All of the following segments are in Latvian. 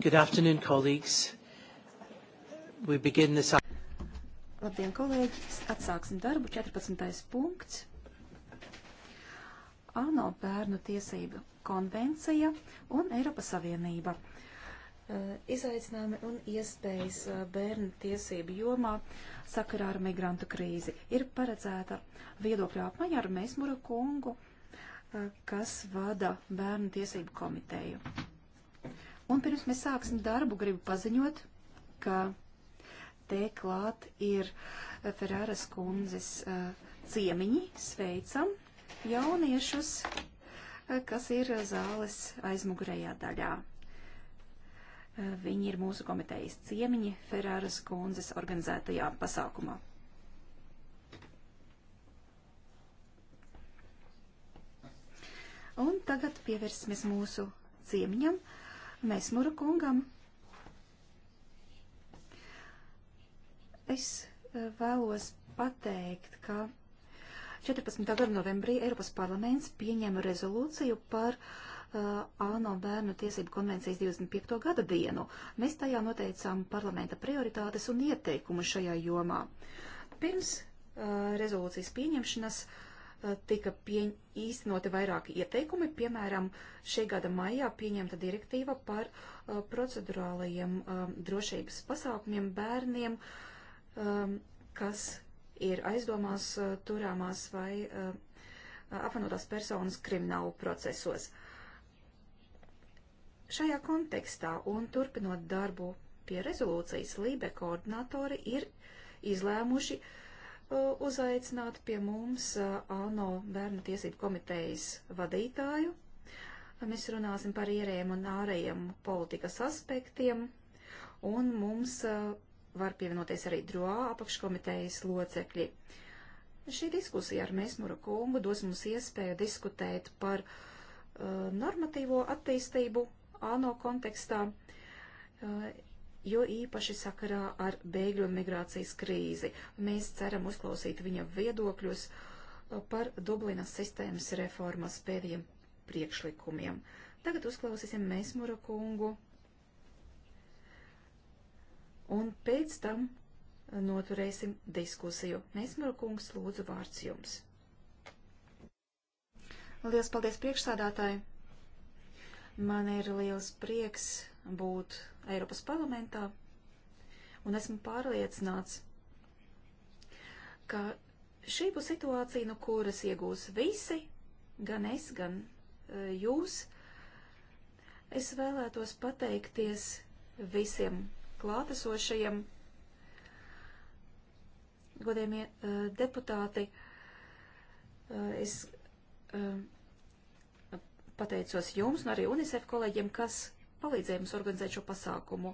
Good afternoon, colleagues. We begin this... Labdien, kolēģi! Atsāksim darbu. 14. punkts. ANO bērnu tiesību konvencija un Eiropas Savienība. Eh, izaicinājumi un iespējas eh, bērnu tiesību jomā sakarā ar migrantu krīzi. Ir paredzēta viedokļa apmaiņa ar Meismura kungu, eh, kas vada bērnu tiesību komiteju. Un pirms mēs sāksim darbu, gribu paziņot, ka te klāt ir Ferāras kundzes uh, ciemiņi. Sveicam jauniešus, uh, kas ir zāles aizmugurējā daļā. Uh, viņi ir mūsu komitejas ciemiņi Ferāras kundzes organizētajā pasākumā. Un tagad pievērsimies mūsu ciemiņam. Uh, Mēsmura kungam. Es eh, vēlos pateikt, ka 14. gada novembrī Eiropas parlaments pieņēma rezolūciju par uh, ANO bērnu tiesību konvencijas 25. gada dienu. Mēs tajā noteicām parlamenta prioritātes un ieteikumu šajā jomā. Pirms uh, rezolūcijas pieņemšanas uh, Eh, tika pieņ, īstenoti vairāki ieteikumi, piemēram, šī gada maijā pieņemta direktīva par uh, procedurālajiem um, drošības pasākumiem bērniem, um, kas ir aizdomās uh, turāmās vai uh, apvienotās personas kriminālu procesos. Šajā kontekstā un turpinot darbu pie rezolūcijas, Lībe koordinatori ir izlēmuši uh, Uh, uzaicināt pie mums uh, ANO bērnu tiesību komitejas vadītāju. Mēs runāsim par ierējiem un ārējiem politikas aspektiem, un mums uh, var pievienoties arī DROA apakškomitejas locekļi. Šī diskusija ar Mēsmuru kungu dos mums iespēju diskutēt par uh, normatīvo attīstību ANO kontekstā, uh, jo īpaši sakarā ar bēgļu un migrācijas krīzi. Mēs ceram uzklausīt viņa viedokļus uh, par Dublinas sistēmas reformas pēdējiem priekšlikumiem. Tagad uzklausīsim Mēsmura kungu. Un pēc tam uh, noturēsim diskusiju. Mēsmura kungs, lūdzu, vārds jums. Lielas paldies priekšsādātāji! Man ir liels prieks būt Eiropas parlamentā, un esmu pārliecināts, ka šī būs situācija, no nu, kuras iegūs visi, gan es, gan e, jūs. Es vēlētos pateikties visiem klātesošajiem godējumie uh, deputāti, uh, es uh, pateicos jums un arī UNICEF kolēģiem, kas palīdzēja mums organizēt šo pasākumu.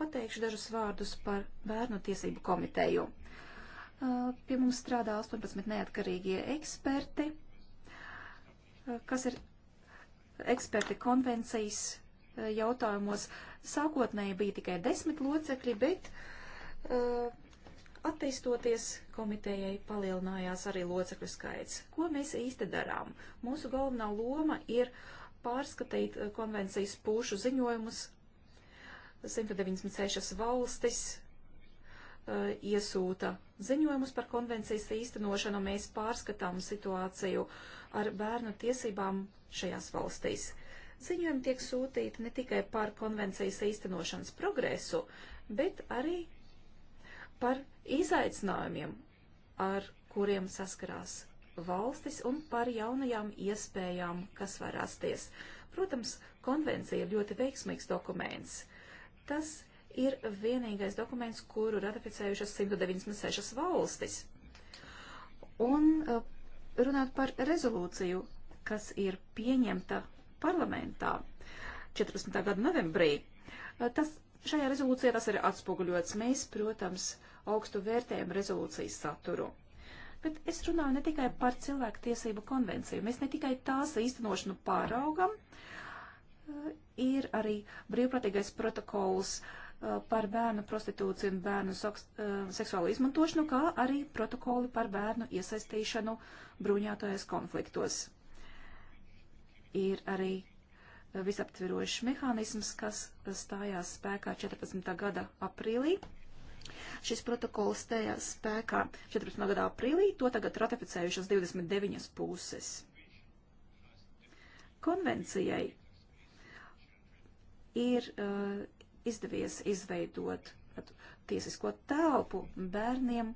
Pateikšu dažus vārdus par bērnu tiesību komiteju. Pie mums strādā 18 neatkarīgie eksperti, kas ir eksperti konvencijas jautājumos. Sākotnēji bija tikai desmit locekļi, bet attīstoties komitejai palielinājās arī locekļu skaits. Ko mēs īsti darām? Mūsu galvenā loma ir uh, pārskatīt eh, konvencijas pušu ziņojumus. 196 valstis eh, iesūta ziņojumus par konvencijas īstenošanu. Mēs pārskatām situāciju ar bērnu tiesībām šajās valstīs. Ziņojumi tiek sūtīti ne tikai par konvencijas īstenošanas progresu, bet arī par izaicinājumiem, ar kuriem saskarās valstis un par jaunajām iespējām, kas var rasties. Protams, konvencija ir ļoti veiksmīgs dokuments. Tas ir vienīgais dokuments, kuru ratificējušas 196 valstis. Un eh, runāt par rezolūciju, kas ir pieņemta parlamentā 14. gada novembrī. Eh, tas, šajā rezolūcijā tas ir atspoguļots. Mēs, protams, augstu vērtējam rezolūcijas saturu. Bet es runāju ne tikai par cilvēku tiesību konvenciju. Mēs ne tikai tās īstenošanu pāraugam, uh, ir arī brīvprātīgais protokols uh, par bērnu prostitūciju un bērnu uh, seksuālu izmantošanu, kā arī protokoli par bērnu iesaistīšanu bruņātojas konfliktos. Ir arī visaptvirošs mehānisms, kas stājās spēkā 14. gada aprīlī. Šis protokols tajā spēkā 14. gadā aprīlī, to tagad ratificējušas 29 puses. Konvencijai ir uh, izdevies izveidot at, tiesisko telpu bērniem.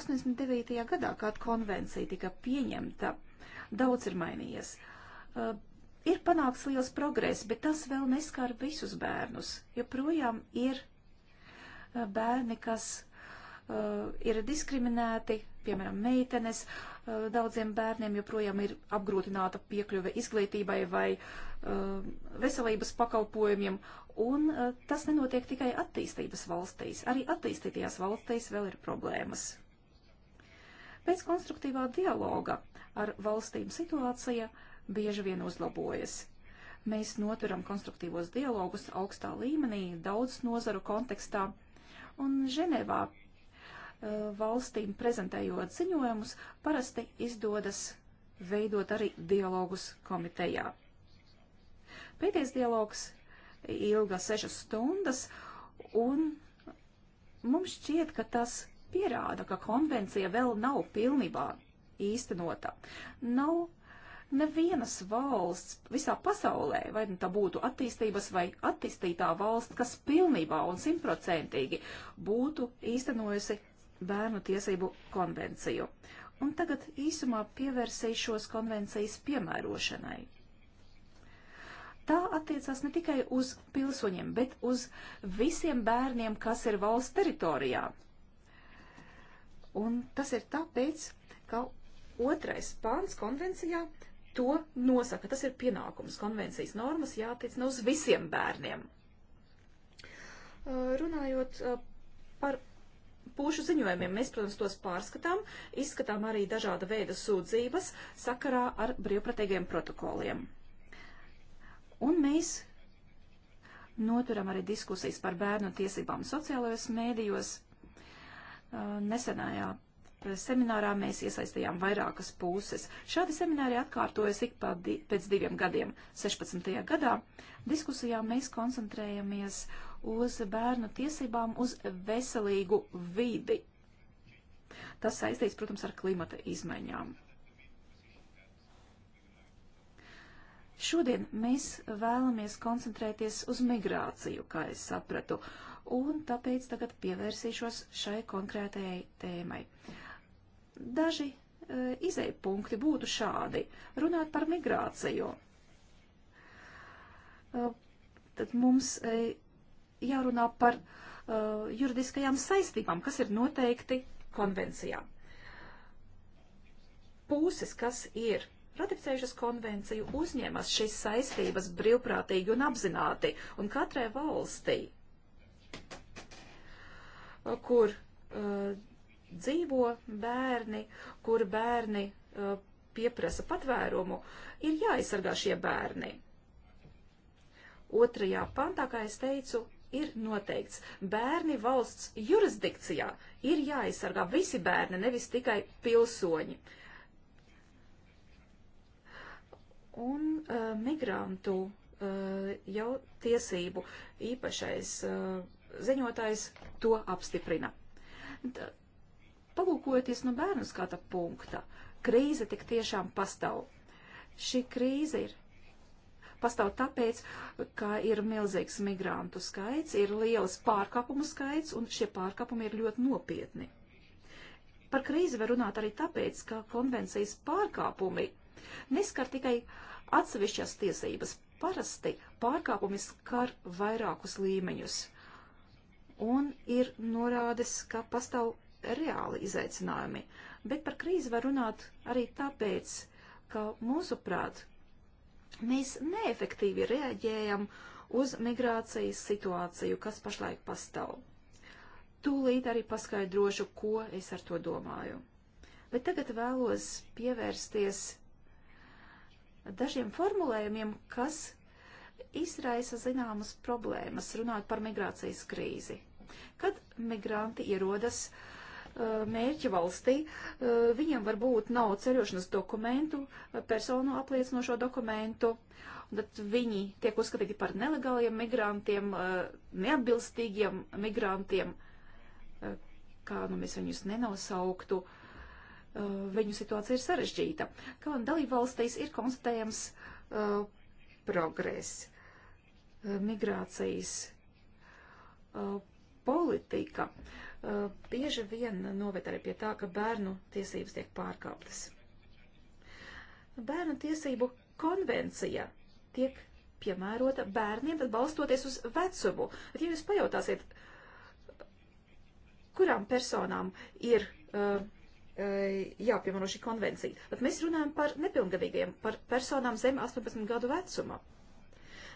89. gadā, kad konvencija tika pieņemta, daudz ir mainījies. Uh, ir panāks liels progress, bet tas vēl neskar visus bērnus, jo projām ir bērni, kas uh, ir diskriminēti, piemēram, meitenes. Uh, daudziem bērniem joprojām ir apgrūtināta piekļuve izglītībai vai uh, veselības pakalpojumiem, un tas nenotiek tikai attīstības valstīs. Arī attīstītajās valstīs vēl ir problēmas. Pēc konstruktīvā dialoga ar valstīm situācija bieži vien uzlabojas. Mēs noturam konstruktīvos dialogus augstā līmenī daudz nozaru kontekstā un Ženevā eh, valstīm prezentējot ziņojumus, parasti izdodas veidot arī dialogus komitejā. Pēdējais dialogs ilga sešas stundas, un mums šķiet, ka tas pierāda, ka konvencija vēl nav pilnībā īstenota. Nav Nevienas valsts visā pasaulē, vai nu tā būtu attīstības vai attīstītā valsts, kas pilnībā un simtprocentīgi būtu īstenojusi bērnu tiesību konvenciju. Un tagad īsumā pievērsīšos konvencijas piemērošanai. Tā attiecās ne tikai uz pilsoņiem, bet uz visiem bērniem, kas ir valsts teritorijā. Un tas ir tāpēc, ka otrais pāns konvencijā to nosaka. Tas ir pienākums. Konvencijas normas jātiecina nu, uz visiem bērniem. Uh, runājot uh, par pušu ziņojumiem, mēs, protams, tos pārskatām, izskatām arī dažāda veida sūdzības sakarā ar brīvpratīgiem protokoliem. Un mēs noturam arī diskusijas par bērnu tiesībām sociālajos mēdījos. Uh, nesenajā seminārā mēs iesaistījām vairākas puses. Šādi semināri atkārtojas ik di pēc diviem gadiem. 16. gadā diskusijā mēs koncentrējamies uz bērnu tiesībām uz veselīgu vidi. Tas saistīts, protams, ar klimata izmaiņām. Šodien mēs vēlamies koncentrēties uz migrāciju, kā es sapratu, un tāpēc tagad pievērsīšos šai konkrētajai tēmai. Uh, Daži e, izēja punkti būtu šādi. Runāt par migrāciju. E, tad mums e, jārunā par juridiskajām saistībām, kas ir noteikti konvencijā. Puses, kas ir ratificējušas konvenciju, uzņemas šīs saistības brīvprātīgi un apzināti, un katrai valstī, kur uh, dzīvo bērni, kur bērni uh, pieprasa patvērumu, ir jāaizsargā šie bērni. Otrajā pantā, kā es teicu, ir noteikts. Bērni valsts jurisdikcijā ir jāaizsargā visi bērni, nevis tikai pilsoņi. Un uh, migrantu uh, jau tiesību īpašais uh, ziņotājs to apstiprina. T Palūkojoties no bērnu skata punkta, krīze tik tiešām pastāv. Šī krīze ir pastāv tāpēc, ka ir milzīgs migrantu skaits, ir liels pārkāpumu skaits, un šie pārkāpumi ir ļoti nopietni. Par krīzi var runāt arī tāpēc, ka konvencijas pārkāpumi neskar tikai atsevišķas tiesības. Parasti pārkāpumi skar vairākus līmeņus. Un ir norādes, ka pastāv reāli izaicinājumi, bet par krīzi var runāt arī tāpēc, ka mūsuprāt mēs neefektīvi reaģējam uz migrācijas situāciju, kas pašlaik pastāv. Tūlīt arī paskaidrošu, ko es ar to domāju. Bet tagad vēlos pievērsties dažiem formulējumiem, kas izraisa zināmas problēmas runāt par migrācijas krīzi. Kad migranti ierodas uh, mērķa valstī, e, viņiem varbūt nav ceļošanas dokumentu, personu apliecinošo dokumentu, tad viņi tiek uzskatīti par nelegāliem migrantiem, e, neatbilstīgiem migrantiem, e, kā nu mēs viņus nenosauktu. Viņu situācija ir sarežģīta. Kā un dalībvalstīs ir konstatējams uh, progress migrācijas uh, politika. Uh, bieži vien noved arī pie tā, ka bērnu tiesības tiek pārkāptas. Bērnu tiesību konvencija tiek piemērota bērniem, tad balstoties uz vecumu. Bet, ja jūs pajautāsiet, kurām personām ir uh, uh jāpiemēro šī konvencija, tad mēs runājam par nepilngadīgiem, par personām zem 18 gadu vecuma.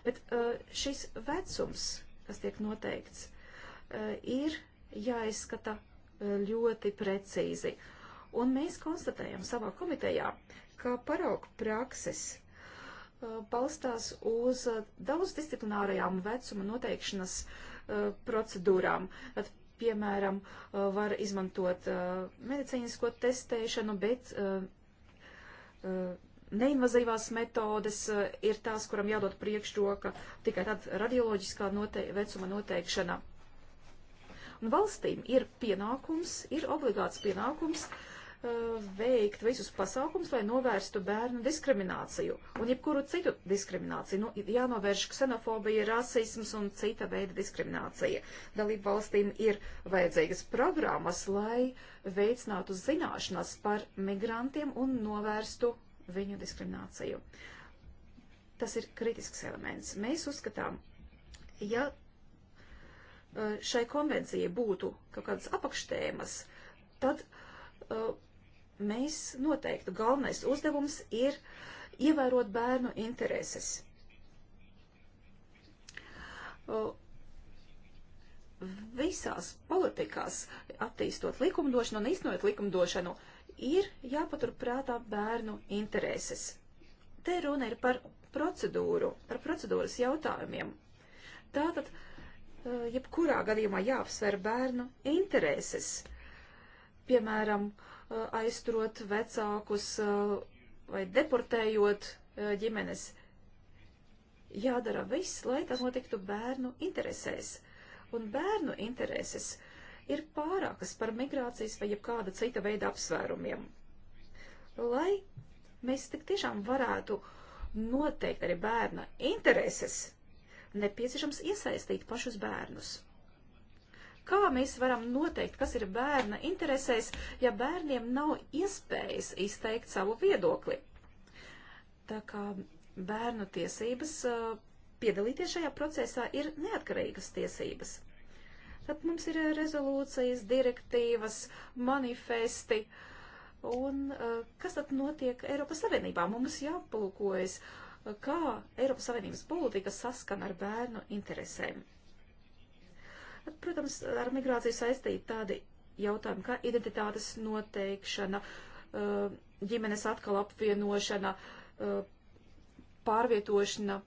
Bet uh, šis vecums, kas tiek noteikts, uh, ir jāizskata e, ļoti precīzi. Un mēs konstatējam savā komitejā, ka parauga prakses e, balstās uz e, daudzdisciplinārajām vecuma noteikšanas procedūrām. Tad, piemēram, var izmantot medicīnisko testēšanu, bet neinvazīvās metodes ir tās, kuram jādod priekšroka, tikai tad radioloģiskā note vecuma noteikšana Un nu, valstīm ir pienākums, ir obligāts pienākums uh, veikt visus pasākums, lai novērstu bērnu diskrimināciju un jebkuru citu diskrimināciju. Nu, jānovērš ksenofobija, rasisms un cita veida diskriminācija. Dalību valstīm ir vajadzīgas programmas, lai veicinātu zināšanas par migrantiem un novērstu viņu diskrimināciju. Tas ir kritisks elements. Mēs uzskatām, ja Eh, šai konvencijai būtu kaut kādas apakštēmas, tad uh, mēs noteiktu galvenais uzdevums ir ievērot bērnu intereses. Uh, visās politikās, attīstot likumdošanu un iznojot likumdošanu, ir jāpaturprātā bērnu intereses. Te runa ir par procedūru, par procedūras jautājumiem. Tātad uh, Eh, jebkurā gadījumā jāapsver bērnu intereses. Piemēram, eh, aizturot vecākus eh, vai deportējot ģimenes. Jādara viss, lai tas notiktu bērnu interesēs. Un bērnu intereses ir pārākas par migrācijas vai jebkāda cita veida apsvērumiem. Lai mēs tik tiešām varētu noteikt arī bērna intereses, nepieciešams iesaistīt pašus bērnus. Kā mēs varam noteikt, kas ir bērna interesēs, ja bērniem nav iespējas izteikt savu viedokli? Tā kā bērnu tiesības piedalīties šajā procesā ir neatkarīgas tiesības. Tad mums ir rezolūcijas, direktīvas, manifesti. Un kas tad notiek Eiropas Savienībā? Mums jāpalūkojas. Uh, kā Eiropas Savienības politika saskan ar bērnu interesēm. Protams, ar migrāciju saistīti tādi jautājumi kā identitātes noteikšana, eh, ģimenes atkal apvienošana, eh, pārvietošana.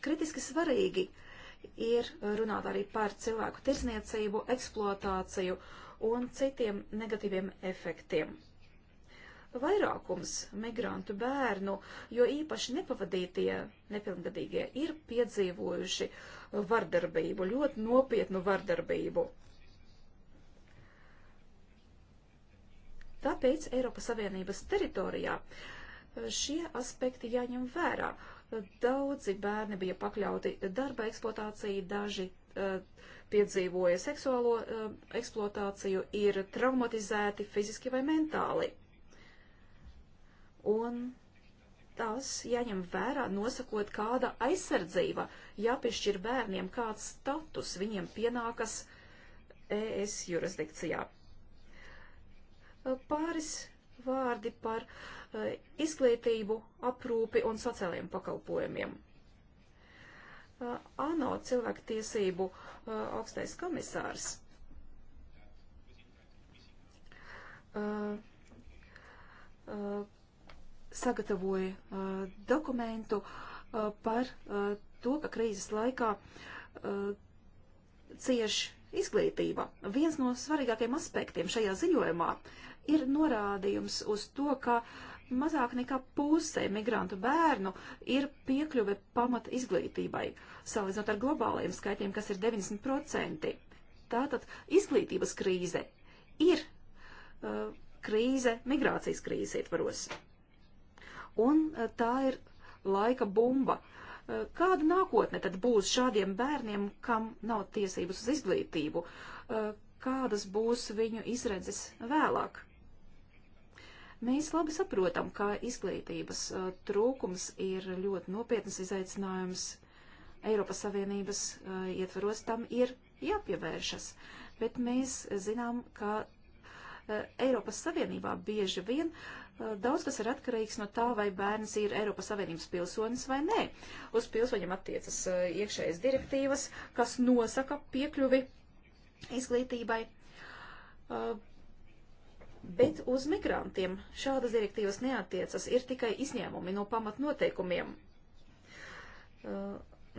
Kritiski svarīgi ir runāt arī par cilvēku tirzniecību, eksploatāciju un citiem negatīviem efektiem. Vairākums migrantu bērnu, jo īpaši nepavadītie nepilngadīgie, ir piedzīvojuši vardarbību, ļoti nopietnu vardarbību. Tāpēc Eiropas Savienības teritorijā eh, šie aspekti jāņem vērā. Daudzi bērni bija pakļauti darba eksploatācijai, daži eh, piedzīvoja seksuālo eh, eksploatāciju, ir traumatizēti fiziski vai mentāli un tas jāņem vērā nosakot, kāda aizsardzība jāpiešķir bērniem, kāds status viņiem pienākas ES jurisdikcijā. Pāris vārdi par izglītību, aprūpi un sociālajiem pakalpojumiem. ANO cilvēktiesību augstais komisārs sagatavoja uh, dokumentu uh, par uh, to, ka krīzes laikā uh, cieš izglītība. Viens no svarīgākajiem aspektiem šajā ziņojumā ir norādījums uz to, ka mazāk nekā pusē migrantu bērnu ir piekļuve pamat izglītībai, salīdzinot ar globālajiem skaitļiem, kas ir 90%. Tātad izglītības krīze ir uh, krīze migrācijas krīzes ietvaros. Uh, un eh, tā ir laika bumba. Eh, kāda nākotne tad būs šādiem bērniem, kam nav tiesības uz izglītību? Eh, kādas būs viņu izredzes vēlāk? Mēs labi saprotam, ka izglītības trūkums ir ļoti nopietnas izaicinājums. Eiropas Savienības ietvaros tam ir jāpievēršas, bet mēs zinām, ka Eiropas Savienībā bieži vien uh, Eh, daudz kas ir atkarīgs no tā, vai bērns ir Eiropas Savienības pilsonis vai nē. Uz pilsoņiem attiecas eh, iekšējas direktīvas, kas nosaka piekļuvi izglītībai. Eh, bet uz migrantiem šādas direktīvas neatiecas, ir tikai izņēmumi no pamatnoteikumiem.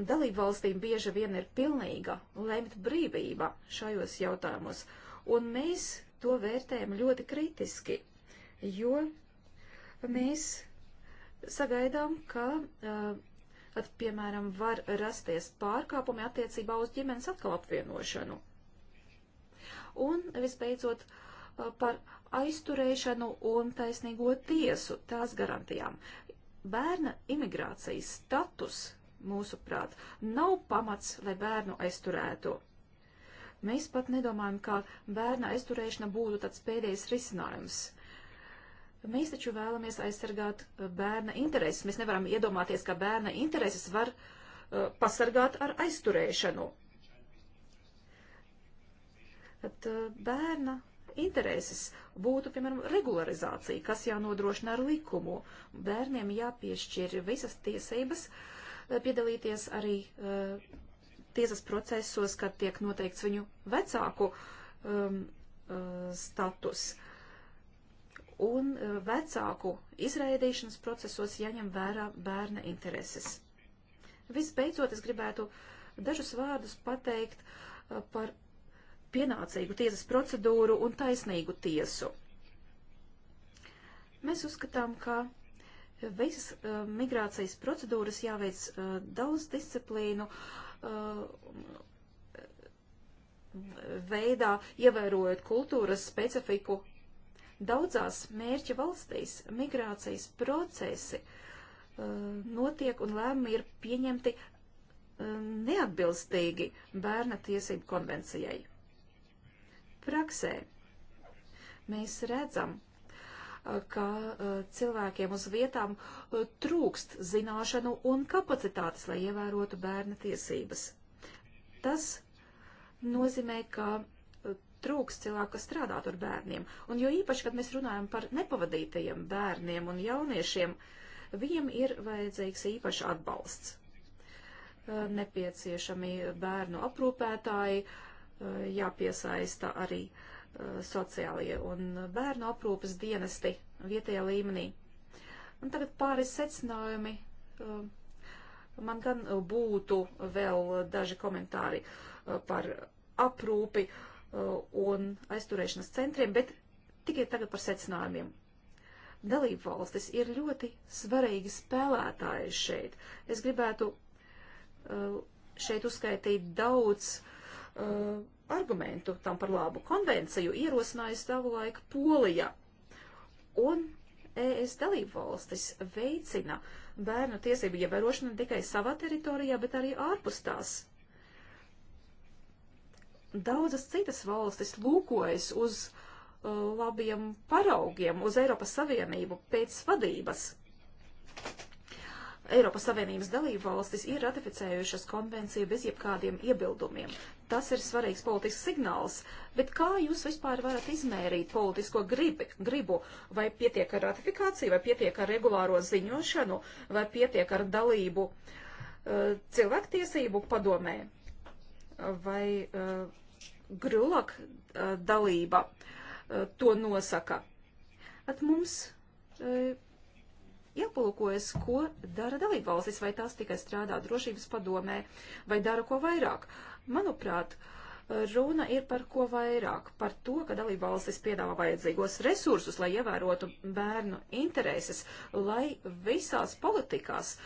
Dalību valstīm bieži vien ir pilnīga lemt brīvība šajos jautājumos, un mēs to vērtējam ļoti kritiski, jo mēs sagaidām, ka, uh, at, piemēram, var rasties pārkāpumi attiecībā uz ģimenes atkal apvienošanu. Un, visbeidzot, uh, par aizturēšanu un taisnīgo tiesu tās garantijām. Bērna imigrācijas status, mūsuprāt, nav pamats, lai bērnu aizturētu. Mēs pat nedomājam, ka bērna aizturēšana būtu tāds pēdējais risinājums – Mēs taču vēlamies aizsargāt uh, bērna intereses. Mēs nevaram iedomāties, ka bērna intereses var uh, pasargāt ar aizturēšanu. Tad uh, bērna intereses būtu, piemēram, regularizācija, kas jānodrošina ar likumu. Bērniem jāpiešķir visas tiesības uh, piedalīties arī uh, tiesas procesos, kad tiek noteikts viņu vecāku um, uh, status. Uh, un eh, vecāku izraidīšanas procesos jaņem vērā bērna intereses. Visbeidzot, es gribētu dažus vārdus pateikt eh, par pienācīgu tiesas procedūru un taisnīgu tiesu. Mēs uzskatām, ka visas uh, migrācijas procedūras jāveic uh, daudz disciplīnu uh, veidā, ievērojot kultūras specifiku Daudzās mērķa valstīs migrācijas procesi uh, notiek un lēmumi ir pieņemti uh, neatbilstīgi bērna tiesību konvencijai. Praksē mēs redzam, uh, ka uh, cilvēkiem uz vietām uh, trūkst zināšanu un kapacitātes, lai ievērotu bērna tiesības. Tas nozīmē, ka trūks cilvēku, kas strādātu ar bērniem. Un jo īpaši, kad mēs runājam par nepavadītajiem bērniem un jauniešiem, viņiem ir vajadzīgs īpaši atbalsts. Nepieciešami bērnu aprūpētāji, jāpiesaista arī sociālie un bērnu aprūpas dienesti vietējā līmenī. Un tagad pāris secinājumi. Man gan būtu vēl daži komentāri par aprūpi. Uh, Uh, un aizturēšanas centriem, bet tikai tagad par secinājumiem. Dalību valstis ir ļoti svarīgi spēlētāji šeit. Es gribētu uh, šeit uzskaitīt daudz uh, argumentu tam par labu. Konvenciju ierosināja savulaik Polija, un ES dalību valstis veicina bērnu tiesību ievērošanu ne tikai savā teritorijā, bet arī ārpus tās. Daudzas citas valstis lūkojas uz uh, labiem paraugiem, uz Eiropas Savienību pēc vadības. Eiropas Savienības dalību valstis ir ratificējušas konvenciju bez jebkādiem iebildumiem. Tas ir svarīgs politisks signāls, bet kā jūs vispār varat izmērīt politisko gribi, gribu? Vai pietiek ar ratifikāciju, vai pietiek ar regulāro ziņošanu, vai pietiek ar dalību uh, cilvēktiesību padomē? vai uh, Grulak uh, dalība uh, to nosaka. At mums jāpalūkojas, ko dara dalībvalstis, vai tās tikai strādā drošības padomē, vai dara ko vairāk. Manuprāt, runa ir par ko vairāk, par to, ka dalībvalstis piedāvā vajadzīgos resursus, lai ievērotu bērnu intereses, lai visās politikās,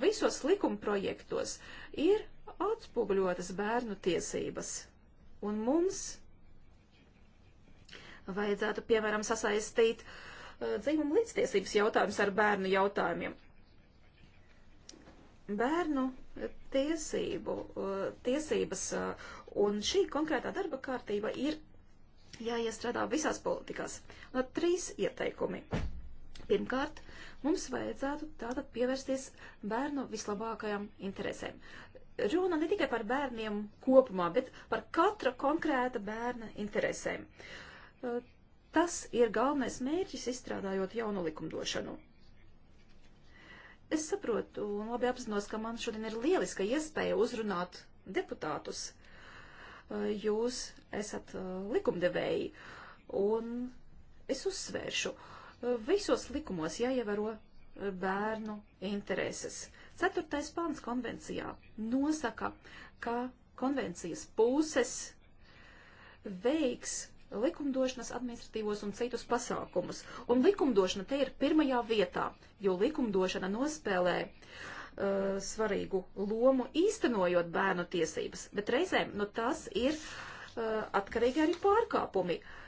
visos likumprojektos ir atspoguļotas bērnu tiesības. Un mums vajadzētu, piemēram, sasaistīt uh, dzimumu līdztiesības jautājumus ar bērnu jautājumiem. Bērnu tiesību, uh, tiesības uh, un šī konkrētā darba kārtība ir jāiestrādā visās politikās. Lab, trīs ieteikumi. Pirmkārt, Mums vajadzētu tātad pievērsties bērnu vislabākajām interesēm. Runa ne tikai par bērniem kopumā, bet par katra konkrēta bērna interesēm. Tas ir galvenais mērķis izstrādājot jaunu likumdošanu. Es saprotu un labi apzinos, ka man šodien ir lieliska iespēja uzrunāt deputātus. Jūs esat likumdevēji, un es uzsvēršu, uh, Visos likumos jāievēro eh, bērnu intereses. Ceturtais pants konvencijā nosaka, ka konvencijas puses veiks likumdošanas administratīvos un citus pasākumus. Un likumdošana te ir pirmajā vietā, jo likumdošana nospēlē uh, svarīgu lomu īstenojot bērnu tiesības, bet reizēm nu, tas ir uh, atkarīgi arī pārkāpumi. Uh,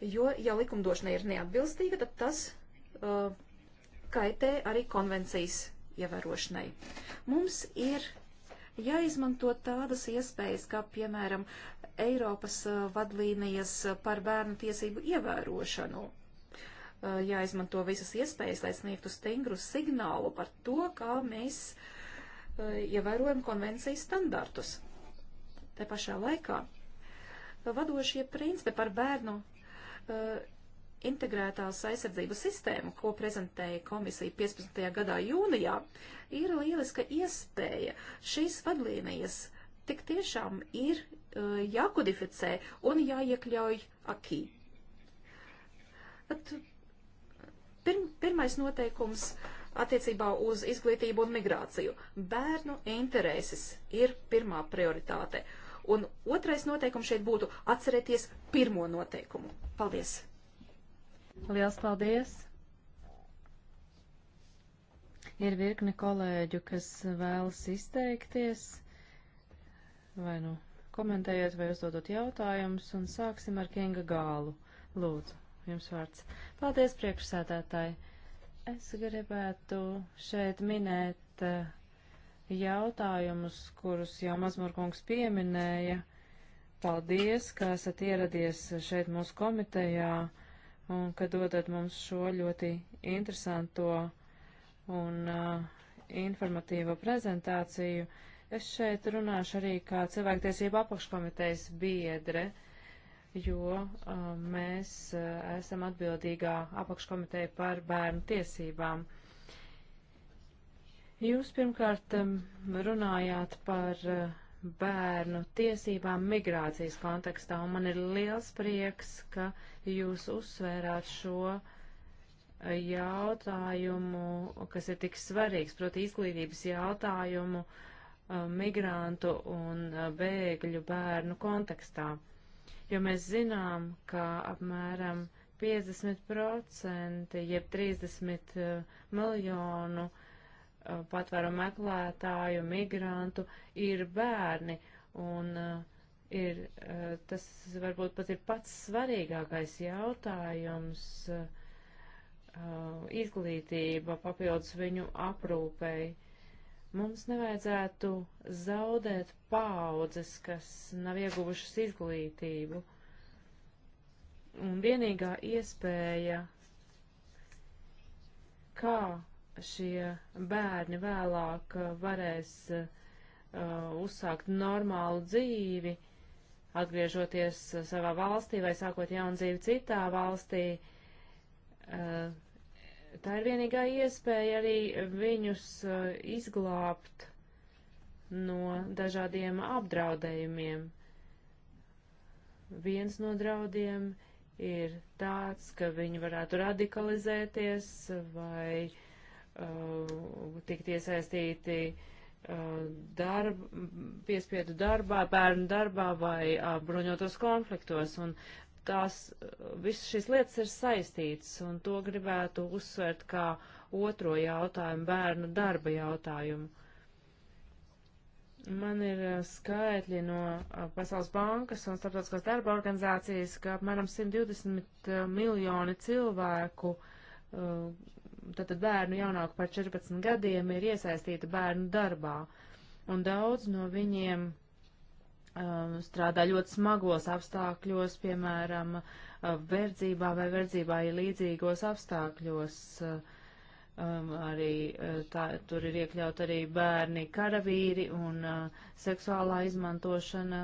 jo, ja likumdošana ir neatbilstīga, tad tas uh, kaitē arī konvencijas ievērošanai. Mums ir jāizmanto tādas iespējas, kā piemēram Eiropas uh, vadlīnijas par bērnu tiesību ievērošanu. Uh, jāizmanto visas iespējas, lai sniegtu stingru signālu par to, kā mēs uh, ievērojam konvencijas standartus. Te pašā laikā vadošie principi par bērnu uh, integrētās aizsardzības sistēma, ko prezentēja komisija 15. gadā jūnijā, ir lieliska iespēja šīs vadlīnijas tik tiešām ir uh, jākodificē un jāiekļauj akī. At, pir, pirmais noteikums attiecībā uz izglītību un migrāciju. Bērnu intereses ir pirmā prioritāte. Uh, Un otrais noteikums šeit būtu atcerēties pirmo noteikumu. Paldies! Liels paldies! Ir virkne kolēģu, kas vēlas izteikties, vai nu komentējot, vai uzdodot jautājumus, un sāksim ar Kinga Gālu. Lūdzu, jums vārds. Paldies, priekšsēdētāji! Es gribētu šeit minēt uh, jautājumus, kurus jau Mazmurkungs pieminēja. Paldies, ka esat ieradies šeit mūsu komitejā un ka dodat mums šo ļoti interesanto un uh, informatīvo prezentāciju. Es šeit runāšu arī kā cilvēktiesība apakškomitejas biedre, jo uh, mēs uh, esam atbildīgā apakškomiteja par bērnu tiesībām. Uh, Jūs pirmkārt runājāt par eh, bērnu tiesībām migrācijas kontekstā, un man ir liels prieks, ka jūs uzsvērāt šo eh, jautājumu, kas ir tik svarīgs, proti izglītības jautājumu eh, migrantu un bēgļu bērnu kontekstā. Jo mēs zinām, ka apmēram 50% jeb 30 miljonu uh, patvēru meklētāju, migrantu ir bērni. Un uh, ir, uh, tas varbūt pat ir pats svarīgākais jautājums uh, izglītība papildus viņu aprūpei. Mums nevajadzētu zaudēt paudzes, kas nav ieguvušas izglītību. Un vienīgā iespēja, kā šie bērni vēlāk uh, varēs uh, uzsākt normālu dzīvi, atgriežoties uh, savā valstī vai sākot jaunu dzīvi citā valstī. Uh, tā ir vienīgā iespēja arī viņus uh, izglābt no dažādiem apdraudējumiem. Viens no draudiem ir tāds, ka viņi varētu radikalizēties vai uh, uh, tikt iesaistīti uh, darb, piespiedu darbā, bērnu darbā vai uh, bruņotos konfliktos. Un tās, visas šīs lietas ir saistītas, un to gribētu uzsvērt kā otro jautājumu, bērnu darba jautājumu. Man ir uh, skaitļi no uh, Pasaules bankas un Starptautiskās darba organizācijas, ka apmēram 120 uh, miljoni cilvēku uh, tātad bērnu jaunāku par 14 gadiem ir iesaistīta bērnu darbā, un daudz no viņiem um, strādā ļoti smagos apstākļos, piemēram, uh, verdzībā vai verdzībā ir līdzīgos apstākļos. Uh, um, arī uh, tā, tur ir iekļaut arī bērni karavīri un uh, seksuālā izmantošana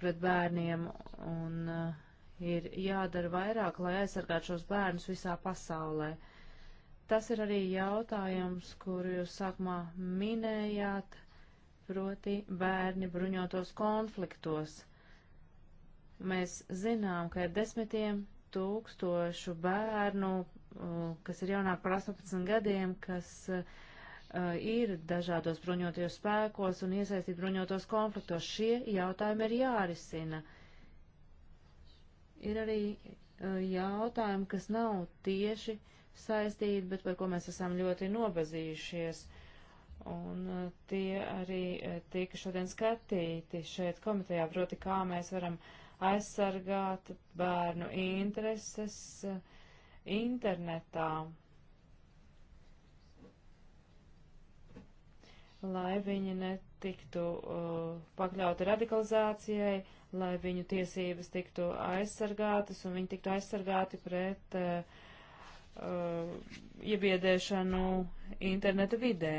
pret bērniem un uh, ir jādara vairāk, lai aizsargātu šos bērnus visā pasaulē. Uh, Tas ir arī jautājums, kuru jūs sākumā minējāt, proti bērni bruņotos konfliktos. Mēs zinām, ka ir desmitiem tūkstošu bērnu, kas ir jaunāk par 18 gadiem, kas ir dažādos bruņotajos spēkos un iesaistīt bruņotos konfliktos. Šie jautājumi ir jārisina. Ir arī Eh, jautājumi, kas nav tieši saistīti, bet par ko mēs esam ļoti nobazījušies. Un eh, tie arī eh, tika šodien skatīti šeit komitejā, proti, kā mēs varam aizsargāt bērnu intereses internetā, lai viņi netiktu uh, pakļauti radikalizācijai, uh, lai viņu tiesības tiktu aizsargātas un viņi tiktu aizsargāti pret uh, uh, iebiedēšanu interneta vidē.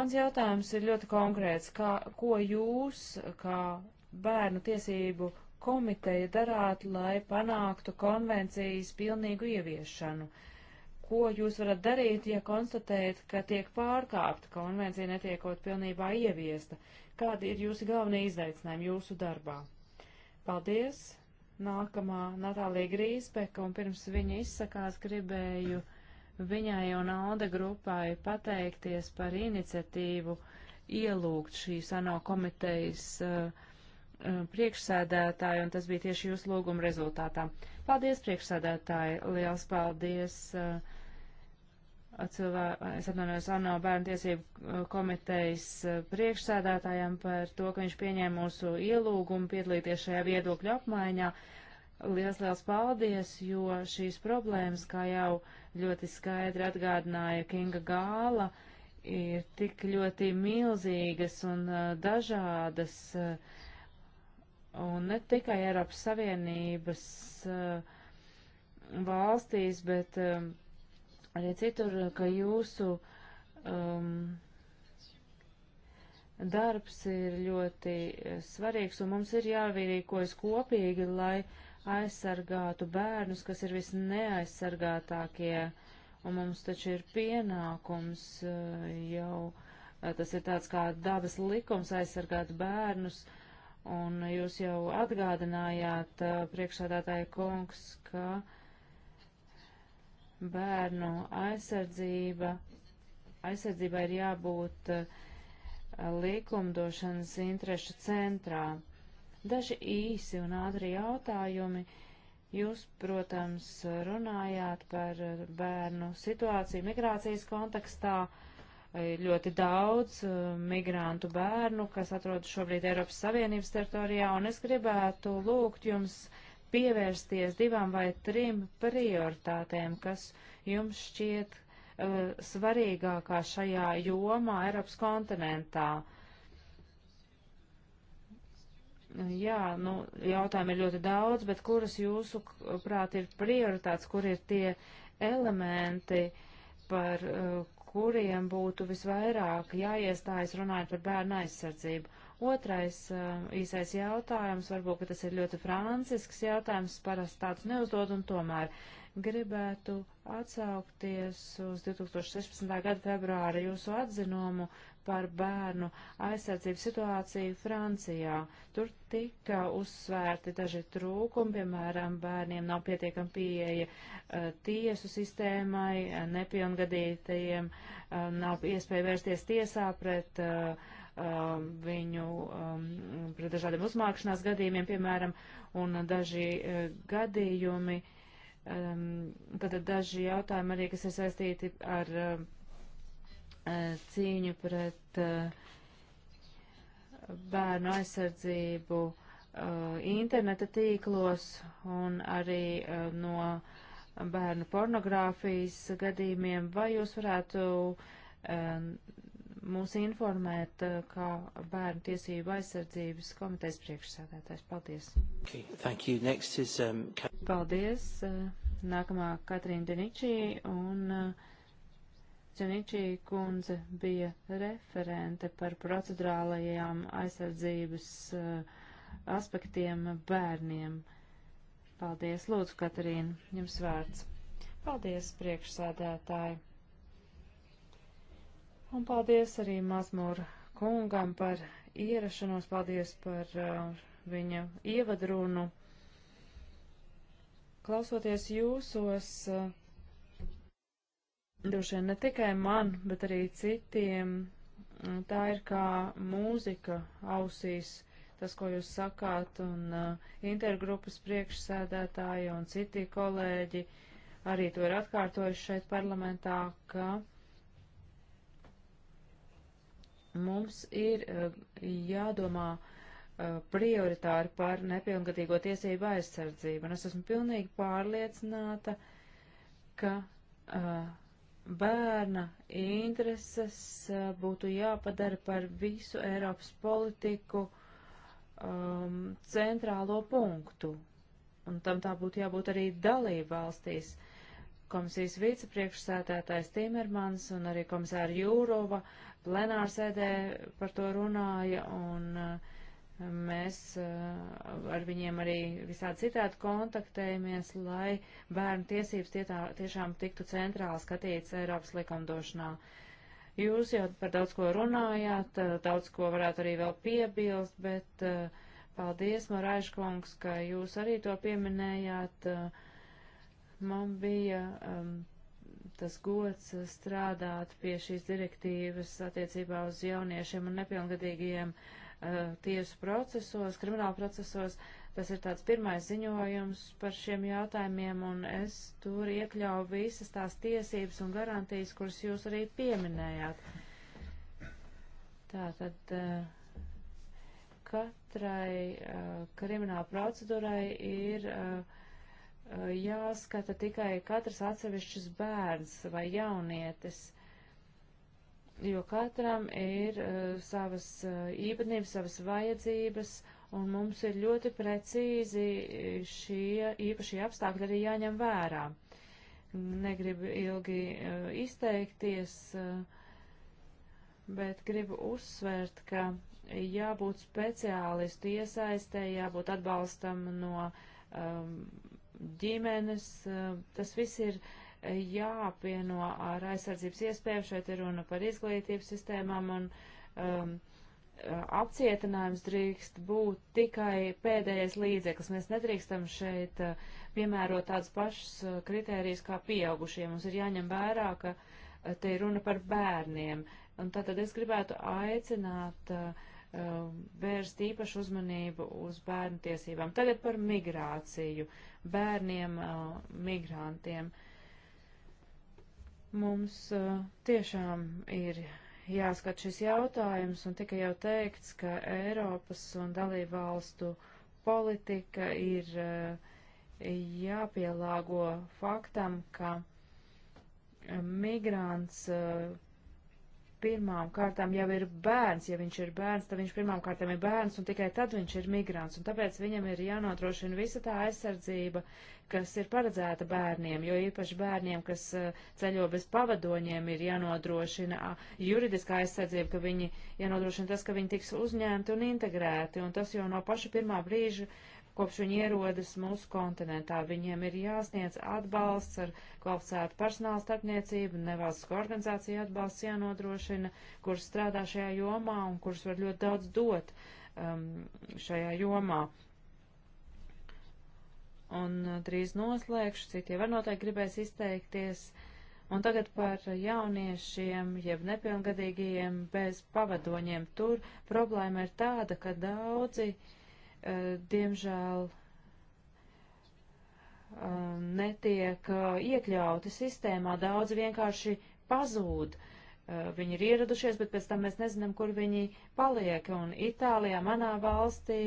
Mans jautājums ir ļoti konkrēts. Kā, ko jūs, kā bērnu tiesību komiteja, darāt, lai panāktu konvencijas pilnīgu ieviešanu? Uh, ko jūs varat darīt, ja konstatējat, ka tiek pārkāpta konvencija netiekot pilnībā ieviesta? Kādi ir jūsu galvenie izaicinājumi jūsu darbā? Paldies! Nākamā Natālija Grīsbeka, un pirms viņa izsakās, gribēju viņai un Alde grupai pateikties par iniciatīvu ielūgt šīs ANO komitejas uh, Uh, priekšsēdētāju, un tas bija tieši jūsu lūguma rezultātā. Paldies, priekšsēdētāji! Liels paldies! Uh, cilvē, es atvainojos ANO bērnu tiesību uh, komitejas priekšsēdētājiem par to, ka viņš pieņēma mūsu ielūgumu piedalīties šajā viedokļu apmaiņā. Liels, liels paldies, jo šīs problēmas, kā jau ļoti skaidri atgādināja Kinga Gāla, ir tik ļoti milzīgas un dažādas. Uh, un ne tikai Eiropas Savienības uh, valstīs, bet um, arī citur, ka jūsu um, darbs ir ļoti eh, svarīgs, un mums ir jāvīrīkojas kopīgi, lai aizsargātu bērnus, kas ir visneaizsargātākie, un mums taču ir pienākums uh, jau, tas ir tāds kā dabas likums aizsargāt bērnus, uh, Un jūs jau atgādinājāt, priekšsādātāja kungs, ka bērnu aizsardzība, aizsardzība ir jābūt likumdošanas interešu centrā. Daži īsi un ātri jautājumi. Jūs, protams, runājāt par bērnu situāciju migrācijas kontekstā. Uh, ļoti daudz uh, migrantu bērnu, kas atrodas šobrīd Eiropas Savienības teritorijā, un es gribētu lūgt jums pievērsties divām vai trim prioritātēm, kas jums šķiet uh, svarīgākā šajā jomā Eiropas kontinentā. Jā, nu, jautājumi ir ļoti daudz, bet kuras jūsu prāt ir prioritātes, kur ir tie elementi, par uh, kuriem būtu visvairāk jāiestājas runājot par bērnu aizsardzību. Otrais eh, īsais jautājums, varbūt, ka tas ir ļoti francisks jautājums, parasti tāds neuzdod, un tomēr gribētu atsaukties uz 2016. gada februāra jūsu atzinumu par bērnu aizsardzību situāciju Francijā. Tur tika uzsvērti daži trūkumi, piemēram, bērniem nav pietiekama pieeja uh, tiesu sistēmai, eh, nepilngadītajiem uh, nav iespēja vērsties tiesā pret uh, viņu um, pret dažādiem uzmākšanās gadījumiem, piemēram, un daži gadījumi uh, um, tad daži jautājumi arī, kas ir saistīti ar uh, cīņu pret uh, bērnu aizsardzību uh, interneta tīklos un arī uh, no bērnu pornogrāfijas gadījumiem. Vai jūs varētu uh, mūs informēt, eh, kā bērnu tiesību aizsardzības komitejas priekšsēdētājs. Paldies. Okay, thank you. Next is, um, Ka Paldies. Eh, nākamā Katrīna Deničī un eh, Deničī kundze bija referente par procedurālajām aizsardzības aspektiem bērniem. Paldies. Lūdzu, Katrīna, jums vārds. Paldies, priekšsēdētāji. Un paldies arī Mazmūra kungam par ierašanos, paldies par uh, viņa ievadrunu. Klausoties jūsos, uh, droši vien ne tikai man, bet arī citiem, uh, tā ir kā mūzika ausīs, tas, ko jūs sakāt, un uh, intergrupas priekšsēdētāji un citi kolēģi arī to ir atkārtojuši šeit parlamentā, ka Mums ir eh, jādomā eh, prioritāri par nepilngadīgo tiesību aizsardzību, un es esmu pilnīgi pārliecināta, ka eh, bērna intereses būtu jāpadara par visu Eiropas politiku um, centrālo punktu, un tam tā būtu jābūt arī dalību valstīs. Komisijas vicepriekšsētētājs Timermans un arī komisāra Jūrova plenārsēdē par to runāja, un uh, mēs uh, ar viņiem arī visādi citādi kontaktējamies, lai bērnu tiesības tietā, tiešām tiktu centrāli skatīts Eiropas likumdošanā. Jūs jau par daudz ko runājāt, uh, daudz ko varētu arī vēl piebilst, bet paldies, Maraiškungs, ka jūs arī to pieminējāt. Man bija um, tas gods strādāt pie šīs direktīvas attiecībā uz jauniešiem un nepilngadīgajiem uh, tiesu procesos, krimināla procesos. Tas ir tāds pirmais ziņojums par šiem jautājumiem, un es tur iekļauju visas tās tiesības un garantijas, kuras jūs arī pieminējāt. Tātad uh, katrai uh, krimināla procedūrai ir uh, jāskata tikai katrs atsevišķs bērns vai jaunietis, jo katram ir uh, savas uh, īpatnības, savas vajadzības, un mums ir ļoti precīzi uh, šie īpašie apstākļi arī jāņem vērā. Negribu ilgi uh, izteikties, uh, bet gribu uzsvērt, ka jābūt speciālistu iesaistē, jābūt atbalstam no um, ģimenes, eh, tas viss ir eh, jāapvieno ar aizsardzības iespēju, šeit ir runa par izglītības sistēmām un um, apcietinājums drīkst būt tikai pēdējais līdzeklis. Mēs nedrīkstam šeit piemērot tādas pašas kritērijas kā pieaugušiem. Mums ir jāņem vērā, ka te ir runa par bērniem. Un tātad es gribētu aicināt uh, Uh, vērst īpašu uzmanību uz bērnu tiesībām. Tagad par migrāciju, bērniem, uh, migrantiem. Mums uh, tiešām ir jāskat šis jautājums, un tika jau teikts, ka Eiropas un dalību valstu politika ir jāpielāgo faktam, ka migrants pirmām kārtām jau ir bērns. Ja viņš ir bērns, tad viņš pirmām kārtām ir bērns un tikai tad viņš ir migrants. Un tāpēc viņam ir jānodrošina visa tā aizsardzība, kas ir paredzēta bērniem, jo īpaši bērniem, kas eh, ceļo bez pavadoņiem, ir jānodrošina juridiskā aizsardzība, ka viņi jānodrošina tas, ka viņi tiks uzņemti un integrēti. Un tas jau no paša pirmā brīža kopš viņi ierodas mūsu kontinentā. Viņiem ir jāsniedz atbalsts ar kvalificētu personāla starpniecību, nevalstisko organizāciju atbalsts jānodrošina, kuras strādā šajā jomā un kuras var ļoti daudz dot um, šajā jomā. Un drīz noslēgšu, citi jau var noteikti gribēs izteikties. Un tagad par jauniešiem, jeb nepilngadīgajiem bez pavadoņiem. Tur problēma ir tāda, ka daudzi uh, Eh, diemžēl eh, netiek eh, iekļauti sistēmā. Daudz vienkārši pazūd. Viņi ir ieradušies, bet pēc tam mēs nezinām, kur viņi paliek. Un Itālijā, manā valstī,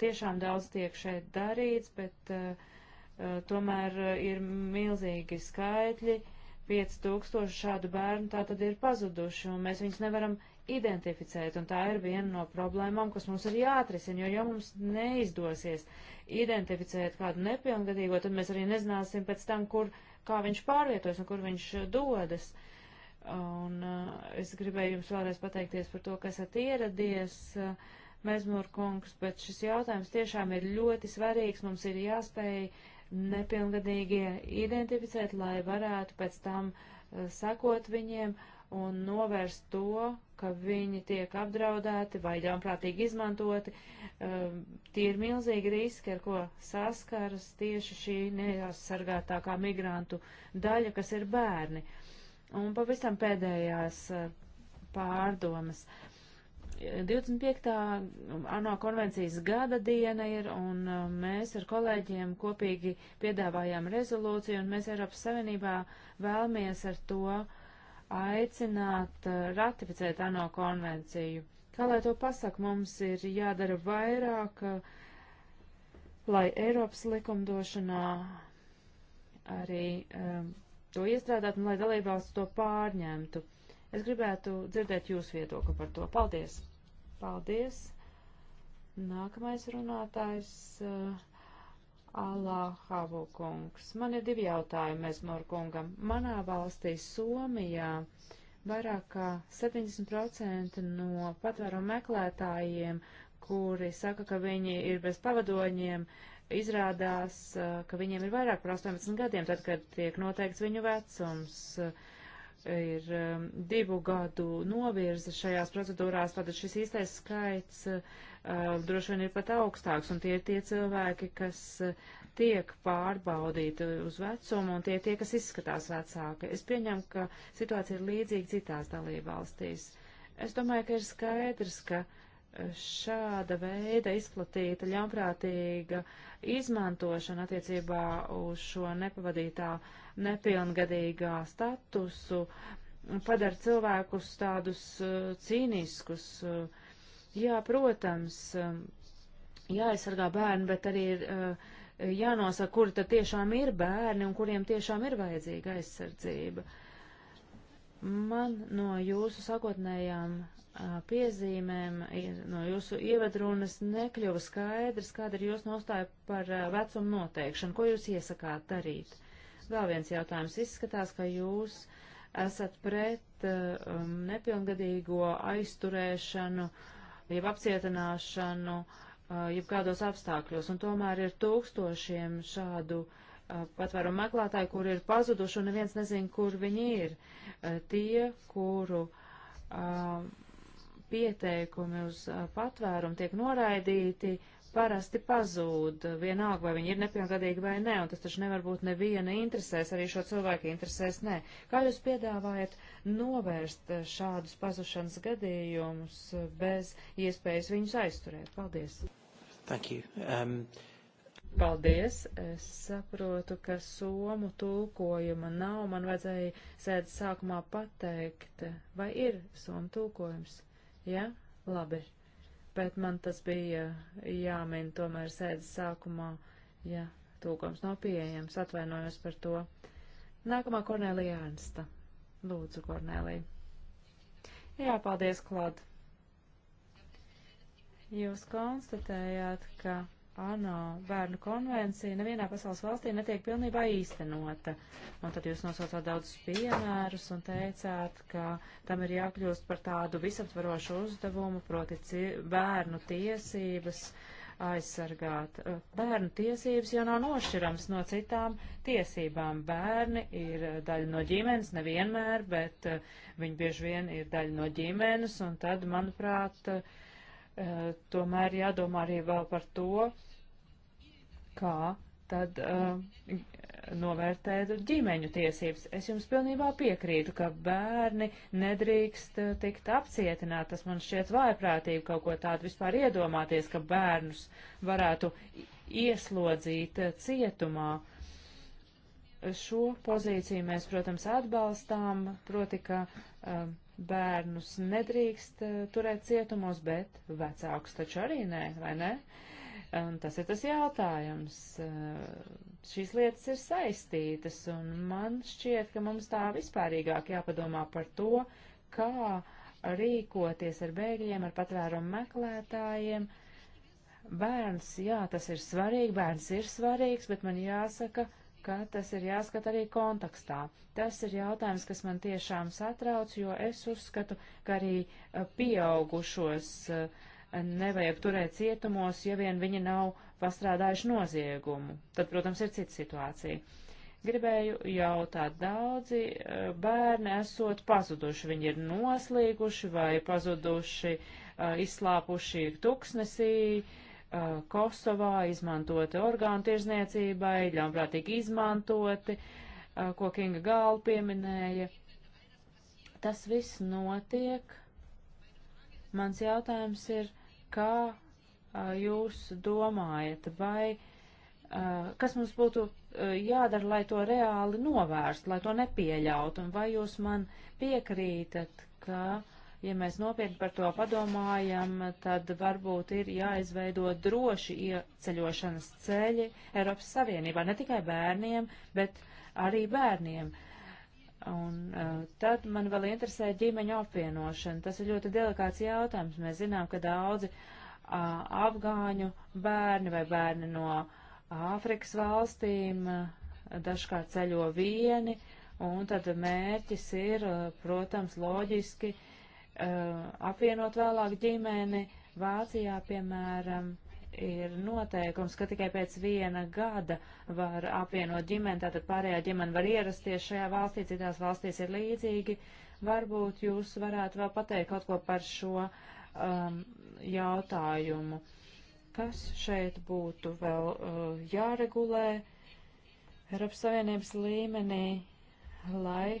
tiešām daudz tiek šeit darīts, bet tomēr ir milzīgi skaitļi. 5000 šādu bērnu tā tad ir pazuduši, un mēs viņus nevaram identificēt, un tā ir viena no problēmām, kas mums ir jāatrisina, jo ja mums neizdosies identificēt kādu nepilngadīgo, tad mēs arī nezināsim pēc tam, kur, kā viņš pārvietojas un kur viņš dodas. Un uh, es gribēju jums vēlreiz pateikties par to, ka esat ieradies. Uh, Mezmurkungs, bet šis jautājums tiešām ir ļoti svarīgs. Mums ir jāspēj nepilngadīgie identificēt, lai varētu pēc tam uh, sakot viņiem un novērst to, ka viņi tiek apdraudēti vai ļaunprātīgi izmantoti. Um, tie ir milzīgi riski, ar ko saskaras tieši šī neaizsargātākā migrantu daļa, kas ir bērni. Un pavisam pēdējās uh, pārdomas. 25. ANO konvencijas gada diena ir, un uh, mēs ar kolēģiem kopīgi piedāvājām rezolūciju, un mēs Eiropas Savienībā vēlamies ar to uh, aicināt eh, ratificēt ANO konvenciju. Kā lai to pasaka, mums ir jādara vairāk, eh, lai Eiropas likumdošanā arī um, to iestrādāt un lai dalībvalsts to pārņemtu. Es gribētu dzirdēt jūsu viedokli par to. Paldies! Paldies! Nākamais runātājs uh, Alāhavu kungs. Man ir divi jautājumi Mezmor kungam. Manā valstī Somijā vairāk kā 70% no patvēru meklētājiem, kuri saka, ka viņi ir bez pavadoņiem, izrādās, ka viņiem ir vairāk par 18 gadiem, tad, kad tiek noteikts viņu vecums. Uh, ir um, divu gadu novirze šajās procedūrās, tātad šis īstais skaits uh, droši vien ir pat augstāks, un tie ir tie cilvēki, kas uh, tiek pārbaudīti uz vecumu, un tie ir tie, kas izskatās vecāki. Es pieņemu, ka situācija ir līdzīga citās dalībvalstīs. Es domāju, ka ir skaidrs, ka uh, šāda veida izplatīta ļaunprātīga izmantošana attiecībā uz šo nepavadītā uh, nepilngadīgā statusu padara cilvēkus tādus uh, cīniskus. Uh, jā, protams, uh, jāaizsargā bērni, bet arī ir uh, jānosaka, kuri tad tiešām ir bērni un kuriem tiešām ir vajadzīga aizsardzība. Man no jūsu sākotnējām uh, piezīmēm, no jūsu ievadrunas nekļuva skaidrs, kāda ir jūsu nostāja par uh, vecumu noteikšanu, ko jūs iesakāt darīt vēl viens jautājums. Izskatās, ka jūs esat pret eh, um, nepilngadīgo aizturēšanu, jeb apcietināšanu, uh, jeb kādos apstākļos, un tomēr ir tūkstošiem šādu uh, eh, patvērumu meklētāju, kur ir pazuduši, un neviens nezin, kur viņi ir. Uh, tie, kuru pieteikumi uz patvērumu tiek noraidīti, parasti pazūd, vienalga, vai viņi ir nepilngadīgi vai nē, un tas taču nevar būt neviena interesēs, arī šo cilvēku interesēs nē. Kā jūs piedāvājat novērst šādus pazušanas gadījumus bez iespējas viņus aizturēt? Paldies! Thank you. Um... Paldies! Es saprotu, ka somu tulkojuma nav. Man vajadzēja sēdes sākumā pateikt, vai ir somu tulkojums? Ja? Labi bet man tas bija jāmin tomēr sēdes sākumā, ja tūkums nav pieejams. Atvainojos par to. Nākamā Kornelija Ernsta. Lūdzu, Kornelija. Jā, paldies, Klod. Jūs konstatējāt, ka ANO bērnu konvencija nevienā pasaules valstī netiek pilnībā īstenota. Un tad jūs nosaucāt daudzus piemērus un teicāt, ka tam ir jākļūst par tādu visaptvarošu uzdevumu, proti bērnu tiesības aizsargāt. Bērnu tiesības jau nav nošķirams no citām tiesībām. Bērni ir daļa no ģimenes, nevienmēr, bet viņi bieži vien ir daļa no ģimenes, un tad, manuprāt, tomēr jādomā arī vēl par to, kā tad uh, novērtēt ģimeņu tiesības. Es jums pilnībā piekrītu, ka bērni nedrīkst uh, tikt apcietināti. Tas man šķiet vājprātīgi kaut ko tādu vispār iedomāties, ka bērnus varētu ieslodzīt uh, cietumā. Šo pozīciju mēs, protams, atbalstām, proti, ka uh, bērnus nedrīkst turēt cietumos, bet vecākus taču arī nē, vai ne? Uh, Un tas ir tas jautājums. Eh, šīs lietas ir saistītas, un man šķiet, ka mums tā vispārīgāk jāpadomā par to, kā rīkoties ar bēgļiem, ar patvērumu meklētājiem. Bērns, jā, tas ir svarīgi, bērns ir svarīgs, bet man jāsaka, ka tas ir jāskat arī kontekstā. Tas ir jautājums, kas man tiešām satrauc, jo es uzskatu, ka arī eh, pieaugušos uh, nevajag turēt cietumos, ja vien viņi nav pastrādājuši noziegumu. Tad, protams, ir cita situācija. Gribēju jautāt, daudzi eh, bērni esot pazuduši, viņi ir noslīguši vai pazuduši, eh, izslāpuši tuksnesī, eh, Kosovā, izmantoti orgānu tirzniecībai, ļaunprātīgi izmantoti, ko Kinga Gāla pieminēja. Tas viss notiek. Mans jautājums ir, kā jūs domājat, vai kas mums būtu jādara, lai to reāli novērst, lai to nepieļaut, un vai jūs man piekrītat, ka, ja mēs nopietni par to padomājam, tad varbūt ir jāizveido droši ieceļošanas ceļi Eiropas Savienībā, ne tikai bērniem, bet arī bērniem. Uh, Un uh, tad man vēl interesē ģimeņu apvienošana. Tas ir ļoti delikāts jautājums. Mēs zinām, ka daudzi uh, afgāņu bērni vai bērni no Āfrikas valstīm uh, dažkārt ceļo vieni, un tad mērķis ir, uh, protams, loģiski uh, apvienot vēlāk ģimeni. Vācijā, piemēram, ir noteikums, ka tikai pēc viena gada var apvienot ģimeni, tātad pārējā ģimene var ierasties šajā valstī, citās valstīs ir līdzīgi. Varbūt jūs varētu vēl pateikt kaut ko par šo um, jautājumu. Kas šeit būtu vēl uh, jāregulē Eiropas Savienības līmenī, lai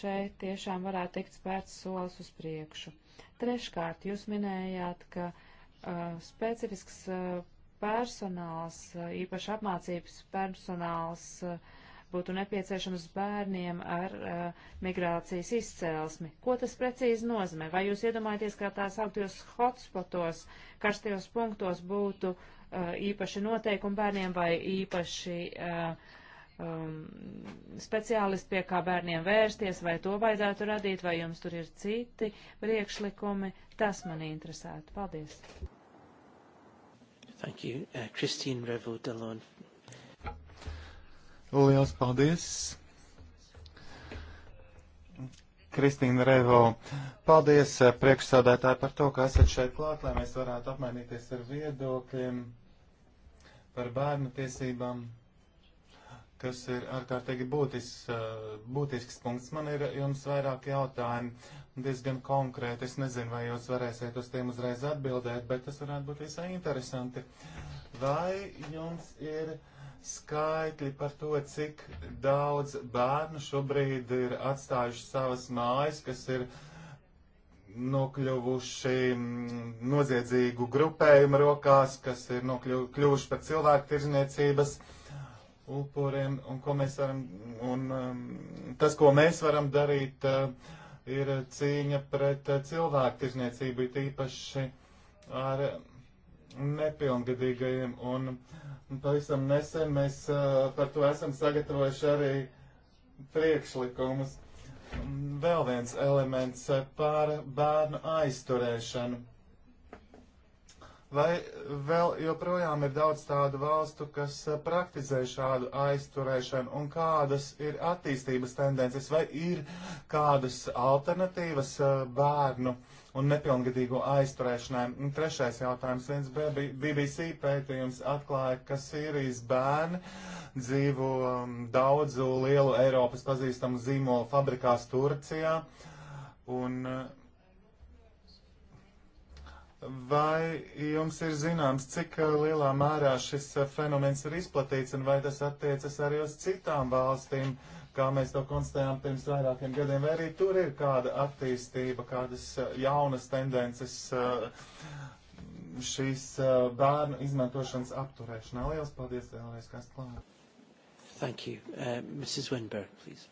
šeit tiešām varētu tikt spērts solis uz priekšu? Treškārt, jūs minējāt, ka uh, Uh, specifisks uh, personāls, uh, īpaši apmācības personāls būtu nepieciešams bērniem ar uh, migrācijas izcēlesmi. Ko tas precīzi nozīmē? Vai jūs iedomājaties, kā tās augtajos hotspotos, karstajos punktos būtu uh, īpaši noteikumi bērniem vai īpaši uh, um, speciālisti, pie kā bērniem vērsties, vai to vajadzētu radīt, vai jums tur ir citi priekšlikumi. Tas man interesētu. Paldies. Thank you. Uh, Christine Revaud-Dallon. Liels paldies. Kristīna Revo, paldies uh, priekšsādātāji par to, ka esat šeit klāt, lai mēs varētu apmainīties ar viedokļiem par bērnu tiesībām kas ir ārkārtīgi būtisks, eh, būtisks punkts. Man ir jums vairāk jautājumu, diezgan konkrēti. Es nezinu, vai jūs varēsiet uz tiem uzreiz atbildēt, bet tas varētu būt visai interesanti. Vai jums ir skaitļi par to, cik daudz bērnu šobrīd ir atstājuši savas mājas, kas ir nokļuvuši mm, noziedzīgu grupējumu rokās, kas ir nokļuvuši par cilvēku tirzniecības? Uh, upuriem un ko mēs varam, un um, tas, ko mēs varam darīt, uh, ir cīņa pret uh, cilvēku tirzniecību, tīpaši ar nepilngadīgajiem. Un, un pavisam nesen mēs uh, par to esam sagatavojuši arī priekšlikumus. Vēl viens elements uh, par bērnu aizturēšanu Vai vēl joprojām ir daudz tādu valstu, kas eh, praktizē šādu aizturēšanu, un kādas ir attīstības tendences, vai ir kādas alternatīvas eh, bērnu un nepilngadīgo aizturēšanai? Un trešais jautājums, viens BBC pētījums atklāja, ka Sīrijas bērni dzīvo um, daudzu lielu Eiropas pazīstamu zīmolu fabrikās Turcijā, un uh, Vai jums ir zināms, cik eh, lielā mērā šis eh, fenomens ir izplatīts un vai tas attiecas arī uz citām valstīm, kā mēs to konstatējām pirms vairākiem gadiem, vai arī tur ir kāda attīstība, kādas eh, jaunas tendences šīs bērnu izmantošanas apturēšanā? Lielas paldies vēlreiz, kas klāt. Thank you. Uh, Mrs. Winberg, please.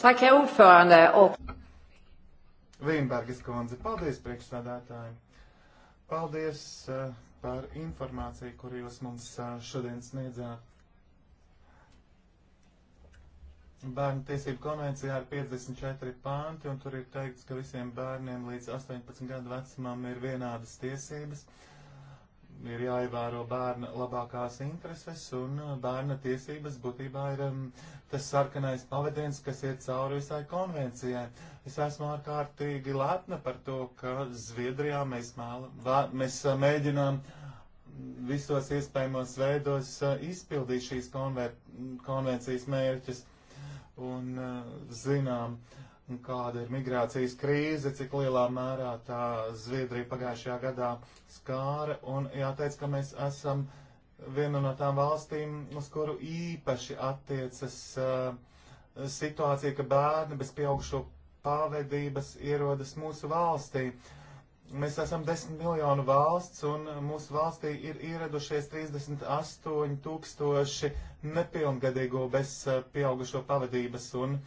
Tack, herr ordförande. Och... Līmbergas kundze. Paldies, priekšsādātāji! Paldies uh, par informāciju, kur jūs mums uh, šodien sniedzāt. Bērnu tiesību konvencijā ir 54 pānti, un tur ir teikts, ka visiem bērniem līdz 18 gadu vecumam ir vienādas tiesības. Uh, ir jāievēro bērna labākās intereses, un uh, bērna tiesības būtībā ir um, tas sarkanais pavadiens, kas iet cauri visai konvencijai. Es esmu ārkārtīgi lepna par to, ka Zviedrijā mēs, mēl, vā, mēs uh, mēģinām visos iespējamos veidos uh, izpildīt šīs konver, konvencijas mērķus. Un uh, zinām, uh, kāda ir migrācijas krīze, cik lielā mērā tā Zviedrija pagājušajā gadā skāra, un jāteic, ka mēs esam viena no tām valstīm, uz kuru īpaši attiecas uh, situācija, ka bērni bez pieaugšo pāvedības ierodas mūsu valstī. Mēs esam desmit miljonu valsts, un mūsu valstī ir ieradušies 38 tūkstoši nepilngadīgo bez uh, pieaugušo pavadības. Un,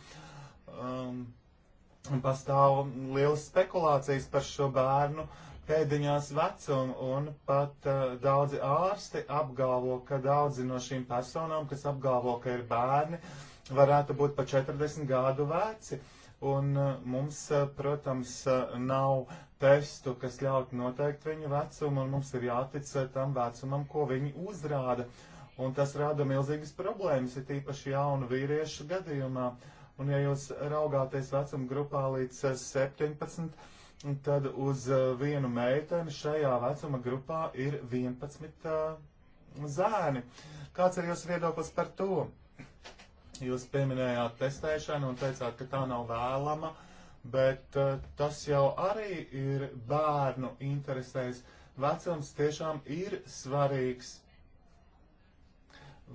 um, pastāv lielas spekulācijas par šo bērnu pēdiņās vecumu, un pat uh, daudzi ārsti apgalvo, ka daudzi no šīm personām, kas apgalvo, ka ir bērni, varētu būt pa 40 gadu veci. Un uh, mums, uh, protams, uh, nav testu, kas ļautu noteikt viņu vecumu, un mums ir jātic tam vecumam, ko viņi uzrāda. Un tas rada milzīgas problēmas, ir tīpaši jaunu vīriešu gadījumā. Uh, Un ja jūs raugāties vecuma grupā līdz 17, eh, tad uz eh, vienu meiteni šajā vecuma grupā ir 11 uh, eh, zēni. Kāds ir jūsu viedoklis par to? Jūs pieminējāt testēšanu un teicāt, ka tā nav vēlama, bet uh, tas jau arī ir bērnu interesēs. Vecums tiešām ir svarīgs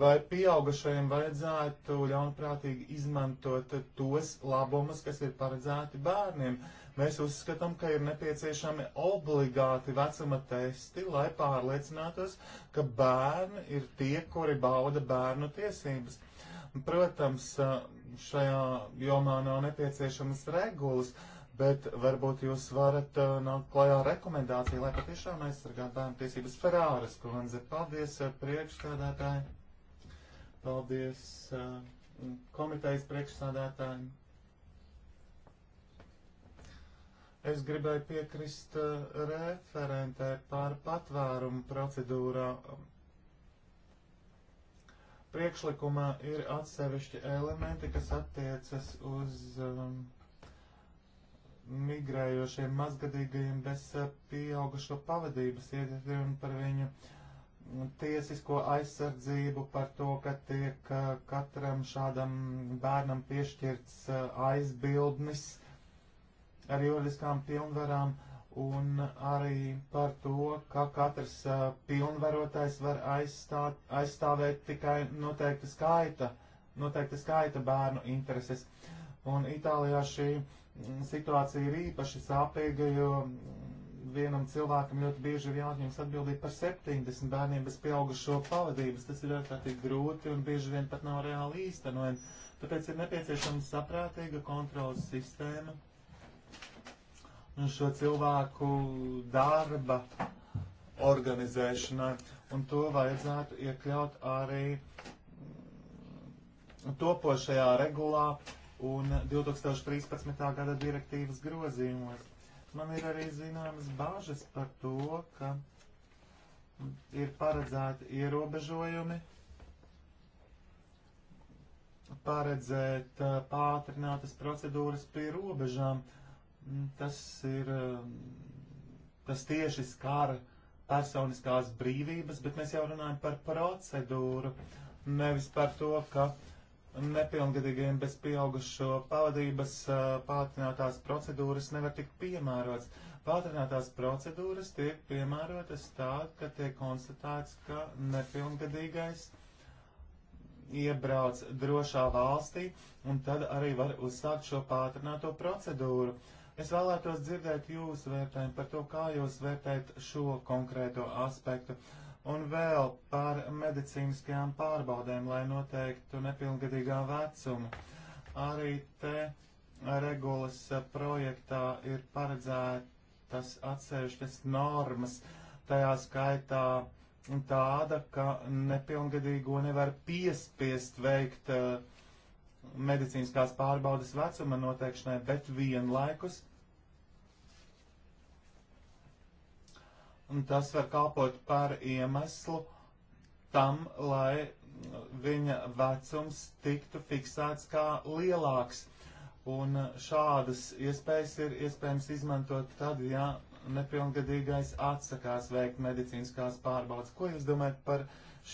vai pieaugušajiem vajadzētu ļaunprātīgi izmantot tos labumus, kas ir paredzēti bērniem. Mēs uzskatām, ka ir nepieciešami obligāti vecuma testi, lai pārliecinātos, ka bērni ir tie, kuri bauda bērnu tiesības. Protams, šajā jomā nav nepieciešamas regulas, bet varbūt jūs varat uh, nākt klajā rekomendāciju, lai patiešām aizsargātu bērnu tiesības Ferāras kundze. Paldies, eh, priekšstādātāji! Paldies uh, komitejas priekšsādātājiem. Es gribēju piekrist uh, referentē par patvērumu procedūrā. Priekšlikumā ir atsevišķi elementi, kas attiecas uz um, migrējošiem mazgadīgajiem bez uh, pieaugušo pavadības iedzīvotājiem par viņu uh, tiesisko aizsardzību, par to, ka tiek uh, katram šādam bērnam piešķirts uh, aizbildnis ar juridiskām pilnvarām un arī par to, ka katrs uh, pilnvarotais var aizstāt, aizstāvēt tikai noteikta skaita, noteikta skaita bērnu intereses. Un Itālijā šī mm, situācija ir īpaši sāpīga, jo vienam cilvēkam ļoti bieži ir jāatņems atbildība par 70 bērniem bez pieaugušo pavadības. Tas ir ārkārtīgi grūti un bieži vien pat nav reāli īstenojami. Tāpēc ir nepieciešama saprātīga kontrolas sistēma un šo cilvēku darba organizēšanai. Un to vajadzētu iekļaut arī mm, topošajā regulā un 2013. gada direktīvas grozījumos. Man ir arī zināmas bāžas par to, ka ir paredzēti ierobežojumi paredzēt uh, pātrinātas procedūras pie robežām. Mm, tas ir, um, tas tieši skara personiskās brīvības, bet mēs jau runājam par procedūru, nevis par to, ka uh, nepilngadīgiem bez pieaugušo pavadības pātrinātās procedūras nevar tikt piemērots. Pātrinātās procedūras tiek piemērotas tā, ka tiek konstatēts, ka nepilngadīgais iebrauc drošā valstī un tad arī var uzsākt šo pātrināto procedūru. Es vēlētos dzirdēt jūsu vērtējumu par to, kā jūs vērtējat šo konkrēto aspektu. Uh, Un vēl par medicīniskajām pārbaudēm, lai noteiktu nepilngadīgā vecuma. Arī te regulas eh, projektā ir paredzētas atsevišķas normas, tajā skaitā tāda, ka nepilngadīgo nevar piespiest veikt uh, medicīniskās pārbaudas vecuma noteikšanai, bet vienlaikus un tas var kalpot par iemeslu tam, lai viņa vecums tiktu fiksēts kā lielāks. Un šādas iespējas ir iespējams izmantot tad, ja nepilngadīgais atsakās veikt medicīniskās pārbaudas. Ko jūs domājat par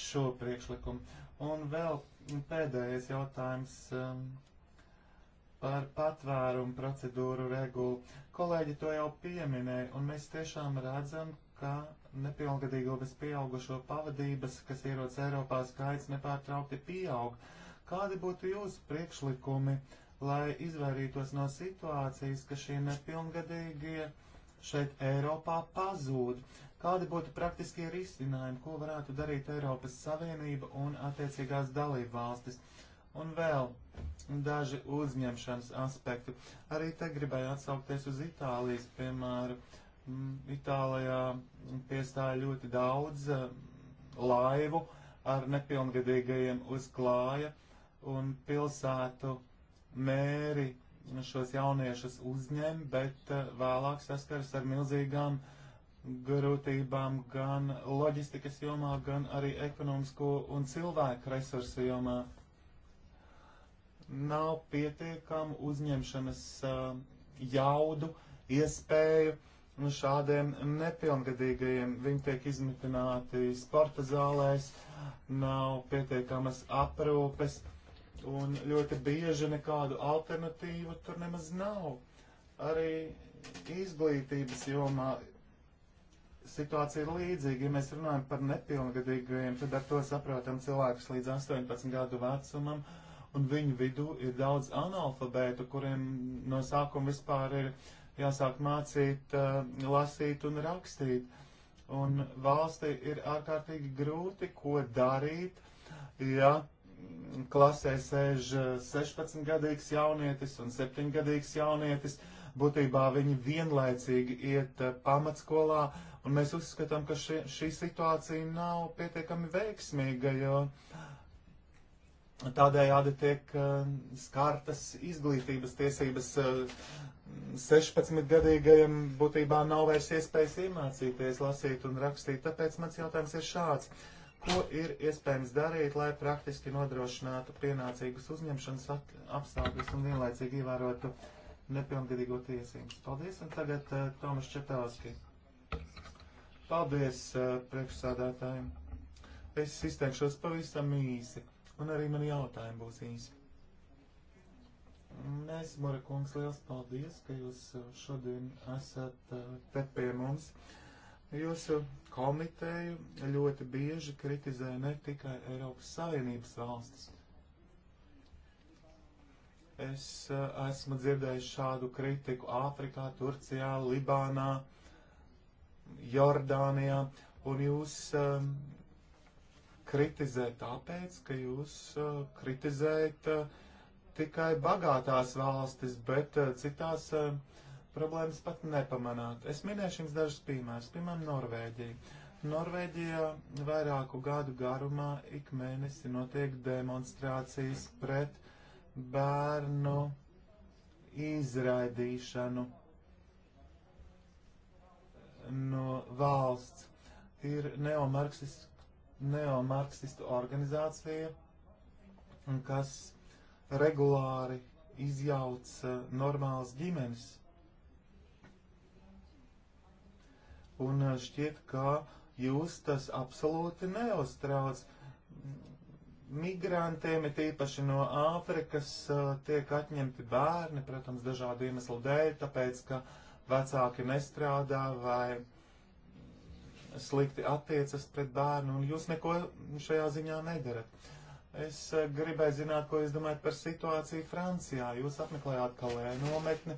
šo priekšlikumu? Un vēl pēdējais jautājums um, par patvērumu procedūru regulu. Kolēģi to jau pieminēja, un mēs tiešām redzam, ka nepilngadīgo bez pieaugušo pavadības, kas ierodas Eiropā, skaits nepārtraukti pieaug. Kādi būtu jūsu priekšlikumi, lai izvairītos no situācijas, ka šie nepilngadīgie šeit Eiropā pazūd? Kādi būtu praktiskie risinājumi, ko varētu darīt Eiropas Savienība un attiecīgās dalību valstis? Un vēl daži uzņemšanas aspekti. Arī te gribēju atsaukties uz Itālijas, piemēram, Mm, Itālijā piestāja ļoti daudz eh, laivu ar nepilngadīgajiem uz klāja, un pilsētu mēri šos jauniešus uzņem, bet eh, vēlāk saskaras ar milzīgām grūtībām gan loģistikas jomā, gan arī ekonomisko un cilvēku resursu jomā. Nav pietiekama uzņemšanas eh, jaudu, iespēju, Un nu, šādiem nepilngadīgajiem viņi tiek izmitināti sporta zālēs, nav pietiekamas aprūpes, un ļoti bieži nekādu alternatīvu tur nemaz nav. Arī izglītības jomā situācija ir līdzīga. Ja mēs runājam par nepilngadīgajiem, tad ar to saprotam cilvēkus līdz 18 gadu vecumam, un viņu vidū ir daudz analfabētu, kuriem no sākuma vispār ir jāsāk mācīt, eh, lasīt un rakstīt. Un valsti ir ārkārtīgi grūti, ko darīt, ja klasē sēž 16-gadīgs eh, jaunietis un 7-gadīgs jaunietis. Būtībā viņi vienlaicīgi iet eh, pamatskolā, un mēs uzskatām, ka šie, šī situācija nav pietiekami veiksmīga, jo tādējādi tiek skartas izglītības tiesības 16-gadīgajam būtībā nav vairs iespējas iemācīties lasīt un rakstīt. Tāpēc mans jautājums ir šāds. Ko ir iespējams darīt, lai praktiski nodrošinātu pienācīgus uzņemšanas apstākļus un vienlaicīgi ievērotu nepilngadīgo tiesības? Paldies, un tagad uh, Tomas Četavski. Paldies uh, priekšsādātājiem. Es izteikšos pavisam īsi, un arī mani jautājumi būs īsi. Neizmara kungs, liels paldies, ka jūs uh, šodien esat uh, te pie mums. Jūsu komiteju ļoti bieži kritizē ne tikai Eiropas Savienības valstis. Es uh, esmu dzirdējis šādu kritiku Āfrikā, Turcijā, Libānā, Jordānijā, un jūs um, kritizē tāpēc, ka jūs uh, kritizējat uh, tikai bagātās valstis, bet eh, citās eh, problēmas pat nepamanāt. Es minēšu jums dažus piemērus, piemēram, Norvēģiju. Norvēģijā vairāku gadu garumā ik mēnesi notiek demonstrācijas pret bērnu izraidīšanu no valsts. Ir neomarksist, neomarksistu organizācija, kas regulāri izjauc eh, normālas ģimenes. Un eh, šķiet, ka jūs tas absolūti neuztrauc. Migrantiem, it īpaši no Āfrikas, eh, tiek atņemti bērni, protams, dažādu iemeslu dēļ, tāpēc, ka vecāki nestrādā vai slikti attiecas pret bērnu, un jūs neko šajā ziņā nedarat. Es eh, gribēju zināt, ko jūs domājat par situāciju Francijā. Jūs apmeklējāt Kalē nometni,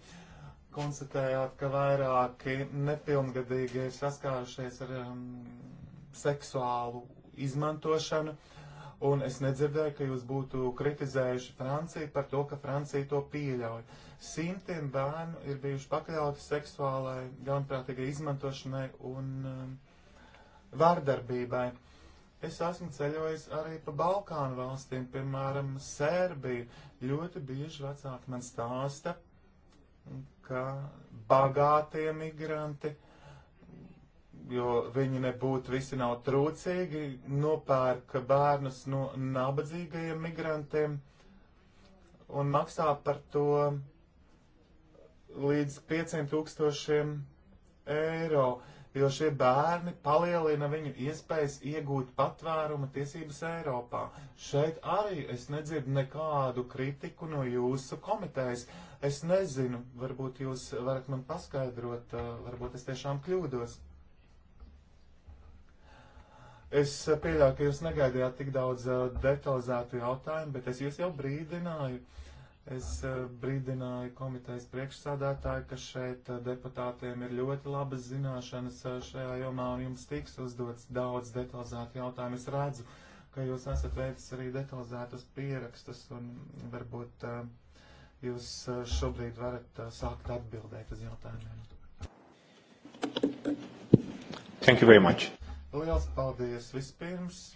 konstatējāt, ka vairāki nepilngadīgi ir saskārušies ar um, seksuālu izmantošanu. Un es nedzirdēju, ka jūs būtu kritizējuši Franciju par to, ka Francija to pieļauj. Simtiem bērnu ir bijuši pakļauti seksuālai, ganprātīgai izmantošanai un um, vārdarbībai. Uh, Es esmu ceļojis arī pa Balkānu valstīm, piemēram, Sērbiju. Ļoti bieži vecāki man stāsta, ka bagātie migranti, jo viņi nebūtu visi nav trūcīgi, nopērk bērnus no nabadzīgajiem migrantiem un maksā par to līdz 500 tūkstošiem eiro jo šie bērni palielina viņu iespējas iegūt patvēruma tiesības Eiropā. Šeit arī es nedzirdu nekādu kritiku no jūsu komitejas. Es nezinu, varbūt jūs varat man paskaidrot, eh, varbūt es tiešām kļūdos. Es pieļauju, ka jūs negaidījāt tik daudz eh, detalizētu jautājumu, bet es jūs jau brīdināju. Uh, Es eh, brīdināju komitejas priekšsādātāju, ka šeit eh, deputātiem ir ļoti labas zināšanas eh, šajā jomā un jums tiks uzdots daudz detalizētu jautājumu. Es redzu, ka jūs esat veicis arī detalizētus pierakstus un varbūt jūs šobrīd varat sākt atbildēt uz jautājumiem. Thank you very much. Liels paldies vispirms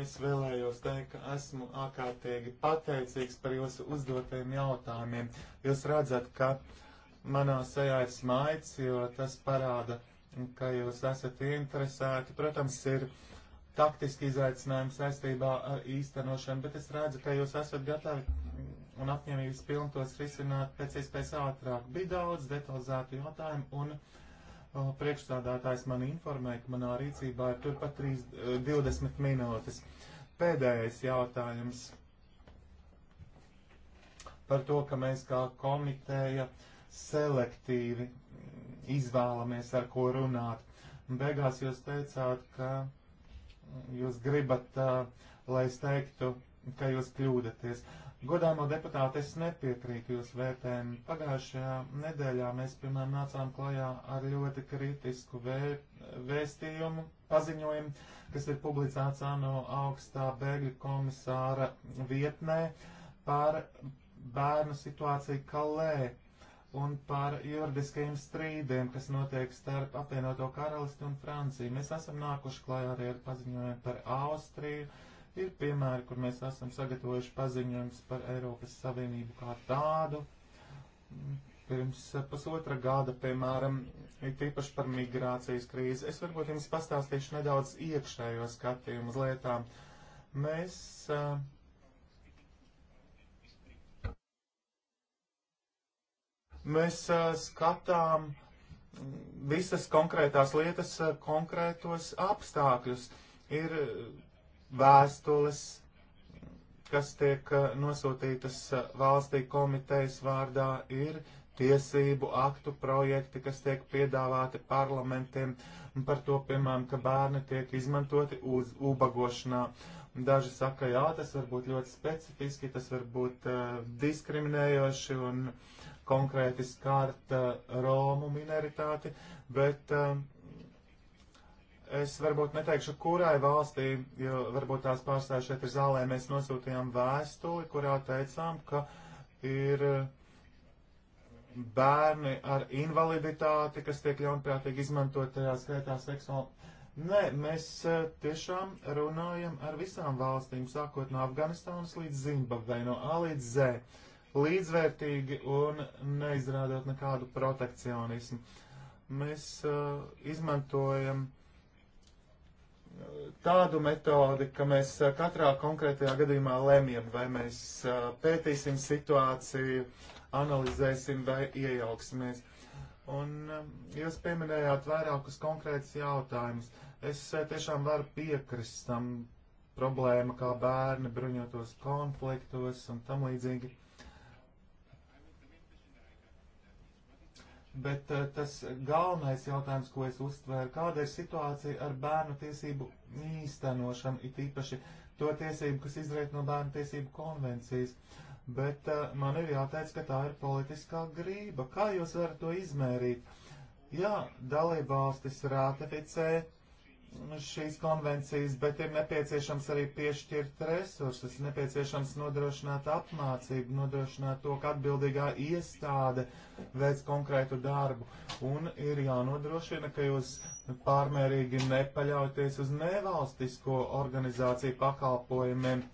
Es vēlējos teikt, ka esmu ārkārtīgi pateicīgs par jūsu uzdotajiem jautājumiem. Jūs redzat, ka manā sejā ir smaids, jo tas parāda, ka jūs esat interesēti. Protams, ir taktiski izaicinājumi saistībā ar īstenošanu, bet es redzu, ka jūs esat gatavi un apņemības pilni tos risināt pēc iespējas ātrāk. Bija daudz detalizētu jautājumu un Priekšstādātājs man informēja, ka manā rīcībā ir turpat 3, 20 minūtes. Pēdējais jautājums par to, ka mēs kā komiteja selektīvi izvēlamies, ar ko runāt. Beigās jūs teicāt, ka jūs gribat, lai es teiktu, ka jūs kļūdaties. Godāmo deputāti, es nepiekrītu jūs vērtējumu. Pagājušajā nedēļā mēs, piemēram, nācām klajā ar ļoti kritisku vēr, vēstījumu, paziņojumu, kas ir publicēts ANO augstā bēgļu komisāra vietnē par bērnu situāciju Kalē un par juridiskajiem strīdiem, kas notiek starp apvienoto karalisti un Franciju. Mēs esam nākuši klajā arī ar paziņojumu par Austriju Ir piemēri, kur mēs esam sagatavojuši paziņojums par Eiropas Savienību kā tādu. Pirms pusotra gada, piemēram, ir tīpaši par migrācijas krīzi. Es varbūt jums pastāstīšu nedaudz iekšējo skatījumu uz lietām. Mēs uh, mēs uh, skatām visas konkrētās lietas, uh, konkrētos apstākļus. Ir vēstules, kas tiek eh, nosūtītas eh, valstī komitejas vārdā, ir tiesību aktu projekti, kas tiek piedāvāti parlamentiem par to, piemēram, ka bērni tiek izmantoti uz ubagošanā. Daži saka, jā, tas var būt ļoti specifiski, tas var būt uh, diskriminējoši un konkrēti skārt uh, Romu minoritāti, bet uh, Es varbūt neteikšu, kurai valstī, jo varbūt tās pārstāvja šeit ir zālē, mēs nosūtījām vēstuli, kurā teicām, ka ir eh, bērni ar invaliditāti, kas tiek ļaunprātīgi izmantot tajā skaitā seksuāli. Nē, mēs eh, tiešām runājam ar visām valstīm, sākot no Afganistānas līdz Zimbabvei, no A līdz Z, līdzvērtīgi un neizrādot nekādu protekcionismu. Mēs uh, izmantojam uh, tādu metodi, ka mēs katrā konkrētajā gadījumā lemjam, vai mēs pētīsim situāciju, analizēsim vai iejauksimies. Un jūs pieminējāt vairākus konkrētus jautājumus. Es tiešām varu piekrist tam problēma, kā bērni bruņotos konfliktos un tam līdzīgi. Bet eh, tas galvenais jautājums, ko es uztvēru, kāda ir situācija ar bērnu tiesību īstenošanu, it īpaši to tiesību, kas izriet no bērnu tiesību konvencijas. Bet uh, man ir jāteic, ka tā ir politiskā grība. Kā jūs varat to izmērīt? Jā, dalībvalstis ratificē šīs konvencijas, bet ir nepieciešams arī piešķirt resursus, nepieciešams nodrošināt apmācību, nodrošināt to, ka atbildīgā iestāde veic konkrētu darbu. Un ir jānodrošina, ka jūs pārmērīgi nepaļauties uz nevalstisko organizāciju pakalpojumiem,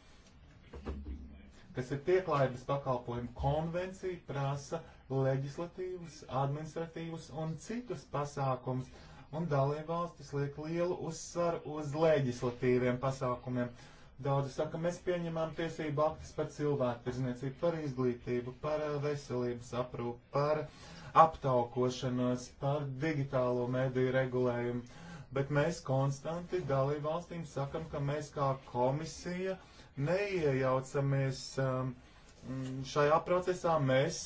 kas ir pieklājības pakalpojumu konvencija, prasa leģislatīvus, administratīvus un citus pasākumus un dalībvalstis liek lielu uzsvaru uz leģislatīviem pasākumiem. Daudzi saka, mēs pieņemam tiesību aktus par cilvēktirzniecību, par izglītību, par eh, veselības aprūpu, par aptaukošanos, par digitālo mediju regulējumu. Bet mēs konstanti dalībvalstīm sakam, ka mēs kā komisija neiejaucamies um, šajā procesā. Mēs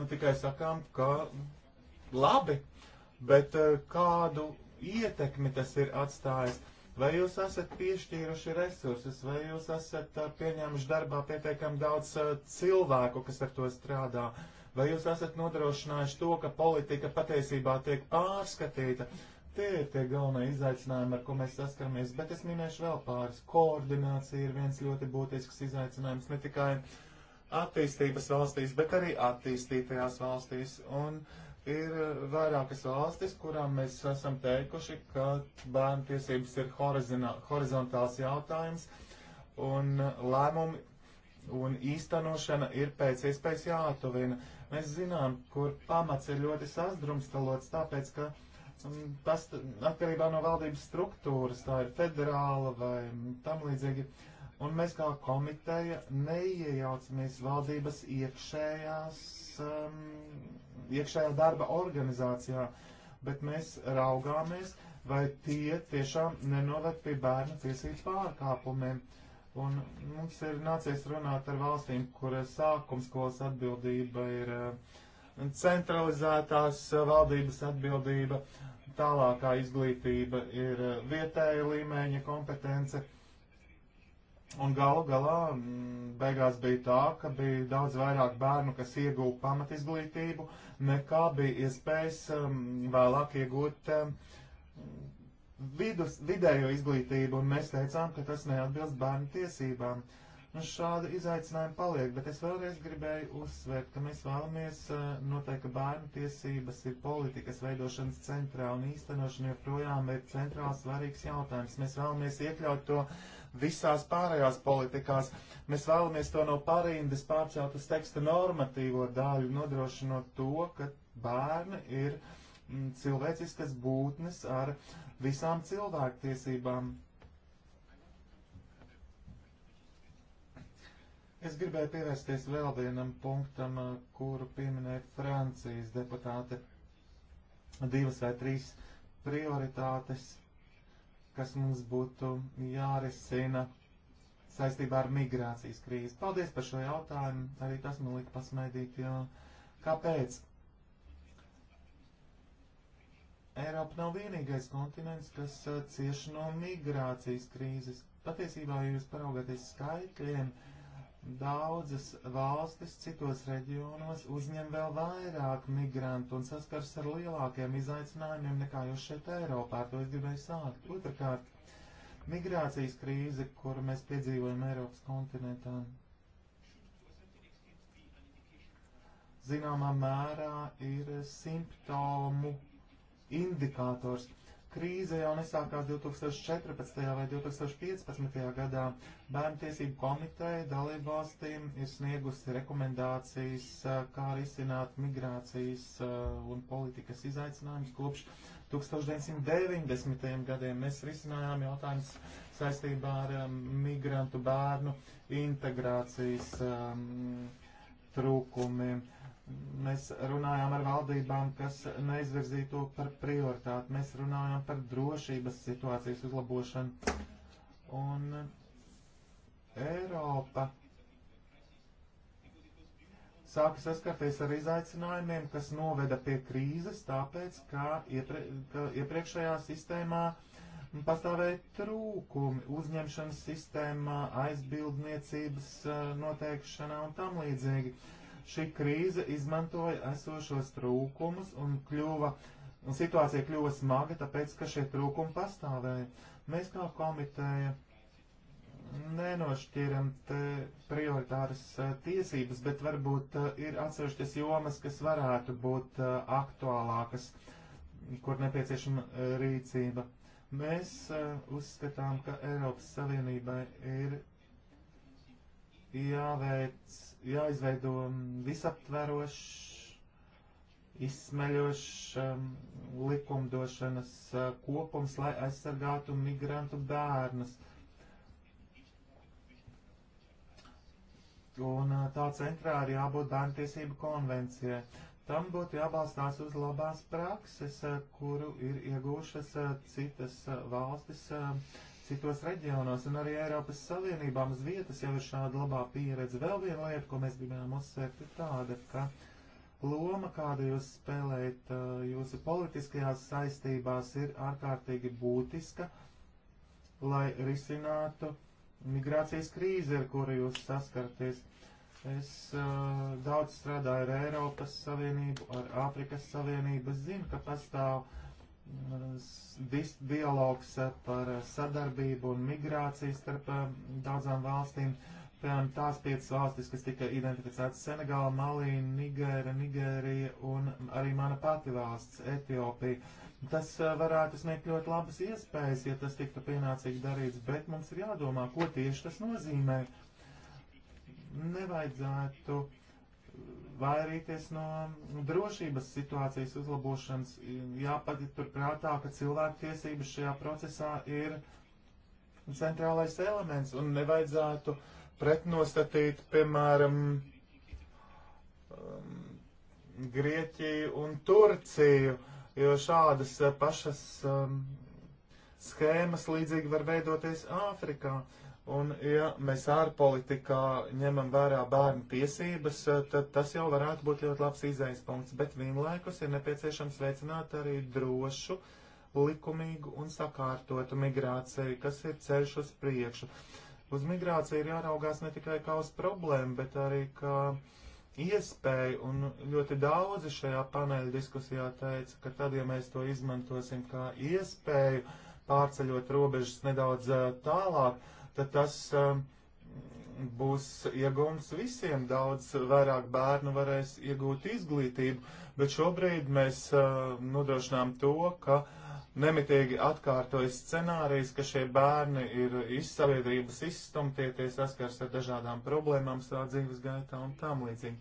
nu, tikai sakām, ka labi, bet eh, kādu ietekmi tas ir atstājis? Vai jūs esat piešķīruši resursus, vai jūs esat eh, pieņēmuši darbā pietiekami daudz eh, cilvēku, kas ar to strādā? Vai jūs esat nodrošinājuši to, ka politika patiesībā tiek pārskatīta? Tie ir tie galvenie izaicinājumi, ar ko mēs saskaramies, bet es minēšu vēl pāris. Koordinācija ir viens ļoti būtisks izaicinājums ne tikai attīstības valstīs, bet arī attīstītajās valstīs. Un, uh, Ir eh, vairākas valstis, kurām mēs esam teikuši, ka bērnu tiesības ir horizontāls jautājums un eh, lēmumi un īstenošana ir pēc iespējas jāatuvina. Mēs zinām, kur pamats ir ļoti sazdrumstalots, tāpēc, ka mm, tas atkarībā no valdības struktūras, tā ir federāla vai tam līdzīgi. Un mēs kā komiteja neiejaucamies valdības iekšējās um, iekšējā darba organizācijā, bet mēs raugāmies, vai tie tiešām nenoved pie bērnu tiesību pārkāpumiem. Un mums ir nācies runāt ar valstīm, kur sākumskolas atbildība ir eh, centralizētās valdības atbildība, tālākā izglītība ir eh, vietēja līmeņa kompetence Un galu galā mm, beigās bija tā, ka bija daudz vairāk bērnu, kas iegūta pamatizglītību, nekā bija iespējas um, vēlāk iegūt um, vidus, vidējo izglītību, un mēs teicām, ka tas neatbilst bērnu tiesībām. Nu, šādi izaicinājumi paliek, bet es vēlreiz gribēju uzsvērt, ka mēs vēlamies uh, noteikti, ka bērnu tiesības ir politikas veidošanas centrā un īstenošana joprojām ir centrāls svarīgs jautājums. Mēs vēlamies iekļaut to uh, visās pārējās politikās. Mēs vēlamies to no parīndes pārcelt uz teksta normatīvo daļu, nodrošinot to, ka bērni ir mm, cilvēciskas būtnes ar visām cilvēktiesībām. Es gribēju pievērsties vēl vienam punktam, kuru pieminēja Francijas deputāte. Divas vai trīs prioritātes kas mums būtu jārisina saistībā ar migrācijas krīzi. Paldies par šo jautājumu. Arī tas man lika pasmaidīt, jo kāpēc? Eiropa nav vienīgais kontinents, kas uh, cieši no migrācijas krīzes. Patiesībā, ja jūs paraugāties skaitļiem, uh, Daudzas valstis citos reģionos uzņem vēl vairāk migrantu un saskars ar lielākiem izaicinājumiem nekā jūs šeit Eiropā. Ar to es gribēju sākt. Otrakārt, migrācijas krīze, kuru mēs piedzīvojam Eiropas kontinentā. Zināmā mērā ir simptomu indikators. Krīze jau nesākās 2014. vai 2015. gadā. Bērnu tiesību komiteja dalībvalstīm ir sniegusi rekomendācijas, kā risināt migrācijas un politikas izaicinājumus kopš 1990. gadiem. Mēs risinājām jautājumus saistībā ar um, migrantu bērnu integrācijas um, trūkumiem. Mēs runājām ar valdībām, kas neizvirzīja to par prioritāti. Mēs runājām par drošības situācijas uzlabošanu. Un Eiropa sāka saskarties ar izaicinājumiem, kas noveda pie krīzes, tāpēc, ka, iepre, ka iepriekšējā sistēmā pastāvēja trūkumi uzņemšanas sistēmā, aizbildniecības eh, noteikšanā un tam līdzīgi. Uh, Šī krīze izmantoja esošos trūkumus un kļuva, un situācija kļuva smaga, tāpēc, ka šie trūkumi pastāvēja. Mēs kā komiteja nenošķiram prioritāras eh, tiesības, bet varbūt eh, ir atsevišķas jomas, kas varētu būt eh, aktuālākas, kur nepieciešama rīcība. Mēs uzskatām, ka Eiropas Savienībai ir jāveic, jāizveido visaptverošs, izsmeļošs um, likumdošanas uh, kopums, lai aizsargātu migrantu bērnus. Un uh, tā centrā ir jābūt bērntiesību konvencijai. Tam būtu jābalstās uz labās prakses, uh, kuru ir iegūšas uh, citas uh, valstis uh, Citos reģionos un arī Eiropas Savienībām uz vietas jau ir šāda labā pieredze. Vēl viena lieta, ko mēs gribējām uzsvērt, ir tāda, ka loma, kādu jūs spēlējat uh, jūsu politiskajās saistībās, ir ārkārtīgi būtiska, lai risinātu migrācijas krīzi, ar kuru jūs saskaraties. Es uh, daudz strādāju ar Eiropas Savienību, ar Āfrikas Savienību. Es zinu, ka pastāv uh, Mm, dialogs par sadarbību un migrāciju starp um, daudzām valstīm. Piemēram, tās piecas valstis, kas tika identificētas - Senegāla, Malī, Nigēra, Nigērija un arī mana pati valsts - Etiopija. Tas uh, varētu sniegt ļoti labas iespējas, ja tas tiktu pienācīgi darīts, bet mums ir jādomā, ko tieši tas nozīmē. Nevajadzētu uh, vairīties no drošības situācijas uzlabošanas. Jāpatur prātā, ka cilvēktiesības šajā procesā ir centrālais elements un nevajadzētu pretnostatīt, piemēram, um, Grieķiju un Turciju, jo šādas uh, pašas um, schēmas līdzīgi var veidoties Āfrikā. Uh, Un, ja mēs ārpolitikā ņemam vērā bērnu tiesības, eh, tad tas jau varētu būt ļoti labs izējas punkts, bet vienlaikus ir nepieciešams veicināt arī drošu, likumīgu un sakārtotu migrāciju, kas ir ceļš uz priekšu. Uz migrāciju ir jāraugās ne tikai kā uz problēmu, bet arī kā iespēju, un ļoti daudzi šajā paneļa diskusijā teica, ka tad, ja mēs to izmantosim kā iespēju, pārceļot robežas nedaudz eh, tālāk, tad tas um, būs iegūms visiem. Daudz vairāk bērnu varēs iegūt izglītību, bet šobrīd mēs uh, nodrošinām to, ka nemitīgi atkārtojas scenārijs, ka šie bērni ir izsaviedrības izstumti, tie saskars ar dažādām problēmām savā dzīves gaitā un tam līdzīgi.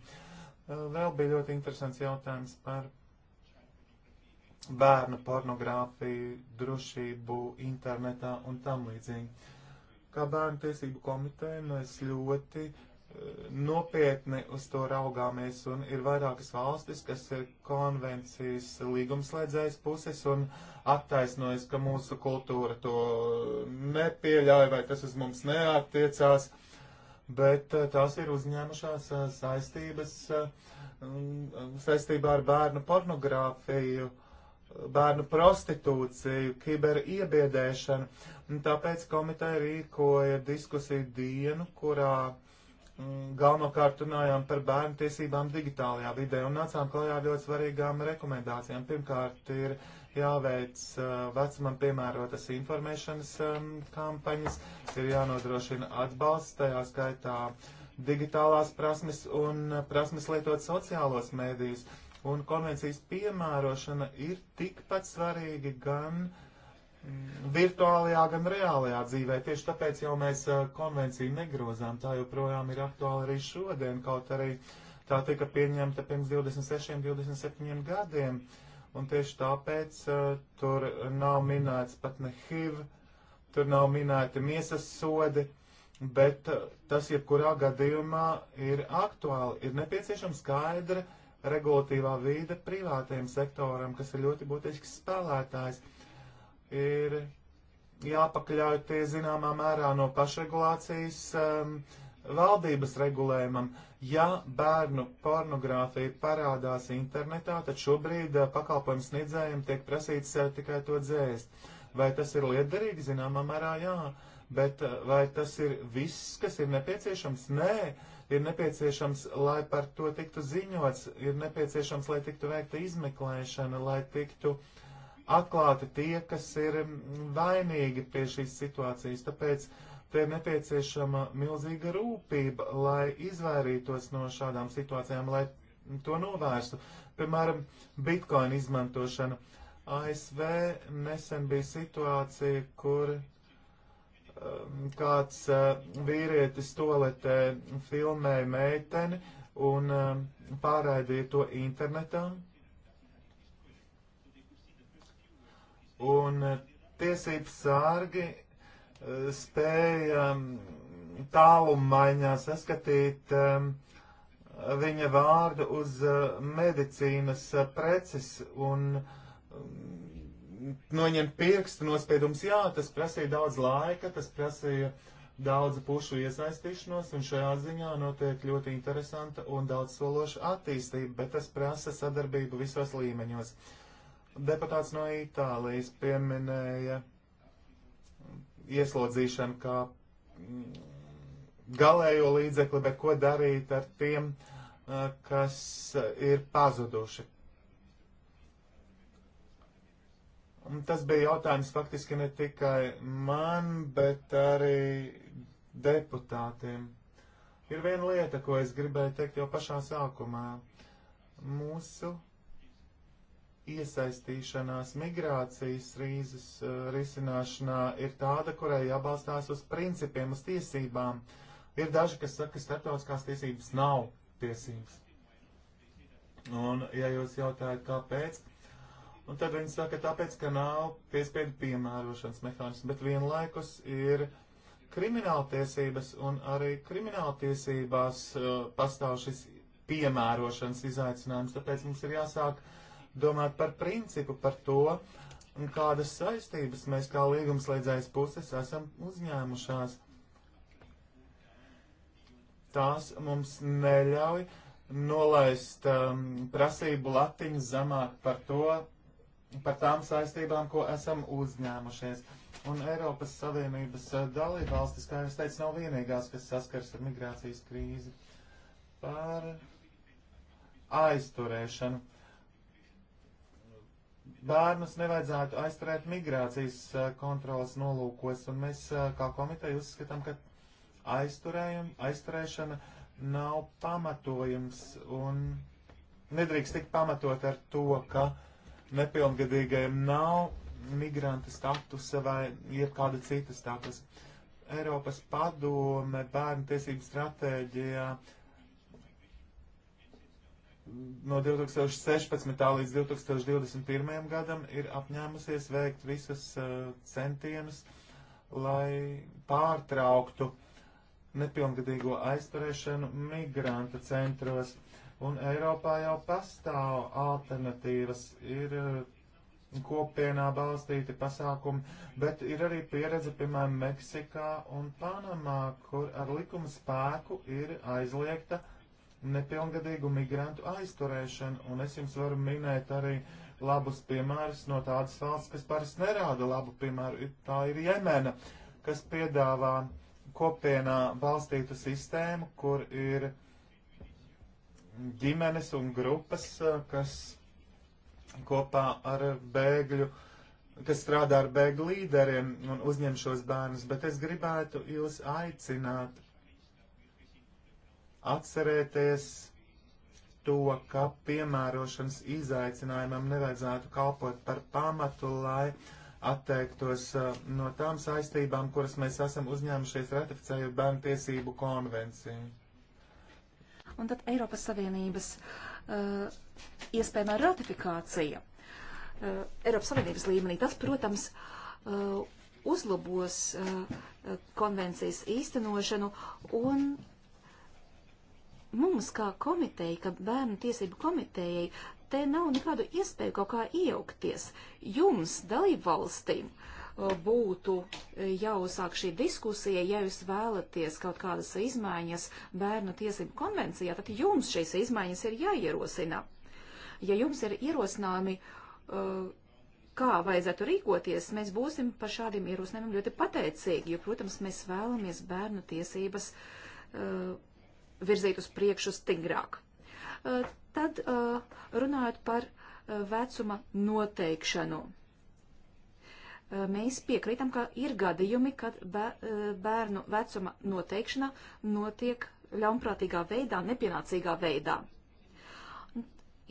Uh, vēl bija ļoti interesants jautājums par bērnu pornogrāfiju, drošību internetā un tam līdzīgi Kā bērnu tiesību komiteja mēs ļoti eh, nopietni uz to raugāmies, un ir vairākas valstis, kas ir konvencijas līgumslēdzējas puses un attaisnojas, ka mūsu kultūra to nepieļauj vai tas uz mums neattiecās, bet eh, tās ir uzņēmušās eh, saistības saistībā ar bērnu pornogrāfiju, bērnu prostitūciju, kiberiebiedēšanu. Nu, tāpēc komiteja rīkoja diskusiju dienu, kurā mm, galvenokārt runājām par bērnu tiesībām digitālajā vidē un nācām klajā ļoti svarīgām rekomendācijām. Pirmkārt, ir jāveic uh, vecumam piemērotas informēšanas um, kampaņas, ir jānodrošina atbalsts, tajā skaitā digitālās prasmes un prasmes lietot sociālos mēdījus. Un konvencijas piemērošana ir tikpat svarīga gan uh, virtuālajā, gan reālajā dzīvē. Tieši tāpēc jau mēs eh, konvenciju negrozām. Tā joprojām ir aktuāla arī šodien, kaut arī tā tika pieņemta pirms 26, 27 gadiem. Un tieši tāpēc eh, tur nav minēts pat ne HIV, tur nav minēti miesas sodi, bet eh, tas jebkurā gadījumā ir aktuāli. Ir nepieciešama skaidra regulatīvā vīde privātajam sektoram, kas ir ļoti būtisks spēlētājs ir jāpakļauj tie zināmā mērā no pašregulācijas um, valdības regulējumam. Ja bērnu pornogrāfija parādās internetā, tad šobrīd uh, pakalpojums sniedzējiem tiek prasīts uh, tikai to dzēst. Vai tas ir liederīgi? Zināmā mērā jā. Bet uh, vai tas ir viss, kas ir nepieciešams? Nē, ir nepieciešams, lai par to tiktu ziņots, ir nepieciešams, lai tiktu veikta izmeklēšana, lai tiktu uh, atklāti tie, kas ir vainīgi pie šīs situācijas. Tāpēc te ir nepieciešama milzīga rūpība, lai izvairītos no šādām situācijām, lai to novērstu. Piemēram, bitkoina izmantošana. ASV nesen bija situācija, kur um, kāds uh, vīrietis toletē filmēja meiteni un um, pārraidīja to internetā. Un eh, tiesību sārgi eh, spēja mm, tālummaiņā saskatīt um, viņa vārdu uz uh, medicīnas uh, preces un um, noņemt pirkstu nospiedumus. Jā, tas prasīja daudz laika, tas prasīja daudz pušu iesaistīšanos, un šajā ziņā notiek ļoti interesanta un daudz sološa attīstība, bet tas prasa sadarbību visos līmeņos. Uh, Deputāts no Itālijas pieminēja ieslodzīšanu kā mm, galējo līdzekli, bet ko darīt ar tiem, eh, kas eh, ir pazuduši? Un tas bija jautājums faktiski ne tikai man, bet arī deputātiem. Ir viena lieta, ko es gribēju teikt jau pašā sākumā. Mūsu iesaistīšanās migrācijas rīzes uh, risināšanā ir tāda, kurai jābalstās uz principiem, uz tiesībām. Ir daži, kas saka, ka starptautiskās tiesības nav tiesības. Un, ja jūs jautājat, kāpēc, un tad viņi saka, tāpēc, ka nav piespiedu piemērošanas mehānismu, bet vienlaikus ir krimināltiesības, un arī krimināltiesībās uh, pastāv šis piemērošanas izaicinājums, tāpēc mums ir jāsāk uh, domāt par principu, par to, kādas saistības mēs kā līgumslēdzējas puses esam uzņēmušās. Tās mums neļauj nolaist um, prasību latiņu zemāk par to, par tām saistībām, ko esam uzņēmušies. Un Eiropas Savienības uh, dalībvalstis, kā jau es teicu, nav vienīgās, kas saskars ar migrācijas krīzi. Par aizturēšanu bērnus nevajadzētu aizturēt migrācijas kontrolas nolūkos, un mēs kā komiteja uzskatām, ka aizturēšana nav pamatojums un nedrīkst tik pamatot ar to, ka nepilngadīgajiem nav migranta statusa vai ir kāda cita statusa. Eiropas padome bērnu tiesību stratēģijā no 2016. līdz 2021. gadam ir apņēmusies veikt visas uh, centienus, lai pārtrauktu nepilngadīgo aizturēšanu migranta centros. Un Eiropā jau pastāv alternatīvas, ir uh, kopienā balstīti pasākumi, bet ir arī pieredze, piemēram, Meksikā un Panamā, kur ar likuma spēku ir aizliegta uh, nepilngadīgu migrantu aizturēšanu, un es jums varu minēt arī labus piemērus no tādas valsts, kas parasti nerāda labu piemēru. Tā ir Jemena, kas piedāvā kopienā balstītu sistēmu, kur ir ģimenes un grupas, eh, kas kopā ar bēgļu, kas strādā ar bēgļu līderiem un uzņem šos bērnus, bet es gribētu jūs aicināt atcerēties to, ka piemērošanas izaicinājumam nevajadzētu kalpot par pamatu, lai atteiktos uh, no tām saistībām, kuras mēs esam uzņēmušies ratificējot bērnu tiesību konvenciju. Un tad Eiropas Savienības uh, iespējamā ratifikācija uh, Eiropas Savienības līmenī, tas, protams, uh, uzlabos uh, uh konvencijas īstenošanu un mums kā komiteja, kā bērnu tiesību komitejai, te nav nekādu iespēju kaut kā iejaukties. Jums, dalību valstīm, būtu e, jāuzsāk šī diskusija, ja jūs vēlaties kaut kādas izmaiņas bērnu tiesību konvencijā, tad jums šīs izmaiņas ir jāierosina. Ja jums ir ierosinājumi, kā vajadzētu rīkoties, mēs būsim par šādiem ierosinājumiem ļoti pateicīgi, jo, protams, mēs vēlamies bērnu tiesības uh, virzīt uz priekšu stingrāk. Tad runājot par vecuma noteikšanu. Mēs piekrītam, ka ir gadījumi, kad bērnu vecuma noteikšana notiek ļaunprātīgā veidā, nepienācīgā veidā.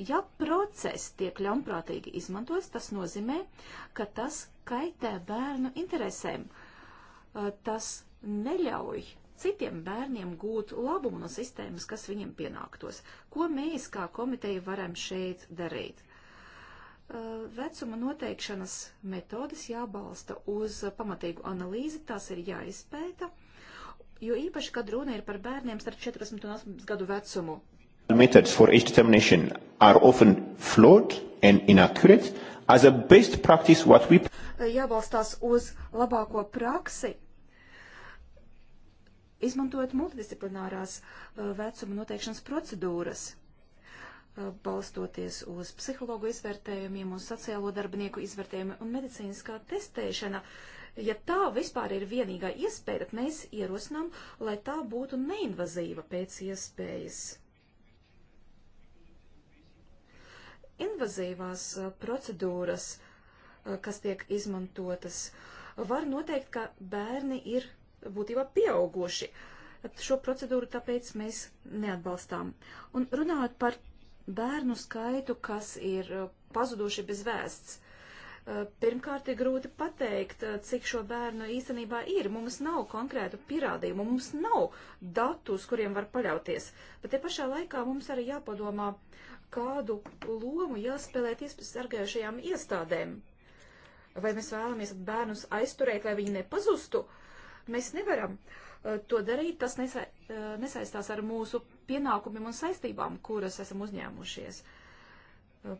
Ja process tiek ļaunprātīgi izmantots, tas nozīmē, ka tas kaitē bērnu interesēm. Tas neļauj citiem bērniem gūt labumu no sistēmas, kas viņiem pienāktos. Ko mēs kā komiteja varam šeit darīt? Vecuma noteikšanas metodas jābalsta uz pamatīgu analīzi, tās ir jāizpēta, jo īpaši, kad runa ir par bērniem starp 14 un 18 gadu vecumu. Methods for age determination are often flawed and inaccurate. As a best practice, what we... Jābalstās uz labāko praksi, izmantojot multidisciplinārās uh, vecuma noteikšanas procedūras, uh, balstoties uz psihologu izvērtējumiem, uz sociālo darbinieku izvērtējumu un medicīniskā testēšana. Ja tā vispār ir vienīgā iespēja, tad mēs ierosinām, lai tā būtu neinvazīva pēc iespējas. Invazīvās uh, procedūras, kas tiek izmantotas, var noteikt, ka bērni ir būtībā pieauguši. Šo procedūru tāpēc mēs neatbalstām. Un runājot par bērnu skaitu, kas ir uh, pazuduši bez vēsts, uh, pirmkārt ir grūti pateikt, uh, cik šo bērnu īstenībā ir. Mums nav konkrētu pierādījumu, mums nav datu, uz kuriem var paļauties. Bet te pašā laikā mums arī jāpadomā, kādu lomu jāspēlē tiesas sargājušajām iestādēm. Vai mēs vēlamies bērnus aizturēt, lai viņi nepazustu? Uh, Mēs nevaram uh, to darīt, tas nesa, uh, nesaistās ar mūsu pienākumiem un saistībām, kuras esam uzņēmušies. Uh,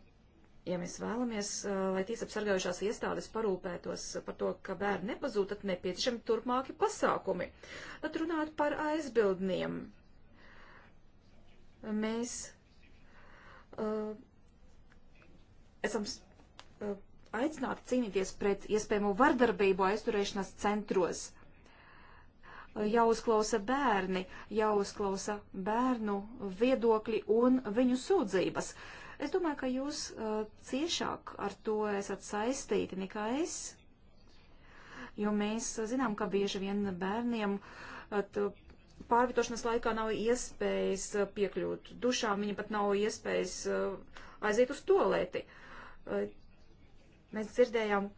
ja mēs vēlamies, uh, lai tiesapsargājušās iestādes parūpētos uh, par to, ka bērni nepazūd, tad nepieciešami turpmāki pasākumi. Tad runāt par aizbildniem. Mēs uh, esam uh, aicināti cīnīties pret iespējamo vardarbību aizturēšanās centros. Uh, jāuzklausa bērni, jāuzklausa bērnu viedokļi un viņu sūdzības. Es domāju, ka jūs uh, ciešāk ar to esat saistīti nekā es, jo mēs zinām, ka bieži vien bērniem at, uh, pārvietošanas laikā nav iespējas uh, piekļūt dušām, viņi pat nav iespējas uh, aiziet uz tolēti. Uh, mēs dzirdējām,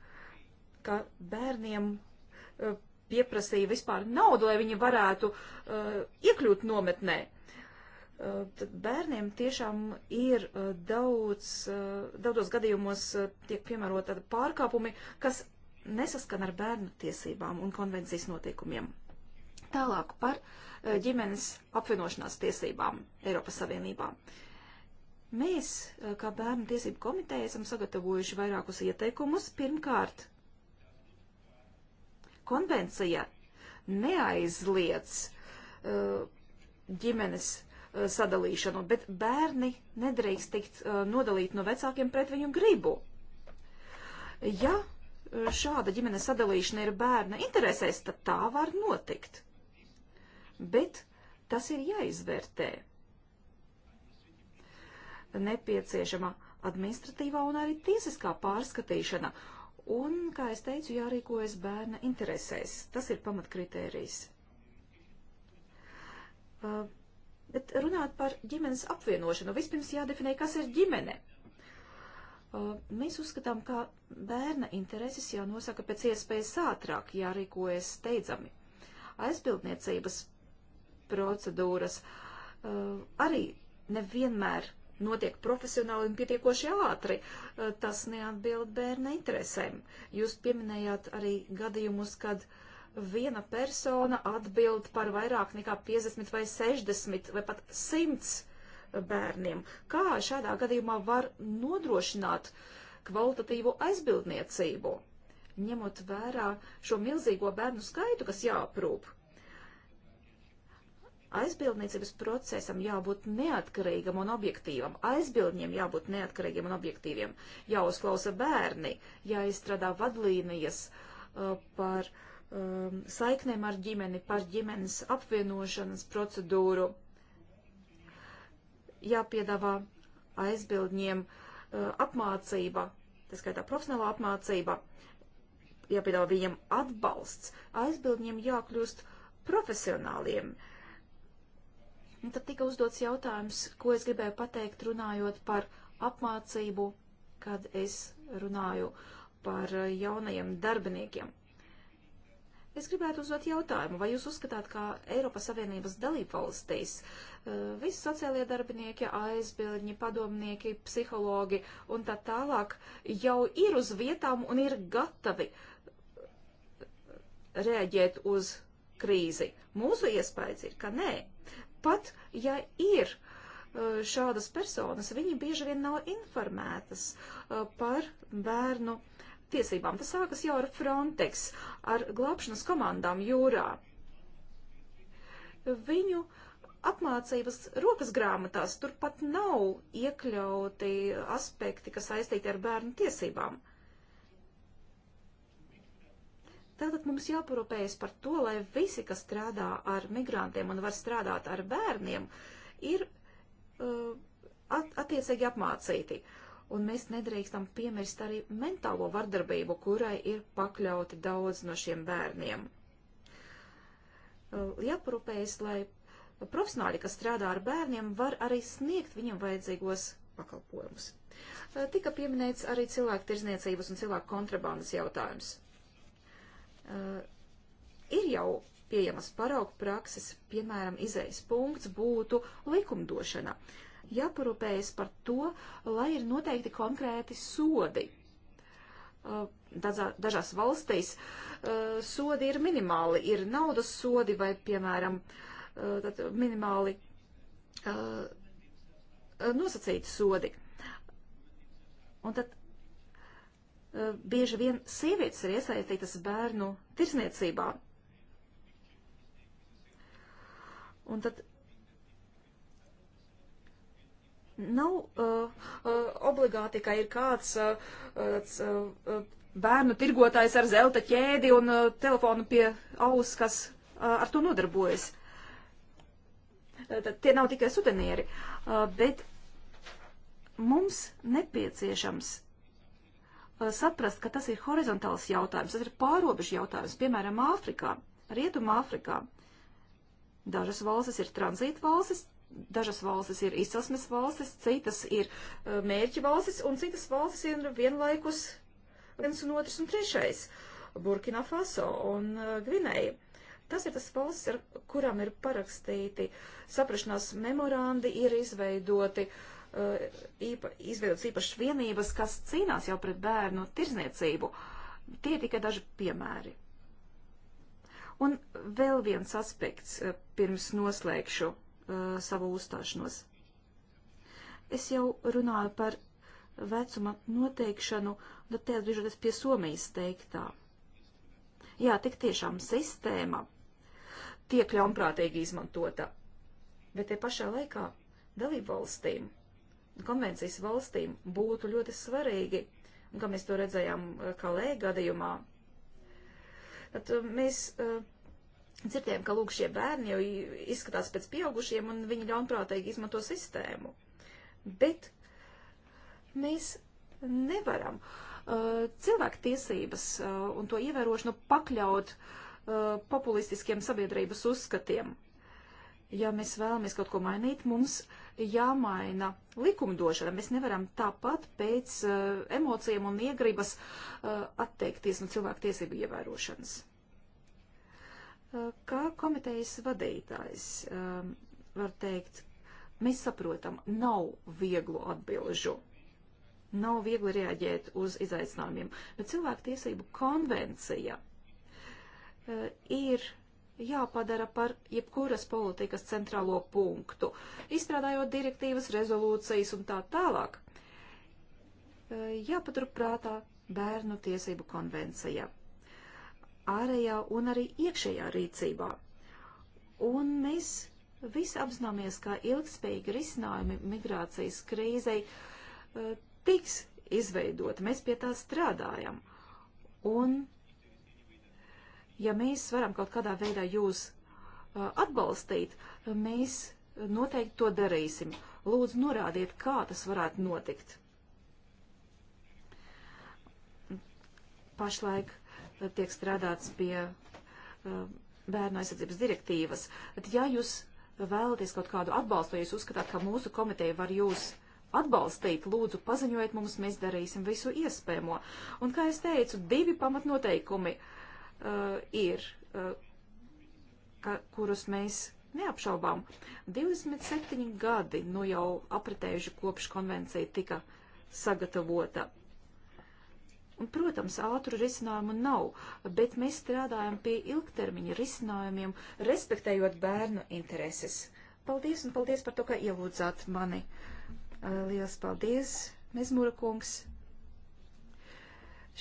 ka bērniem uh, pieprasīja vispār naudu, lai viņi varētu uh, iekļūt nometnē. Uh, tad bērniem tiešām ir uh, daudz, uh, daudzos gadījumos uh, tiek piemērot tādi pārkāpumi, kas nesaskan ar bērnu tiesībām un konvencijas noteikumiem. Tālāk par uh, ģimenes apvienošanās tiesībām Eiropas Savienībā. Mēs, uh, kā bērnu tiesību komiteja, esam sagatavojuši vairākus ieteikumus. Pirmkārt, konvencija neaizliedz uh, ģimenes uh, sadalīšanu, bet bērni nedrīkst tikt uh, nodalīti no vecākiem pret viņu gribu. Ja uh, šāda ģimenes sadalīšana ir bērna interesēs, tad tā var notikt. Bet tas ir jāizvērtē. Nepieciešama administratīvā un arī tiesiskā pārskatīšana, Un, kā es teicu, jārīkojas bērna interesēs. Tas ir pamatkritērijs. Uh, bet runāt par ģimenes apvienošanu, vispirms jādefinē, kas ir ģimene. Uh, mēs uzskatām, ka bērna intereses jānosaka pēc iespējas ātrāk, jārīkojas steidzami. Aizbildniecības procedūras uh, arī nevienmēr notiek profesionāli un pietiekoši ātri, eh, tas neatbild bērna interesēm. Jūs pieminējāt arī gadījumus, kad viena persona atbild par vairāk nekā 50 vai 60 vai pat 100 bērniem. Kā šādā gadījumā var nodrošināt kvalitatīvu aizbildniecību? ņemot vērā šo milzīgo bērnu skaitu, kas jāaprūp, aizbildniecības procesam jābūt neatkarīgam un objektīvam, aizbildņiem jābūt neatkarīgiem un objektīviem, jāuzklausa bērni, jāizstrādā vadlīnijas uh, par um, saiknēm ar ģimeni, par ģimenes apvienošanas procedūru, jāpiedāvā aizbildņiem uh, apmācība, tas skaitā profesionālā apmācība, jāpiedāvā viņiem atbalsts, aizbildņiem jākļūst profesionāliem. Uh, Un tad tika uzdots jautājums, ko es gribēju pateikt runājot par apmācību, kad es runāju par eh, jaunajiem darbiniekiem. Es gribētu uzdot jautājumu, vai jūs uzskatāt, ka Eiropas Savienības dalībvalstīs eh, visi sociālie darbinieki, aizbildņi, padomnieki, psihologi un tā tālāk jau ir uz vietām un ir gatavi eh, rēģēt uz krīzi. Mūsu iespējas ir, ka nē pat ja ir e, šādas personas, viņi bieži vien nav informētas e, par bērnu tiesībām. Tas sākas jau ar Frontex, ar glābšanas komandām jūrā. Viņu apmācības rokas grāmatās turpat nav iekļauti aspekti, kas saistīti ar bērnu tiesībām. Uh, Tātad mums jāparūpējas par to, lai visi, kas strādā ar migrantiem un var strādāt ar bērniem, ir uh, at, attiecīgi apmācīti. Un mēs nedrīkstam piemirst arī mentālo vardarbību, kurai ir pakļauti daudz no šiem bērniem. Uh, jāparūpējas, lai profesionāļi, kas strādā ar bērniem, var arī sniegt viņiem vajadzīgos pakalpojumus. Uh, tika pieminēts arī cilvēku tirzniecības un cilvēku kontrabandas jautājums Uh, ir jau pieejamas paraugu prakses, piemēram, izējas punkts būtu likumdošana. Jāparūpējas par to, lai ir noteikti konkrēti sodi. Uh, eh, dazā, dažās valstīs uh, sodi ir minimāli, ir naudas sodi vai, piemēram, uh, minimāli nosacīti sodi. Un tad Eh, bieži vien sievietes ir iesaistītas bērnu tirsniecībā. Un tad nav uh, uh, obligāti, ka ir kāds uh, uh, bērnu tirgotājs ar zelta ķēdi un uh, telefonu pie auss, kas uh, ar to nodarbojas. Uh, tad tie nav tikai sudenieri, uh, bet mums nepieciešams Uh, saprast, ka tas ir horizontāls jautājums, tas ir pārobežu jautājums, piemēram, Āfrikā, Rietuma Āfrikā. Dažas valstis ir tranzīta valstis, dažas valstis ir izcelsmes valstis, citas ir uh, mērķi valstis, un citas valstis ir vienlaikus viens un otrs un trešais - Burkina Faso un uh, Gvineja. Tas ir tas valsts, ar kurām ir parakstīti saprašanās memorandi, ir izveidoti uh, Uh, īpa, izveidotas īpašas vienības, kas cīnās jau pret bērnu tirzniecību. Tie ir tikai daži piemēri. Un vēl viens aspekts uh, pirms noslēgšu uh, savu uzstāšanos. Es jau runāju par vecuma noteikšanu, bet te atgriežoties pie Somijas teiktā. Jā, tik tiešām sistēma tiek ļaunprātīgi izmantota, bet te pašā laikā dalību valstīm konvencijas valstīm būtu ļoti svarīgi, un kā mēs to redzējām eh, Kalēja gadījumā. Tad eh, mēs uh, dzirdējām, ka lūk šie bērni jau izskatās pēc pieaugušiem un viņi ļaunprātīgi izmanto sistēmu. Bet mēs nevaram uh, cilvēku tiesības uh, un to ievērošanu pakļaut populistiskiem sabiedrības uzskatiem ja mēs vēlamies kaut ko mainīt, mums jāmaina likumdošana. Mēs nevaram tāpat pēc uh, emocijām un iegribas uh, atteikties no cilvēku tiesību ievērošanas. Uh, kā komitejas vadītājs um, var teikt, mēs saprotam, nav vieglu atbilžu. Nav viegli reaģēt uz izaicinājumiem, bet cilvēku tiesību konvencija uh, ir jāpadara par jebkuras politikas centrālo punktu, izstrādājot direktīvas, rezolūcijas un tā tālāk. E, jāpaturprātā bērnu tiesību konvencija ārējā un arī iekšējā rīcībā. Un mēs visi apzināmies, ka ilgspējīgi risinājumi migrācijas krīzei e, tiks izveidoti. Mēs pie tā strādājam. Un Ja mēs varam kaut kādā veidā jūs uh, atbalstīt, mēs noteikti to darīsim. Lūdzu, norādiet, kā tas varētu notikt. Pašlaik uh, tiek strādāts pie uh, bērnu aizsardzības direktīvas. Tad, ja jūs vēlaties kaut kādu atbalstu, ja jūs uzskatāt, ka mūsu komiteja var jūs atbalstīt, lūdzu, paziņojiet mums, mēs darīsim visu iespējamo. Un, kā es teicu, divi pamatnoteikumi uh, uh, ir, uh, ka, kurus mēs neapšaubām. 27 gadi nu jau apritējuši kopš konvencija tika sagatavota. Un, protams, ātru risinājumu nav, bet mēs strādājam pie ilgtermiņa risinājumiem, respektējot bērnu intereses. Paldies un paldies par to, ka ielūdzāt mani. Uh, Lielas paldies, Mezmura kungs.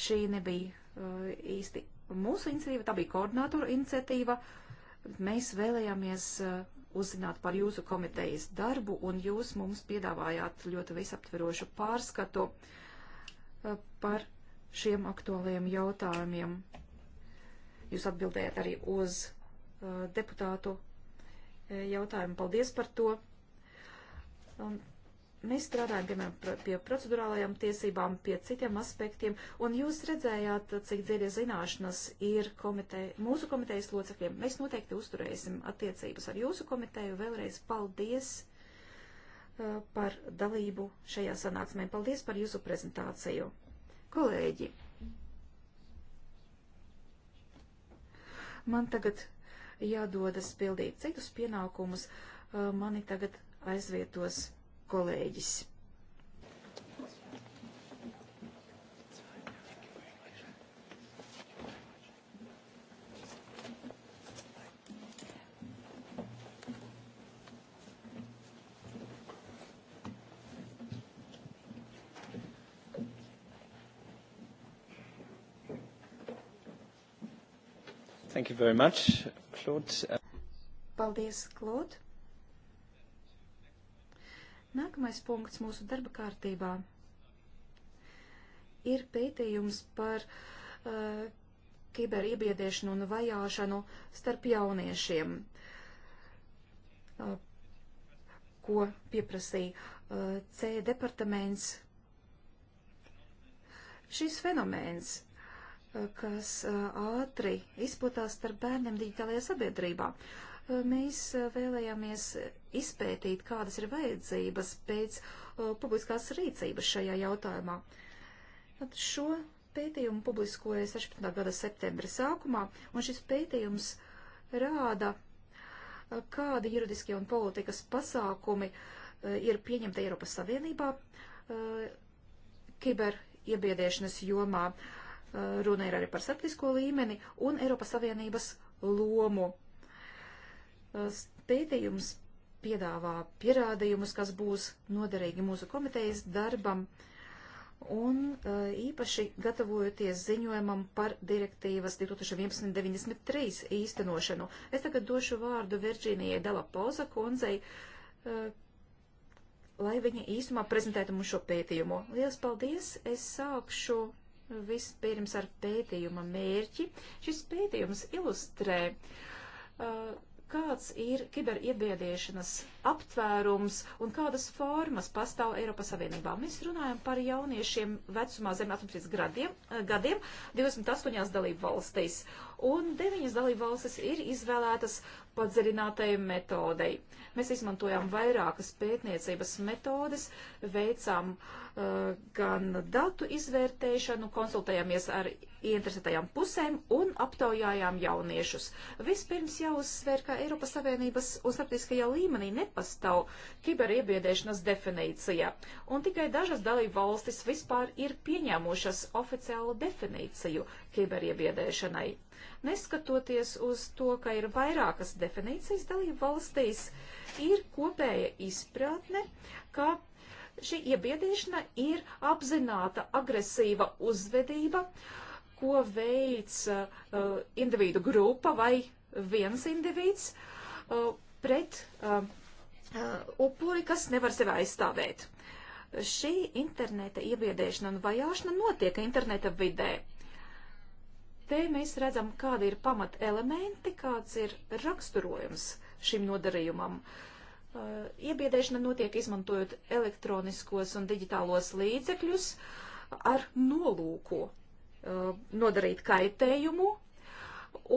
Šī nebija uh, īsti mūsu iniciatīva, tā bija koordinātora iniciatīva. Mēs vēlējāmies uh, uzzināt par jūsu komitejas darbu, un jūs mums piedāvājāt ļoti visaptverošu pārskatu uh, par šiem aktuālajiem jautājumiem. Jūs atbildējat arī uz uh, deputātu jautājumu. Paldies par to! Un Mēs strādājam, piemēram, pie procedurālajām tiesībām, pie citiem aspektiem, un jūs redzējāt, cik dziļa zināšanas ir komiteja, mūsu komitejas locekļiem. Mēs noteikti uzturēsim attiecības ar jūsu komiteju. Vēlreiz paldies uh, par dalību šajā sanāksmē. Paldies par jūsu prezentāciju. Kolēģi, man tagad jādodas pildīt citus pienākumus. Uh, mani tagad aizvietos kolēģis. Thank you very much, Claude. Paldies, Claude. Nākamais punkts mūsu darba kārtībā ir pētījums par uh, kiberiebiedēšanu un vajāšanu starp jauniešiem, uh, ko pieprasīja uh, C departaments. Šis fenomens uh, kas uh, ātri izplatās starp bērniem digitālajā sabiedrībā. Uh, mēs vēlējāmies izpētīt, kādas ir vajadzības pēc uh, publiskās rīcības šajā jautājumā. Tad šo pētījumu publiskoja 16. gada septembra sākumā, un šis pētījums rāda, uh, kādi juridiskie un politikas pasākumi uh, ir pieņemti Eiropas Savienībā uh, kiber iebiedēšanas jomā. Uh, runa ir arī par starptisko līmeni un Eiropas Savienības lomu uh, pētījums piedāvā pierādījumus, kas būs noderīgi mūsu komitejas darbam, un uh, īpaši gatavojoties ziņojumam par direktīvas 2011.93 īstenošanu. Es tagad došu vārdu Virģīnijai Dela Pauza kundzei, uh, lai viņa īsumā prezentētu mums šo pētījumu. Lielas paldies! Es sākšu vispirms ar pētījuma mērķi. Šis pētījums ilustrē uh, kāds ir kiberitbiediešanas aptvērums un kādas formas pastāv Eiropas Savienībā. Mēs runājam par jauniešiem vecumā zem 18 gadiem, gadiem 28 dalību valstīs un deviņas dalībvalstis ir izvēlētas padziļinātajai metodei. Mēs izmantojām vairākas pētniecības metodes, veicām uh, gan datu izvērtēšanu, konsultējāmies ar ieinteresētajām pusēm un aptaujājām jauniešus. Vispirms jāuzsver, ka Eiropas Savienības un starptautiskajā līmenī nepastāv kiberiebiedēšanas definīcija, un tikai dažas dalību valstis vispār ir pieņēmušas oficiālu definīciju kiberiebiedēšanai. Neskatoties uz to, ka ir vairākas definīcijas dalību valstīs, ir kopēja izpratne, ka šī iebiedīšana ir apzināta agresīva uzvedība, ko veic uh, individu grupa vai viens individs uh, pret uh, uh, upuri, kas nevar sevi aizstāvēt. Šī interneta iebiedēšana un vajāšana notiek interneta vidē. Uh, Te mēs redzam, kāda ir pamat elementi, kāds ir raksturojums šim nodarījumam. Uh, iebiedēšana notiek izmantojot elektroniskos un digitālos līdzekļus ar nolūku uh, nodarīt kaitējumu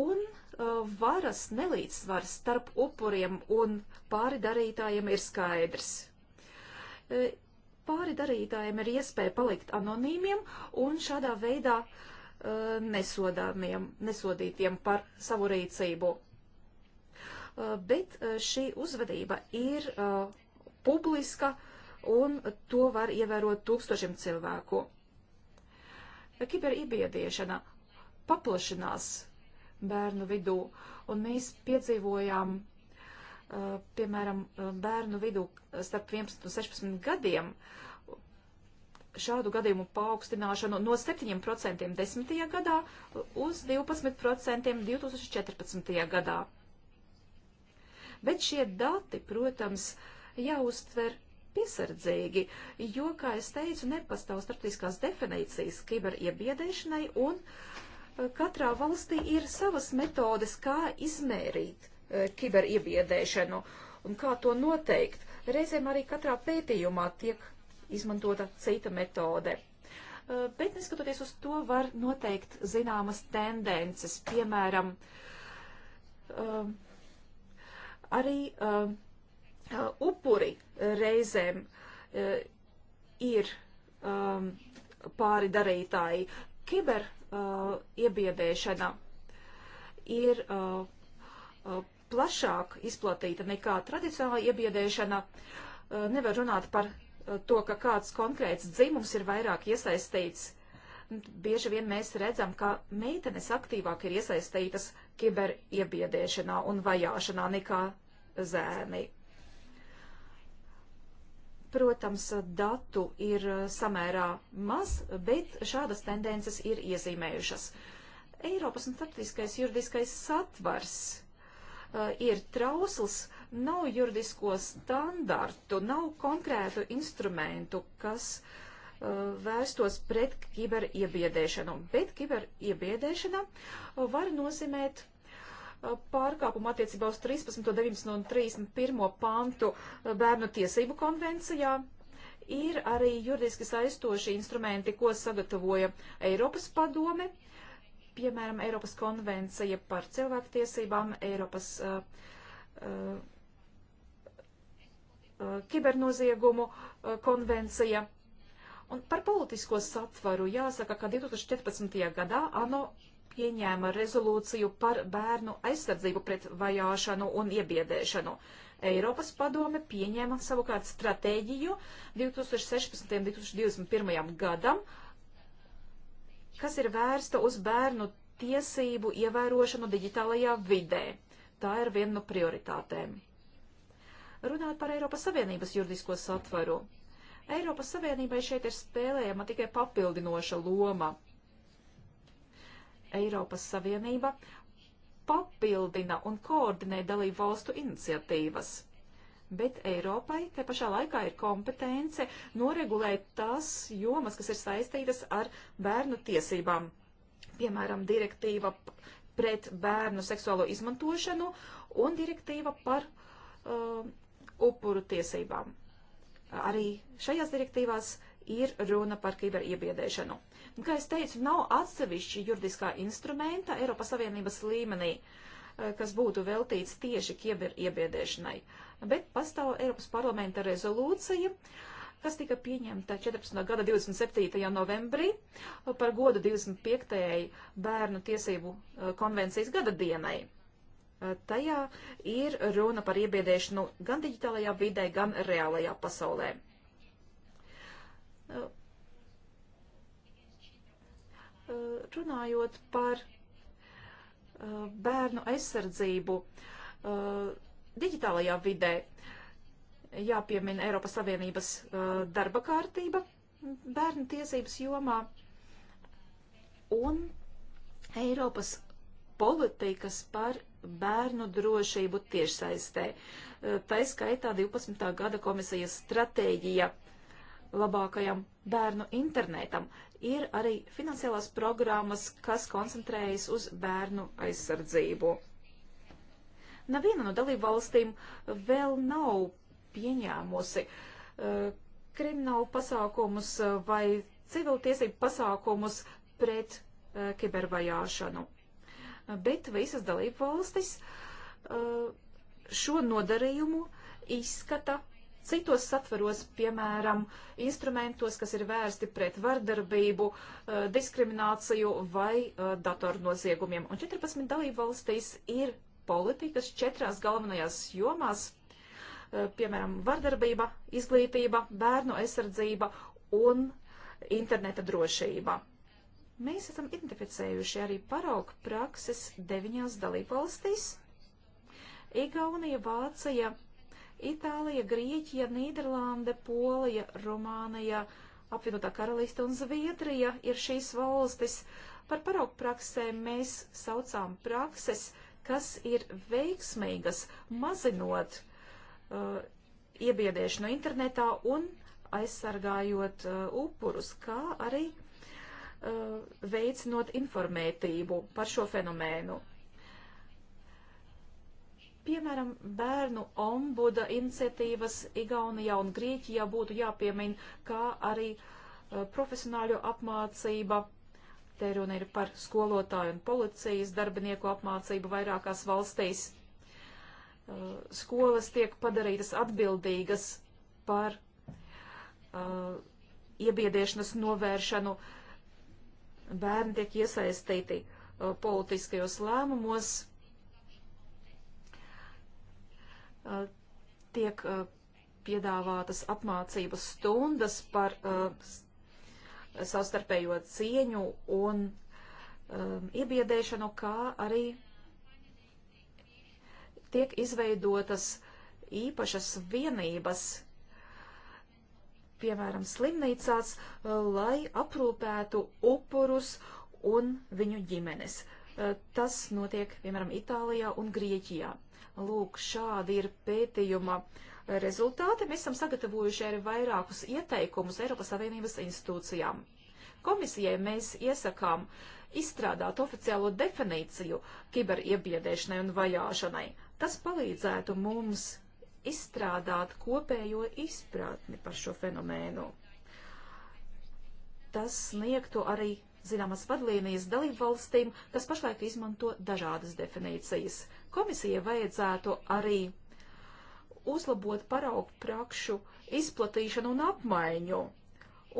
un uh, varas nelīdzsvars starp upuriem un pāri darītājiem ir skaidrs. Pāri darītājiem ir iespēja palikt anonīmiem un šādā veidā uh, Uh, nesodītiem par savu rīcību. Uh, bet uh, šī uzvedība ir publiska un to var ievērot tūkstošiem cilvēku. Kiberiebiediešana paplašinās bērnu vidū, un mēs piedzīvojām, piemēram, bērnu vidū starp 11 un 16 gadiem uh, šādu gadījumu paaugstināšanu no 7% 10. gadā uz 12% 2014. gadā. Bet šie dati, protams, jāuztver piesardzīgi, jo, kā es teicu, nepastāv starptiskās definīcijas kiberiebiedēšanai un e, katrā valstī ir savas metodes, kā izmērīt e, kiberiebiedēšanu un kā to noteikt. Reizēm arī katrā pētījumā tiek izmantota cita metode. Uh, bet neskatoties uz to, var noteikt zināmas tendences. Piemēram, uh, arī uh, upuri reizēm ir um, pāri darītāji. Kiber iebiedēšana ir plašāk izplatīta nekā tradicionāla iebiedēšana. Nevar runāt par to, ka kāds konkrēts dzimums ir vairāk iesaistīts. Bieži vien mēs redzam, ka meitenes aktīvāk ir iesaistītas kiberiebiedēšanā un vajāšanā nekā zēni. Protams, datu ir samērā maz, bet šādas tendences ir iezīmējušas. Eiropas un starptautiskais juridiskais satvars uh, ir trausls, uh, Nav juridisko standartu, nav konkrētu instrumentu, kas uh, vērstos pret kiberiebiedēšanu, bet kiberiebiedēšana uh, var nozīmēt uh, pārkāpumu attiecībā uz 13, 19 un 31 pantu uh, bērnu tiesību konvencijā. Ir arī juridiski saistoši instrumenti, ko sagatavoja Eiropas padome, piemēram, Eiropas konvencija par cilvēktiesībām, Eiropas uh, uh, Uh, kibernoziegumu uh, konvencija. Un par politisko satvaru jāsaka, ka 2014. gadā ANO pieņēma rezolūciju par bērnu aizsardzību pret vajāšanu un iebiedēšanu. Eiropas padome pieņēma savukārt stratēģiju 2016. un 2021. gadam, kas ir vērsta uz bērnu tiesību ievērošanu digitālajā vidē. Tā ir viena no prioritātēm runāt par Eiropas Savienības juridisko satvaru. Eiropas Savienībai šeit ir spēlējama tikai papildinoša loma. Eiropas Savienība papildina un koordinē dalību valstu iniciatīvas. Bet Eiropai te pašā laikā ir kompetence noregulēt tās jomas, kas ir saistītas ar bērnu tiesībām. Piemēram, direktīva pret bērnu seksuālo izmantošanu un direktīva par uh, upuru tiesībām. Arī šajās direktīvās ir runa par kiberiebiedēšanu. Un, kā es teicu, nav atsevišķi juridiskā instrumenta Eiropas Savienības līmenī, eh, kas būtu veltīts tieši kiberiebiedēšanai. Bet pastāv Eiropas parlamenta rezolūcija, kas tika pieņemta 14. gada 27. novembrī par godu 25. bērnu tiesību eh, konvencijas gada dienai. Eh, tajā ir runa par iebiedēšanu nu, gan digitālajā vidē, gan reālajā pasaulē. Eh, eh, runājot par bērnu aizsardzību digitālajā vidē, jāpiemina Eiropas Savienības darba kārtība bērnu tiesības jomā un Eiropas politikas par bērnu drošību tiešsaistē. Eh, Tā skaitā 12. gada komisijas stratēģija labākajam bērnu internetam. Ir arī finansiālās programmas, kas koncentrējas uz bērnu aizsardzību. Neviena no dalību valstīm vēl nav pieņēmusi uh, kriminālu pasākumus eh, vai civiltiesību pasākumus pret uh, kibervajāšanu bet visas dalībvalstis eh, šo nodarījumu izskata citos satveros, piemēram, instrumentos, kas ir vērsti pret vardarbību, eh, diskrimināciju vai eh, datornoziegumiem. Un 14 dalībvalstīs ir politikas četrās galvenajās jomās, piemēram, vardarbība, izglītība, bērnu aizsardzība un interneta drošība. Mēs esam identificējuši arī paraugu prakses deviņās dalībvalstīs - Igaunija, Vācija, Itālija, Grieķija, Nīderlande, Polija, Rumānija, apvienotā karaliste un Zviedrija ir šīs valstis. Par paraugu praksēm mēs saucām prakses, kas ir veiksmīgas, mazinot uh, iebiedēšanu internetā un aizsargājot uh, upurus, kā arī uh, Uh, veicinot informētību par šo fenomēnu. Piemēram, bērnu ombuda iniciatīvas Igaunijā un Grieķijā būtu jāpiemina, kā arī uh, profesionāļu apmācība. Te runa ir par skolotāju un policijas darbinieku apmācību vairākās valstīs. Uh, skolas tiek padarītas atbildīgas par uh, iebiedēšanas novēršanu uh, bērni tiek iesaistīti uh, politiskajos lēmumos, uh, tiek uh, piedāvātas apmācības stundas par uh, savstarpējo cieņu un um, iebiedēšanu, kā arī tiek izveidotas īpašas vienības, piemēram, slimnīcās, eh, lai aprūpētu upurus un viņu ģimenes. Eh, tas notiek, piemēram, Itālijā un Grieķijā. Lūk, šādi ir pētījuma rezultāti. Mēs esam sagatavojuši arī vairākus ieteikumus Eiropas Savienības institūcijām. Komisijai mēs iesakām izstrādāt oficiālo definīciju kiberiebiedēšanai un vajāšanai. Tas palīdzētu mums izstrādāt kopējo izpratni par šo fenomēnu. Tas sniegtu arī zināmas vadlīnijas dalību valstīm, kas pašlaik izmanto dažādas definīcijas. Komisija vajadzētu arī uzlabot paraugu prakšu izplatīšanu un apmaiņu,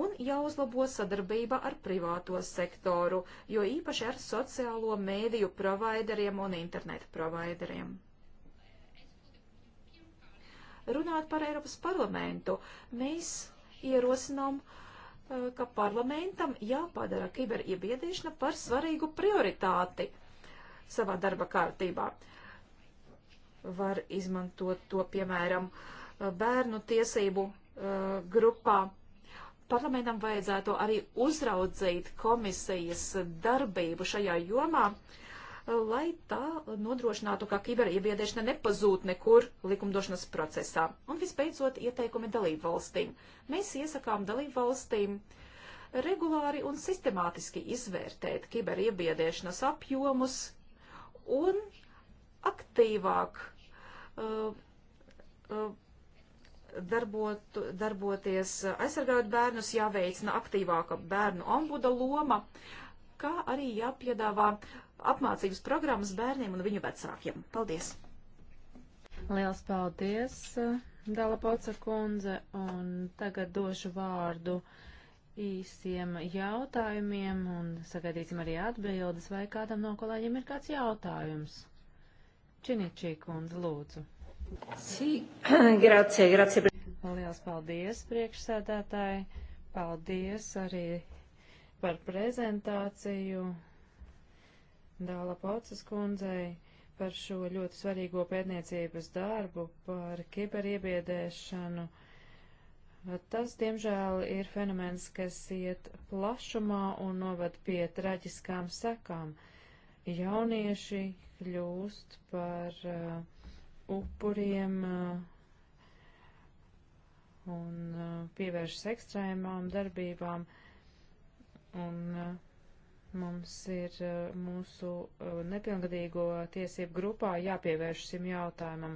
un jāuzlabo sadarbība ar privāto sektoru, jo īpaši ar sociālo mēdīju provideriem un internetu provideriem. Runāt par Eiropas parlamentu, mēs ierosinām, eh, ka parlamentam jāpadara kiberiebiedēšana par svarīgu prioritāti savā darba kārtībā. Var izmantot to, piemēram, eh, bērnu tiesību eh, grupā. Parlamentam vajadzētu arī uzraudzīt komisijas darbību šajā jomā, uh, lai tā nodrošinātu, ka kiberiebiedēšana nepazūd nekur likumdošanas procesā. Un visbeidzot, ieteikumi dalību valstīm. Mēs iesakām dalību valstīm regulāri un sistemātiski izvērtēt kiberiebiedēšanas apjomus un aktīvāk uh, uh, darbot, darboties, aizsargājot bērnus, jāveicina aktīvāka bērnu ombuda loma. Uh, kā arī jāpiedāvā apmācības programmas bērniem un viņu vecākiem. Paldies! Liels paldies, eh, Dala Poca kundze, un tagad došu vārdu īsiem jautājumiem un sagaidīsim arī atbildes, vai kādam no kolēģiem ir kāds jautājums. Činičī kundze, lūdzu. Sī, grazie, grazie. Liels paldies, priekšsēdētāji. Paldies arī par prezentāciju Dāla Paucas kundzei par šo ļoti svarīgo pētniecības darbu, par kiberiebiedēšanu. Tas, diemžēl, ir fenomens, kas iet plašumā un novad pie traģiskām sekām. Jaunieši kļūst par uh, upuriem uh, un uh, pievēršas ekstrēmām darbībām. Uh, Un uh, mums ir uh, mūsu uh, nepilngadīgo tiesību grupā jāpievērš šim jautājumam.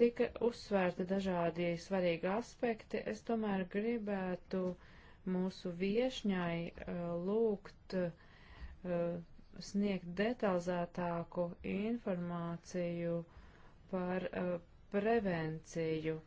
Tika uzsvērti dažādi svarīgi aspekti. Es tomēr gribētu mūsu viešņai lūgt sniegt detalizētāku informāciju par prevenciju.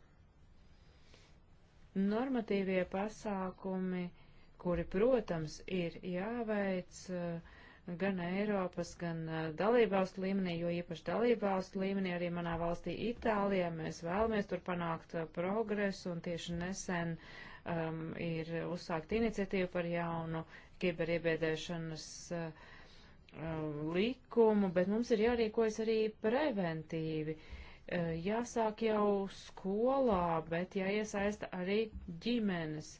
Normatīvie pasākumi uh, kuri, protams, ir jāveic eh, gan Eiropas, gan eh, dalībvalstu līmenī, jo īpaši dalībvalstu līmenī arī manā valstī Itālijā mēs vēlamies tur panākt eh, progresu un tieši nesen um, ir uzsākta iniciatīva par jaunu kiberiebiedēšanas uh, likumu, bet mums ir jārīkojas arī preventīvi. Jāsāk jau skolā, bet jāiesaista arī ģimenes.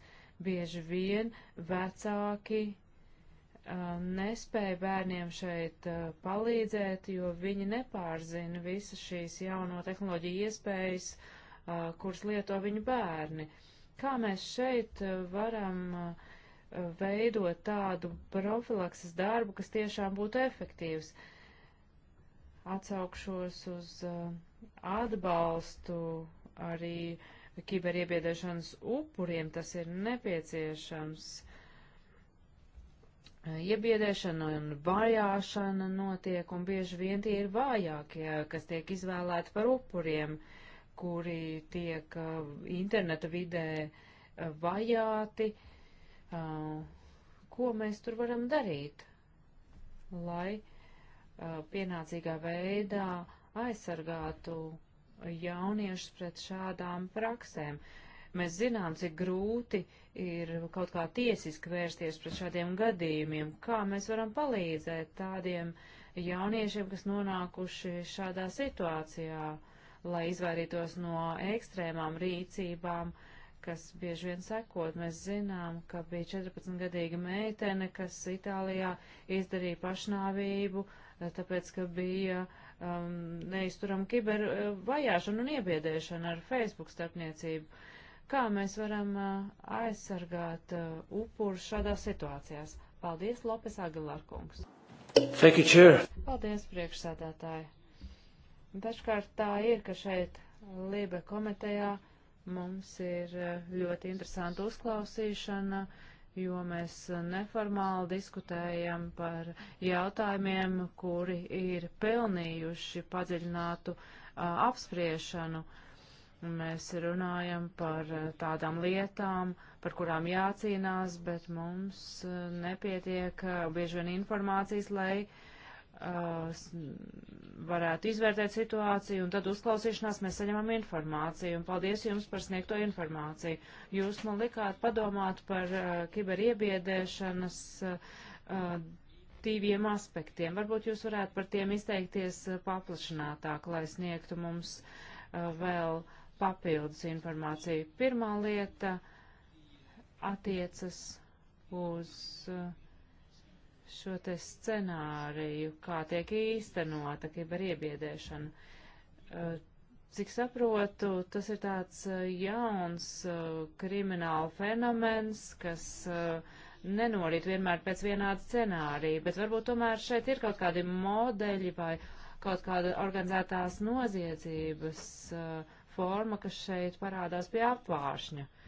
Bieži vien vecāki uh, nespēja bērniem šeit uh, palīdzēt, jo viņi nepārzina visas šīs jauno tehnoloģiju iespējas, uh, kuras lieto viņu bērni. Kā mēs šeit varam veidot tādu profilakses darbu, kas tiešām būtu efektīvs? Atsaukšos uz atbalstu arī uh, kiberiebiedēšanas upuriem tas ir nepieciešams. Iebiedēšana un vajāšana notiek, un bieži vien tie ir vājākie, kas tiek izvēlēti par upuriem, kuri tiek uh, interneta vidē uh, vajāti. Uh, ko mēs tur varam darīt, lai uh, pienācīgā veidā aizsargātu jauniešus pret šādām praksēm. Mēs zinām, cik grūti ir kaut kā tiesiski vērsties pret šādiem gadījumiem, kā mēs varam palīdzēt tādiem jauniešiem, kas nonākuši šādā situācijā, lai izvairītos no ekstrēmām rīcībām, kas bieži vien sekot. Mēs zinām, ka bija 14-gadīga meitene, kas Itālijā izdarīja pašnāvību, tāpēc, ka bija uh, um, neizturam kiber uh, vajāšanu un iebiedēšanu ar Facebook starpniecību. Kā mēs varam uh, aizsargāt uh, upurus šādās situācijās? Paldies, Lopes Agilārkungs. Thank you, Chair. Paldies, priekšsēdētāji. Dažkārt tā ir, ka šeit Libe komitejā mums ir uh, ļoti interesanta uzklausīšana. Uh, jo mēs neformāli diskutējam par jautājumiem, kuri ir pelnījuši padziļinātu a, apspriešanu. Mēs runājam par tādām lietām, par kurām jācīnās, bet mums nepietiek bieži vien informācijas, lai uh, Uh, varētu izvērtēt situāciju, un tad uzklausīšanās mēs saņemam informāciju, un paldies jums par sniegto informāciju. Jūs man likāt padomāt par uh, kiberiebiedēšanas uh, diviem aspektiem. Varbūt jūs varētu par tiem izteikties uh, paplašinātāk, lai sniegtu mums uh, vēl papildus informāciju. Pirmā lieta attiecas uz. Uh, šo te scenāriju, kā tiek īstenota kiberiebiedēšana. Uh, cik saprotu, tas ir tāds eh, jauns uh, krimināla fenomens, kas uh, nenorīt vienmēr pēc vienāda scenārija, bet varbūt tomēr šeit ir kaut kādi modeļi vai kaut kāda organizētās noziedzības forma, kas šeit parādās pie apvāršņa. Uh,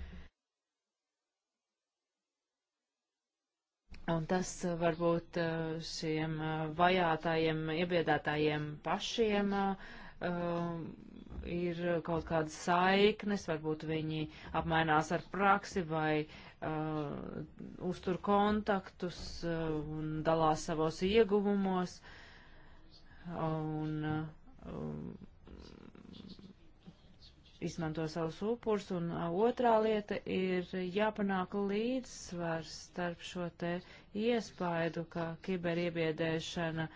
Un tas eh, varbūt eh, šiem eh, vajātajiem, iebiedētājiem pašiem uh, ir kaut kādas saiknes, varbūt viņi apmainās ar praksi vai uh, uztur kontaktus uh, un dalās savos ieguvumos. Un, uh, izmanto savus upurs, un otrā lieta ir jāpanāk līdzsvars starp šo te iespaidu, ka kiberiebiedēšana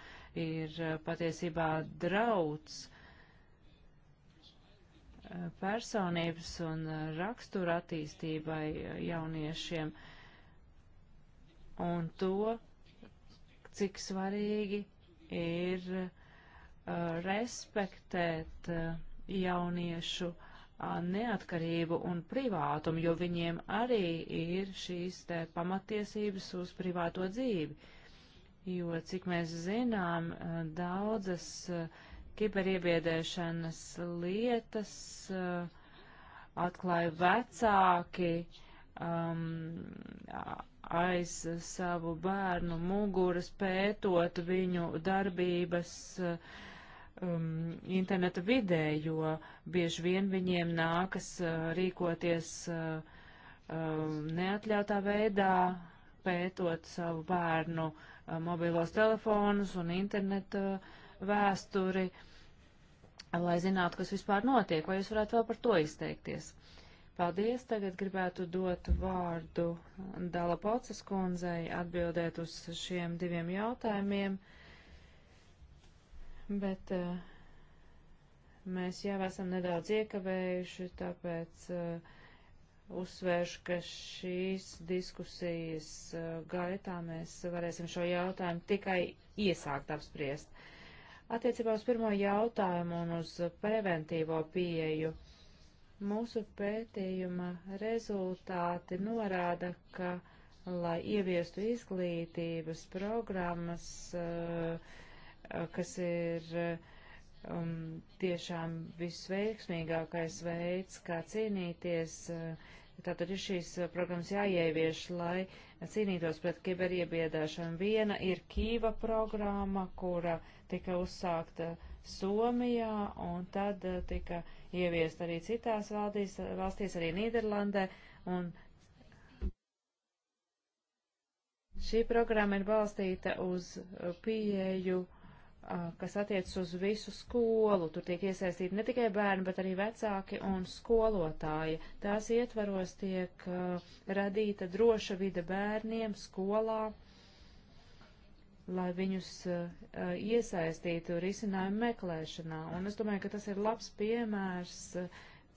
ir patiesībā drauds personības un rakstura attīstībai jauniešiem un to, cik svarīgi ir respektēt jauniešu uh, neatkarību un privātumu, jo viņiem arī ir šīs te pamatiesības uz privāto dzīvi. Jo, cik mēs zinām, daudzas kiberiebiedēšanas lietas atklāja vecāki um, aiz savu bērnu muguras pētot viņu darbības uh, um, interneta vidē, jo bieži vien viņiem nākas uh, rīkoties uh, um, neatļautā veidā, pētot savu bērnu uh, mobilos telefonus un internetu vēsturi, lai zinātu, kas vispār notiek. Vai jūs varētu vēl par to izteikties? Paldies, tagad gribētu dot vārdu Dala Pocas kundzei atbildēt uz šiem diviem jautājumiem. Uh, bet uh, mēs jau esam nedaudz iekavējuši, tāpēc uh, uzsvēršu, ka šīs diskusijas uh, gaitā mēs varēsim šo jautājumu tikai iesākt apspriest. Attiecībā uz pirmo jautājumu un uz preventīvo pieeju. Mūsu pētījuma rezultāti norāda, ka, lai ieviestu izglītības programmas, uh, Eh, kas ir eh, um, tiešām visveiksmīgākais veids, kā cīnīties. Eh, tātad ir šīs programmas jāievieš, lai cīnītos pret kiberiebiedāšanu. Viena ir Kīva programma, kura tika uzsākta Somijā un tad tika ieviest arī citās valdīs, valstīs, arī Nīderlandē. Un šī programma ir balstīta uz pieeju uh, kas attiecas uz visu skolu. Tur tiek iesaistīti ne tikai bērni, bet arī vecāki un skolotāji. Tās ietvaros tiek uh, radīta droša vide bērniem skolā, lai viņus uh, iesaistītu risinājumu meklēšanā. Un es domāju, ka tas ir labs piemērs,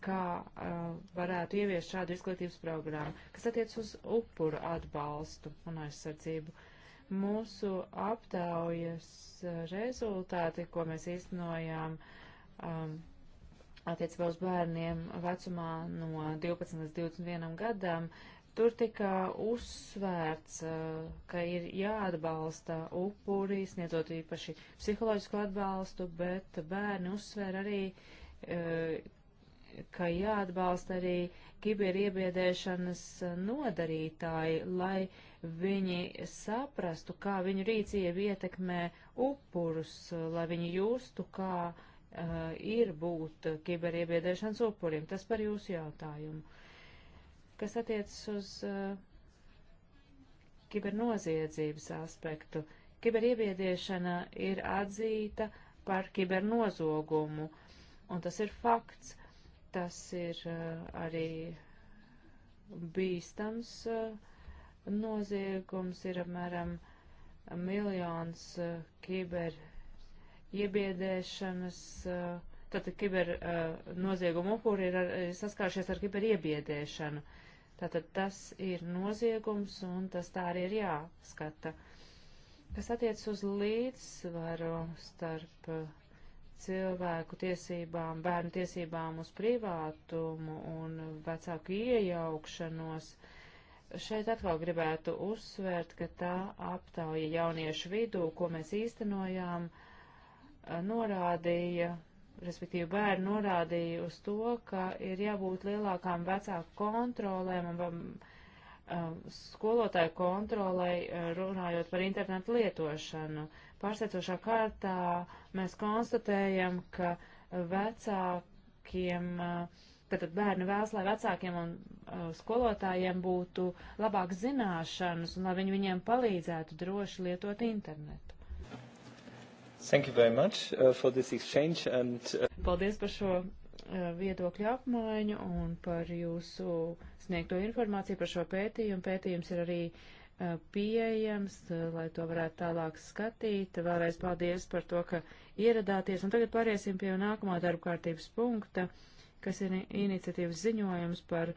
kā uh, varētu ieviest šādu izglītības programmu, kas attiec uz upuru atbalstu un aizsardzību. Uh, Mūsu aptaujas eh, rezultāti, ko mēs īstenojām um, attiecībā uz bērniem vecumā no 12 līdz 21 gadam, tur tika uzsvērts, eh, ka ir jāatbalsta upuri, sniedzot īpaši psiholoģisku atbalstu, bet bērni uzsver arī, eh, ka jāatbalsta arī kiberiebiedēšanas eh, nodarītāji, lai viņi saprastu, kā viņu rīcība ietekmē upurus, eh, lai viņi justu, kā uh, ir būt kiberiebiedēšanas upuriem. Tas par jūsu jautājumu. Kas attiecas uz uh, kibernoziedzības aspektu? Kiberiebiedēšana ir atzīta par kibernozogumu, un tas ir fakts Tas ir eh, arī bīstams eh, noziegums, ir apmēram miljons eh, kiber iebiedēšanas, tātad kiber noziegumu upuri ir, ir saskāršies ar kiber iebiedēšanu. Tātad tas ir noziegums un tas tā arī ir jāskata. Kas attiec uz līdzsvaru starp cilvēku tiesībām, bērnu tiesībām uz privātumu un vecāku iejaukšanos. Šeit atkal gribētu uzsvērt, ka tā aptauja jauniešu vidū, ko mēs īstenojām, eh, norādīja, respektīvi bērni norādīja uz to, ka ir jābūt lielākām vecāku kontrolēm un um, um, skolotāju kontrolai eh, runājot par internetu lietošanu. Pārsteidzošā kārtā mēs konstatējam, ka vecākiem, tātad bērni vēlas, lai vecākiem un uh, skolotājiem būtu labāk zināšanas un lai viņi viņiem palīdzētu droši lietot internetu. Thank you very much uh, for this exchange and. Uh... Paldies par šo uh, viedokļu apmaiņu un par jūsu sniegto informāciju par šo pētījumu. Pētījums ir arī uh, Uh, pieejams, uh, lai to varētu tālāk skatīt. Vēlreiz paldies par to, ka ieradāties. Un tagad pāriesim pie nākamā darba kārtības punkta, kas ir iniciatīvas ziņojums par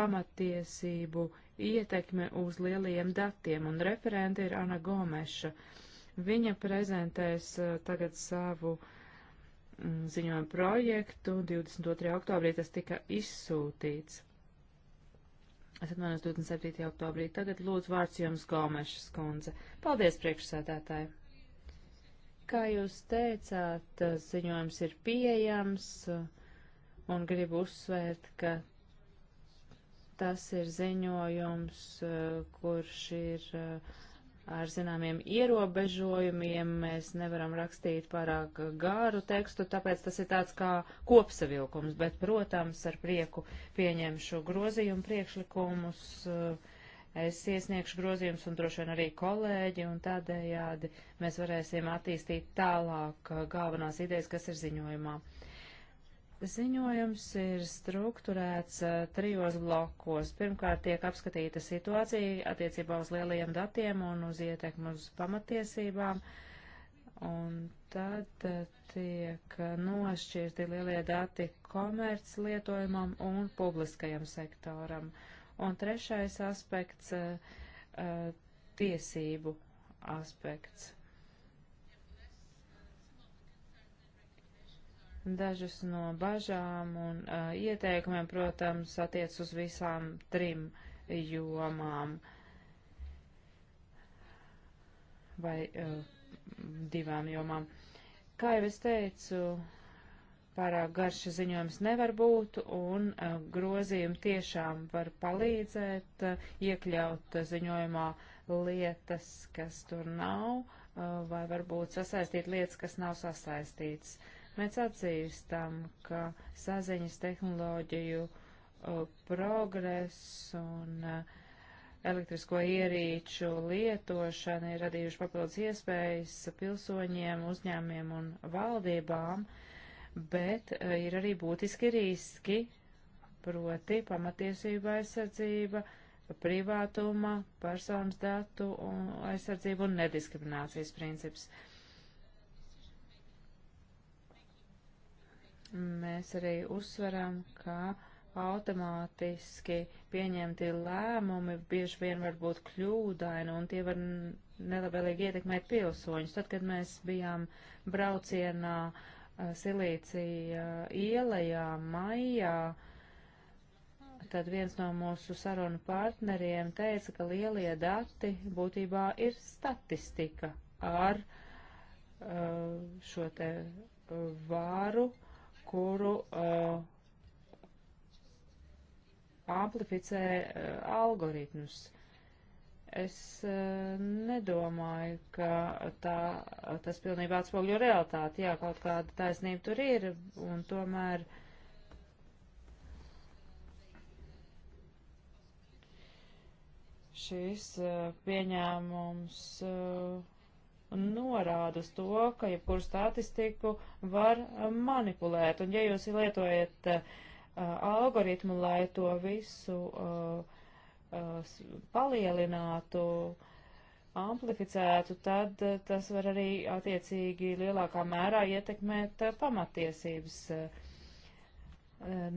pamatiesību ietekme uz lielajiem datiem, un referente ir Ana Gomeša. Viņa prezentēs uh, tagad savu mm, ziņojumu projektu, 22. oktobrī tas tika izsūtīts. Es atvainojos 27. oktobrī. Tagad lūdzu vārds jums Gomešas kundze. Paldies, priekšsēdētāji! Kā jūs teicāt, ziņojums ir pieejams un gribu uzsvērt, ka tas ir ziņojums, kurš ir uh, ar zināmiem ierobežojumiem. Mēs nevaram rakstīt pārāk garu tekstu, tāpēc tas ir tāds kā kopsavilkums, bet, protams, ar prieku pieņemšu grozījumu priekšlikumus. Eh, es iesniegšu grozījumus un droši vien arī kolēģi, un tādējādi mēs varēsim attīstīt tālāk eh, galvenās idejas, kas ir ziņojumā. Ziņojums ir strukturēts trijos blokos. Pirmkārt, tiek apskatīta situācija attiecībā uz lielajiem datiem un uz ietekmu uz pamatiesībām. Un tad tiek nošķirti lielie dati komerc lietojumam un publiskajam sektoram. Un trešais aspekts - tiesību aspekts. Dažas no bažām un uh, ieteikumiem, protams, attiec uz visām trim jomām vai uh, divām jomām. Kā jau es teicu, pārāk garš ziņojums nevar būt, un uh, grozījumi tiešām var palīdzēt uh, iekļaut ziņojumā lietas, kas tur nav, vai varbūt sasaistīt lietas, kas nav sasaistītas. Mēs atzīstam, ka saziņas tehnoloģiju uh, progress un uh, elektrisko ierīču lietošana ir radījuši papildus iespējas pilsoņiem, uzņēmiem un valdībām, bet uh, ir arī būtiski riski, proti pamatiesība aizsardzība, privātuma, personas datu un aizsardzība un nediskriminācijas princips. Uh, Mēs arī uzsveram, ka automātiski pieņemti lēmumi bieži vien var būt kļūdaini un tie var nelabvēlīgi ietekmēt pilsoņus. Tad, kad mēs bijām braucienā Silīcija ielajā maijā, tad viens no mūsu sarunu partneriem teica, ka lielie dati būtībā ir statistika ar šo te vāru, uh, kuru uh, amplificē uh, algoritmus. Es uh, nedomāju, ka tā, tas pilnībā atspogļo realitāti. Jā, kaut kāda taisnība tur ir, un tomēr uh, šīs pieņēmums uh, norāda uz to, ka jebkuru statistiku var eh, manipulēt. Un ja jūs lietojat uh, algoritmu, lai to visu uh, uh, palielinātu, amplificētu, tad tas var arī attiecīgi lielākā mērā ietekmēt pamatiesības.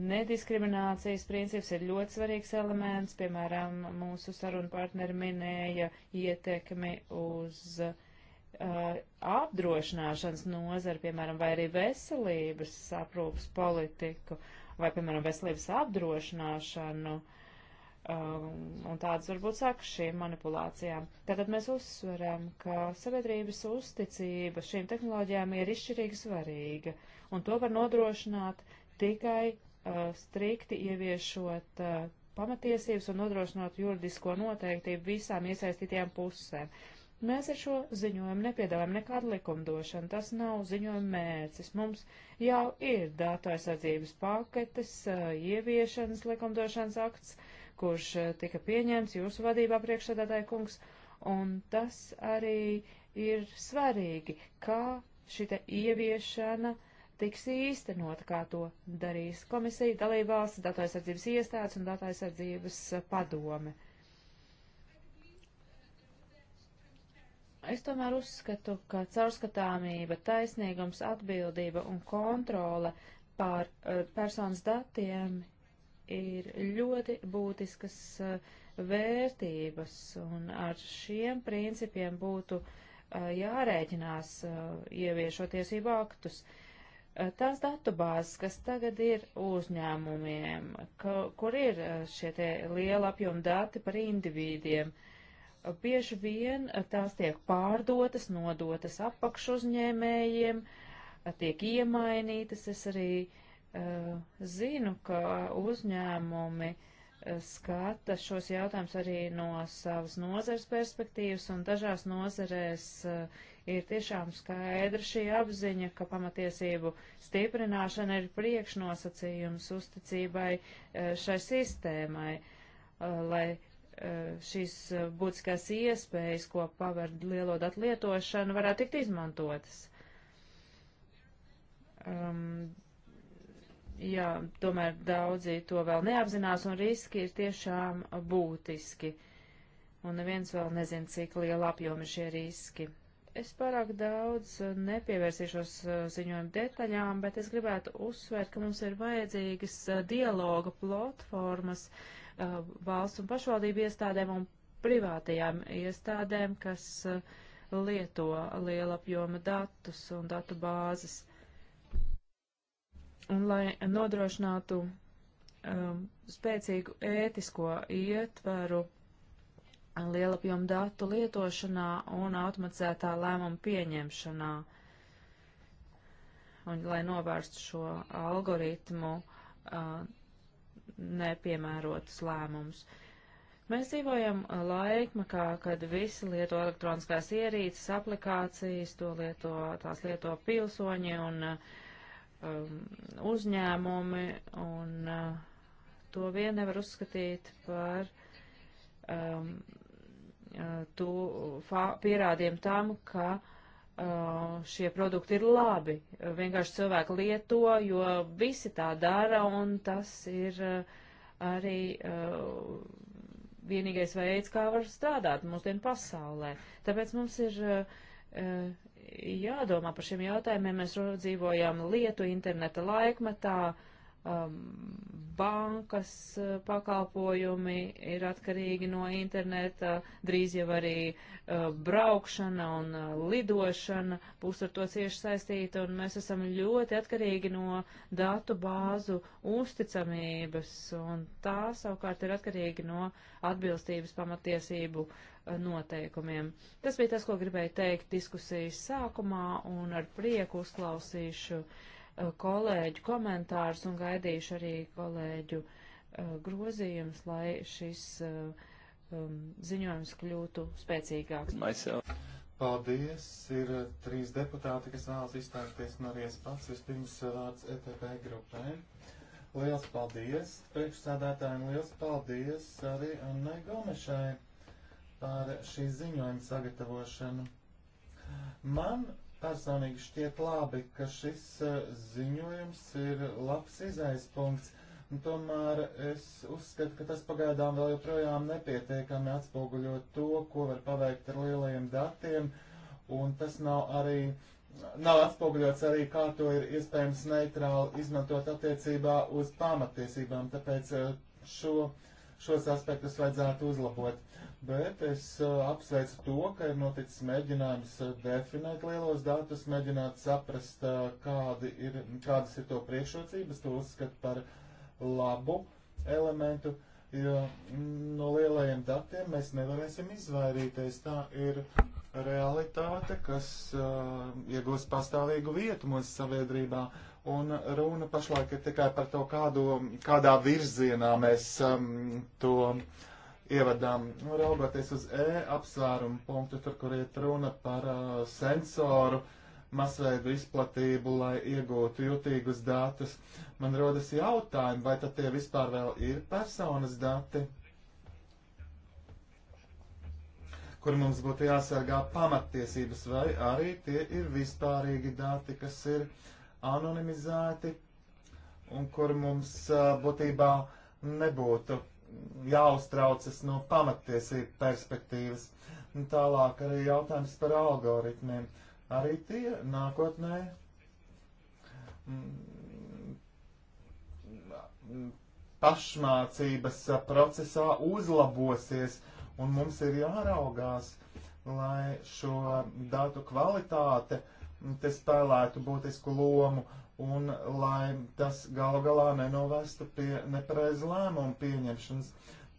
Nediskriminācijas princips ir ļoti svarīgs elements, piemēram, mūsu sarunu partneri minēja ietekmi uz uh, uh, apdrošināšanas nozari, piemēram, vai arī veselības aprūpas politiku, vai, piemēram, veselības apdrošināšanu, um, un tādas varbūt saka šīm manipulācijām. Tātad mēs uzsveram, ka sabiedrības uzticība šīm tehnoloģijām ir izšķirīgi svarīga, un to var nodrošināt tikai uh, strikti ieviešot uh, pamatiesības un nodrošinot juridisko noteiktību visām iesaistītajām pusēm. Uh, Mēs ar šo ziņojumu nepiedāvājam nekādu likumdošanu, tas nav ziņojuma mērķis. Mums jau ir datu aizsardzības paketes, ieviešanas likumdošanas akts, kurš tika pieņemts jūsu vadībā priekšsēdētāja kungs, un tas arī ir svarīgi, kā šita ieviešana tiks īstenot, kā to darīs komisija, dalībvalsts, datu aizsardzības iestādes un datu aizsardzības padome. Uh, Es tomēr uzskatu, ka caurskatāmība, taisnīgums, atbildība un kontrole pār eh, personas datiem ir ļoti būtiskas eh, vērtības, un ar šiem principiem būtu eh, jārēķinās ieviešot tiesību aktus. Tās datubāzes, kas tagad ir uzņēmumiem, ka, kur ir šie tie liela apjoma dati par individiem, uh, bieži vien eh, tās tiek pārdotas, nodotas apakšuzņēmējiem, eh, tiek iemainītas. Es arī uh, zinu, ka uzņēmumi skata šos jautājumus arī no savas nozares perspektīvas, un dažās nozarēs uh, ir tiešām skaidra šī apziņa, ka pamatiesību stiprināšana ir priekšnosacījums uzticībai uh, šai sistēmai, lai Eh, šīs eh, būtiskās iespējas, ko paver lielo datu lietošana, varētu tikt izmantotas. Um, jā, tomēr daudzi to vēl neapzinās, un riski ir tiešām būtiski. Un neviens vēl nezina, cik liela apjoma šie riski. Es pārāk daudz eh, nepievērsīšos ziņojumu detaļām, bet es gribētu uzsvērt, ka mums ir vajadzīgas dialoga platformas, uh, uh, valsts un pašvaldību iestādēm un privātajām iestādēm, kas uh, lieto lielapjoma datus un datu bāzes. Un lai nodrošinātu um, spēcīgu ētisko ietveru lielapjomu datu lietošanā un automatizētā lēmuma pieņemšanā, un lai novērstu šo algoritmu uh, nepiemērotus lēmumus. Mēs dzīvojam uh, laikmakā, kad visi lieto elektroniskās ierīces, aplikācijas, to lieto, tās lieto pilsoņi un uh, um, uzņēmumi, un uh, to vien nevar uzskatīt par um, uh, tu, fa, pierādījumu tam, ka uh, Uh, šie produkti ir labi. Vienkārši cilvēki lieto, jo visi tā dara, un tas ir uh, arī uh, vienīgais veids, kā var strādāt mūsdienu pasaulē. Tāpēc mums ir uh, jādomā par šiem jautājumiem. Mēs dzīvojam lietu interneta laikmetā, uh, um, bankas uh, pakalpojumi ir atkarīgi no interneta, drīz jau arī uh, braukšana un uh, lidošana būs ar to cieši saistīta, un mēs esam ļoti atkarīgi no datu bāzu uzticamības, un tā savukārt ir atkarīgi no atbilstības pamatiesību uh, noteikumiem. Tas bija tas, ko gribēju teikt diskusijas sākumā, un ar prieku uzklausīšu uh, Uh, kolēģu komentārus un gaidīšu arī kolēģu uh, grozījumus, lai šis uh, um, ziņojums kļūtu spēcīgāks. Myself. Paldies! Ir trīs deputāti, kas vēlas izteikties, un arī es pats vispirms vārds ETP grupē. Liels paldies priekšsādātājiem, liels paldies arī Annai Gomešai par šī ziņojuma sagatavošanu. Man personīgi šķiet labi, ka šis eh, ziņojums ir labs izējas punkts. Tomēr es uzskatu, ka tas pagaidām vēl joprojām nepietiekami atspoguļo to, ko var paveikt ar lielajiem datiem, un tas nav arī, nav atspoguļots arī, kā to ir iespējams neitrāli izmantot attiecībā uz pamatiesībām. Tāpēc eh, šo uh, šos aspektus vajadzētu uzlabot. Bet es uh, apsveicu to, ka ir noticis mēģinājums uh, definēt lielos datus, mēģināt saprast, uh, kādi ir, kādas ir to priekšrocības, to uzskat par labu elementu, jo mm, no lielajiem datiem mēs nevarēsim izvairīties. Tā ir realitāte, kas uh, iegūst pastāvīgu vietu mūsu sabiedrībā. Uh, Un runa pašlaik ir tikai par to, kādu, kādā virzienā mēs um, to ievadām. Nu, raugoties uz E apsvērumu punktu, tur, kur iet runa par uh, sensoru masveidu izplatību, lai iegūtu jutīgus datus, man rodas jautājumi, vai tad tie vispār vēl ir personas dati, kur mums būtu jāsargā pamattiesības, vai arī tie ir vispārīgi dati, kas ir. Uh, anonimizēti un kur mums būtībā nebūtu jāuztraucas no pamatiesību perspektīvas. Un tālāk arī jautājums par algoritmiem. Arī tie nākotnē mm, pašmācības procesā uzlabosies, un mums ir jāraugās, lai šo datu kvalitāte uh, te spēlētu būtisku lomu un lai tas galu galā nenovestu pie nepareizu lēmumu pieņemšanas.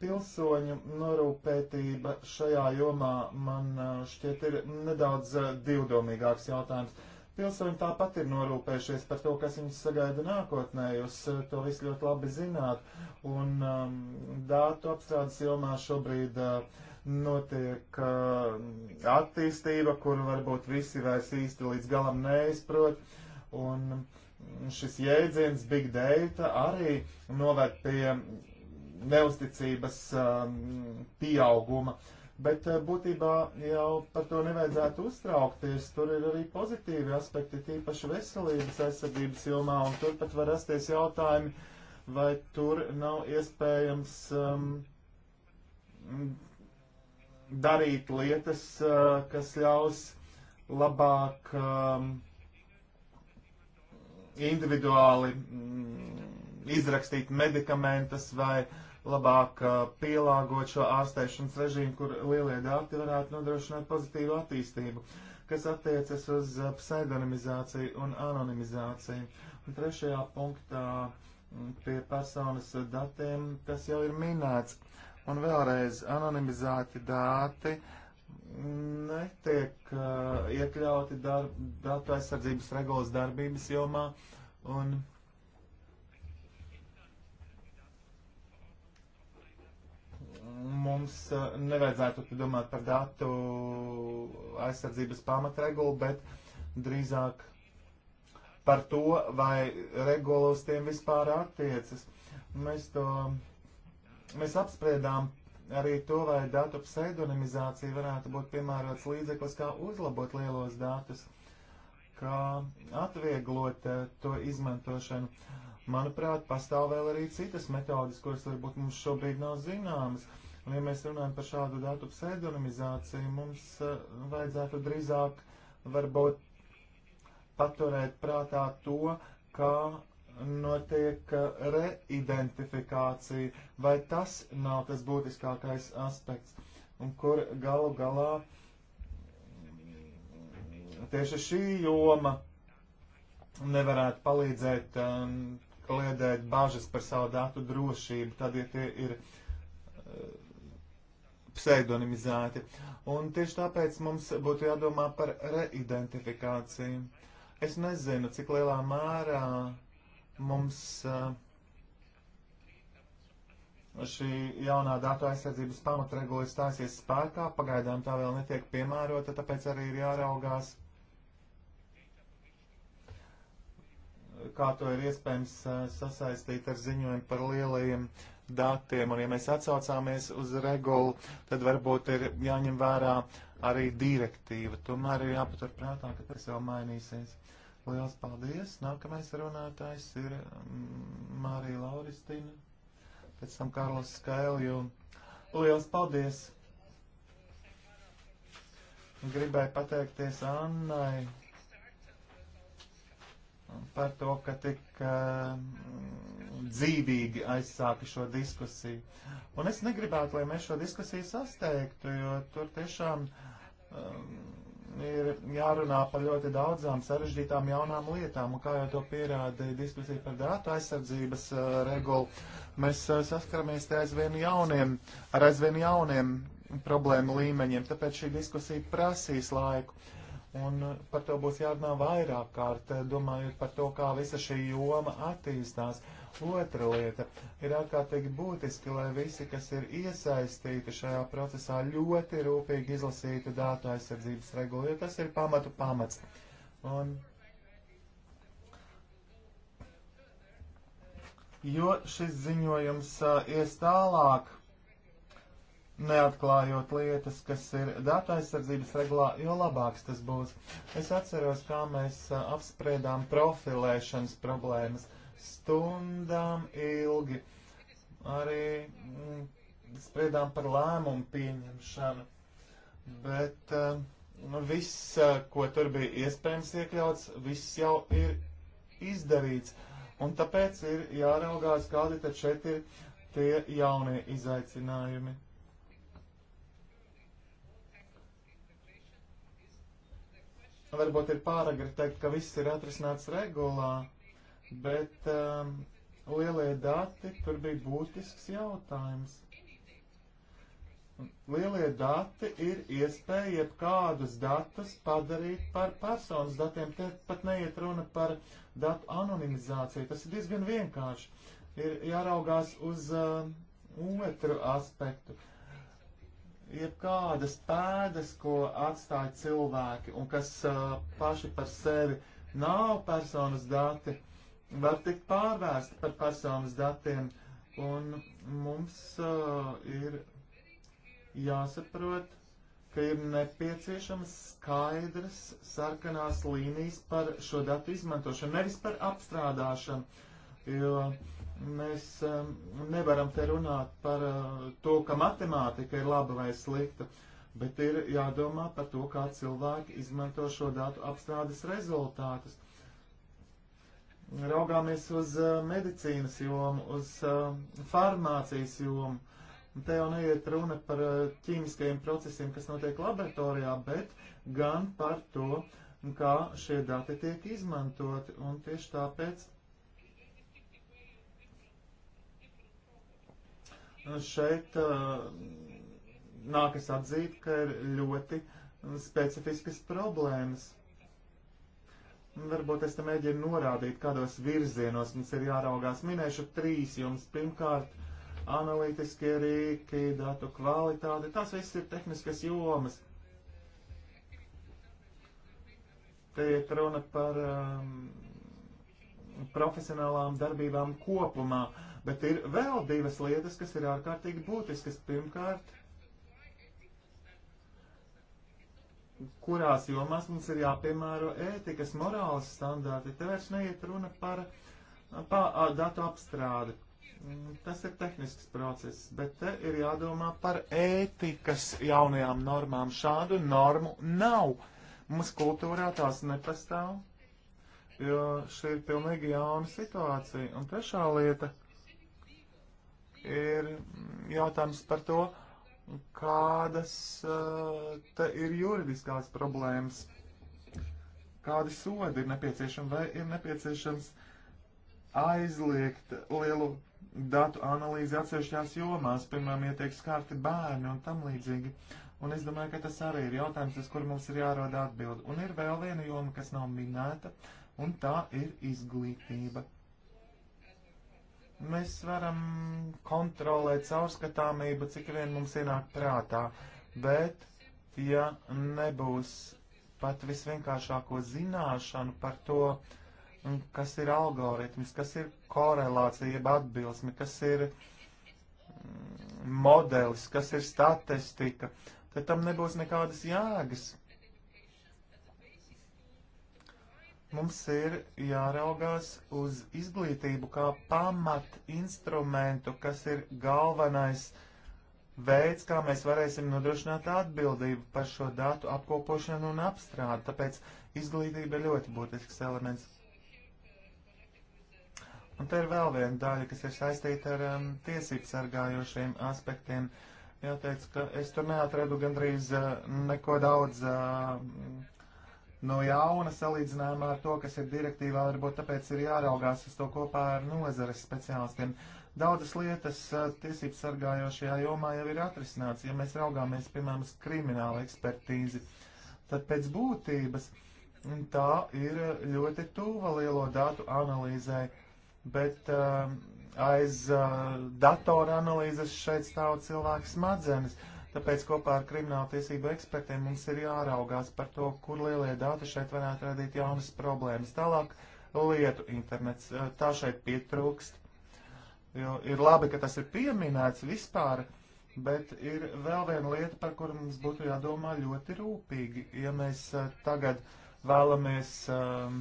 Pilsoņu norūpētība šajā jomā man šķiet ir nedaudz divdomīgāks jautājums. Pilsoņi tāpat ir norūpējušies par to, kas viņus sagaida nākotnē, jūs to visu ļoti labi zināt. Un um, dātu apstrādes jomā šobrīd uh, notiek uh, attīstība, kuru varbūt visi vairs īsti līdz galam neizprot. Un šis jēdziens big data arī noved pie neusticības um, pieauguma. Bet uh, būtībā jau par to nevajadzētu uztraukties. Tur ir arī pozitīvi aspekti, tīpaši veselības aizsardzības jomā, un tur pat var rasties jautājumi, vai tur nav iespējams um, darīt lietas, kas ļaus labāk um, individuāli mm, izrakstīt medikamentus vai labāk uh, pielāgot šo ārstēšanas režīmu, kur lielie dati varētu nodrošināt pozitīvu attīstību, kas attiecas uz uh, pseidonimizāciju un anonimizāciju. Un trešajā punktā mm, pie personas datiem tas jau ir minēts. Un vēlreiz anonimizēti dati netiek uh, iekļauti darb, datu aizsardzības regulas darbības jomā. Un mums uh, nevajadzētu domāt par datu aizsardzības pamatregulu, bet drīzāk par to, vai regulas tiem vispār attiecas. Mēs to Mēs apspriedām arī to, vai datu pseidonimizācija varētu būt piemērots līdzeklis, kā uzlabot lielos datus, kā atvieglot eh, to izmantošanu. Manuprāt, pastāv vēl arī citas metodas, kuras varbūt mums šobrīd nav zināmas. Un, ja mēs runājam par šādu datu pseidonimizāciju, mums uh, vajadzētu drīzāk varbūt paturēt prātā to, kā notiek reidentifikācija, vai tas nav tas būtiskākais aspekts, un kur galu galā tieši šī joma nevarētu palīdzēt um, kliedēt bažas par savu datu drošību, tad, ja tie ir uh, pseidonimizēti. Un tieši tāpēc mums būtu jādomā par reidentifikāciju. Es nezinu, cik lielā mērā uh, Mums eh, šī jaunā datu aizsardzības pamatregula stāsies spēkā, pagaidām tā vēl netiek piemērota, tāpēc arī ir jāraugās, kā to ir iespējams eh, sasaistīt ar ziņojumu par lielajiem datiem. Un, ja mēs atsaucāmies uz regulu, tad varbūt ir jāņem vērā arī direktīva. Tomēr ir jāpatur prātā, ka tas jau mainīsies. Lielas paldies! Nākamais runātājs ir mm, Mārija Lauristina, pēc tam Karlos Skailju. Lielas paldies! Gribēju pateikties Annai par to, ka tik uh, dzīvīgi aizsāka šo diskusiju. Un es negribētu, lai mēs šo diskusiju sasteigtu, jo tur tiešām um, ir jārunā par ļoti daudzām sarežģītām jaunām lietām, un kā jau to pierāda diskusija par datu aizsardzības uh, regulu, mēs uh, saskaramies aizvien jauniem, ar aizvien jauniem problēmu līmeņiem, tāpēc šī diskusija prasīs laiku. Un uh, par to būs jārunā vairāk kārt, uh, domājot par to, kā visa šī joma attīstās. Uh, Otra lieta ir ārkārtīgi būtiski, lai visi, kas ir iesaistīti šajā procesā, ļoti rūpīgi izlasītu dātu aizsardzības regulu, jo tas ir pamatu pamats. Un, jo šis ziņojums uh, ies tālāk, neatklājot lietas, kas ir datu aizsardzības regulā, jo labāks tas būs. Es atceros, kā mēs uh, apspriedām profilēšanas problēmas. Uh, stundām ilgi. Arī m, mm, spriedām par lēmumu pieņemšanu, bet uh, viss, eh, ko tur bija iespējams iekļauts, viss jau ir izdarīts. Un tāpēc ir jāraugās, kādi tad šeit ir tie jaunie izaicinājumi. Varbūt ir pāragri teikt, ka viss ir atrisināts regulā bet um, lielie dati tur bija būtisks jautājums. Lielie dati ir iespēja jebkādus datus padarīt par personas datiem. Te pat neiet runa par datu anonimizāciju. Tas ir diezgan vienkārši. Ir jāraugās uz uh, otru aspektu. Jebkādas pēdas, ko atstāja cilvēki un kas uh, paši par sevi nav personas dati, uh, var tikt pārvērsti par personas datiem, un mums uh, ir jāsaprot, ka ir nepieciešamas skaidras sarkanās līnijas par šo datu izmantošanu, nevis par apstrādāšanu, jo mēs um, nevaram te runāt par uh, to, ka matemātika ir laba vai slikta, bet ir jādomā par to, kā cilvēki izmanto šo datu apstrādes rezultātus. Uh, raugāmies uz medicīnas jomu, uz farmācijas jomu. Te jau neiet runa par ķīmiskajiem procesiem, kas notiek laboratorijā, bet gan par to, kā šie dati tiek izmantoti. Un tieši tāpēc šeit nākas atzīt, ka ir ļoti specifiskas problēmas Varbūt es te mēģinu norādīt, kādos virzienos mums ir jāraugās. Minēšu trīs jums. Pirmkārt, analītiskie rīki, datu kvalitāte. Tas viss ir tehniskas jomas. Te ir runa par um, profesionālām darbībām kopumā, bet ir vēl divas lietas, kas ir ārkārtīgi būtiskas. Pirmkārt, kurās jomās mums ir jāpiemēro ētikas, morālas standārti. Te vairs neiet runa par pā, datu apstrādi. Mm, tas ir tehnisks process, bet te ir jādomā par ētikas jaunajām normām. Šādu normu nav. Mums kultūrā tās nepastāv, jo šī ir pilnīgi jauna situācija. Un trešā lieta ir mm, jautājums par to, uh, kādas eh, te ir juridiskās problēmas, kādi sodi ir nepieciešami, vai ir nepieciešams aizliegt lielu datu analīzi atsevišķās jomās, piemēram, ja tiek skārti bērni un tam līdzīgi. Un es domāju, ka tas arī ir jautājums, uz kuru mums ir jāroda atbildi. Un ir vēl viena joma, kas nav minēta, un tā ir izglītība. Mēs varam kontrolēt caurskatāmību, cik vien mums ienāk prātā, bet ja nebūs pat visvienkāršāko zināšanu par to, kas ir algoritms, kas ir korelācija, jeb atbilsme, kas ir mm, modelis, kas ir statistika, tad tam nebūs nekādas jēgas. Mums ir jāraugās uz izglītību kā pamat instrumentu, kas ir galvenais veids, kā mēs varēsim nodrošināt atbildību par šo datu apkopošanu un apstrādi. Tāpēc izglītība ir ļoti būtisks elements. Un te ir vēl viena daļa, kas ir saistīta ar um, tiesību sargājošiem aspektiem. Jāteic, ka es tur neatradu gandrīz uh, neko daudz uh, no jauna salīdzinājumā ar to, kas ir direktīvā, varbūt tāpēc ir jāraugās uz to kopā ar nozares speciālistiem. Daudzas lietas tiesību sargājošajā jomā jau ir atrisināts. Ja mēs raugāmies, piemēram, uz kriminālu ekspertīzi, tad pēc būtības tā ir ļoti tuva lielo datu analīzai, bet uh, aiz uh, datora analīzes šeit stāv cilvēks smadzenes. Uh, Tāpēc kopā ar kriminālu tiesību ekspertiem mums ir jāraugās par to, kur lielie dati šeit varētu radīt jaunas problēmas. Tālāk lietu internets. Eh, tā šeit pietrūkst. Jo ir labi, ka tas ir pieminēts vispār, bet ir vēl viena lieta, par kuru mums būtu jādomā ļoti rūpīgi. Ja mēs eh, tagad vēlamies um,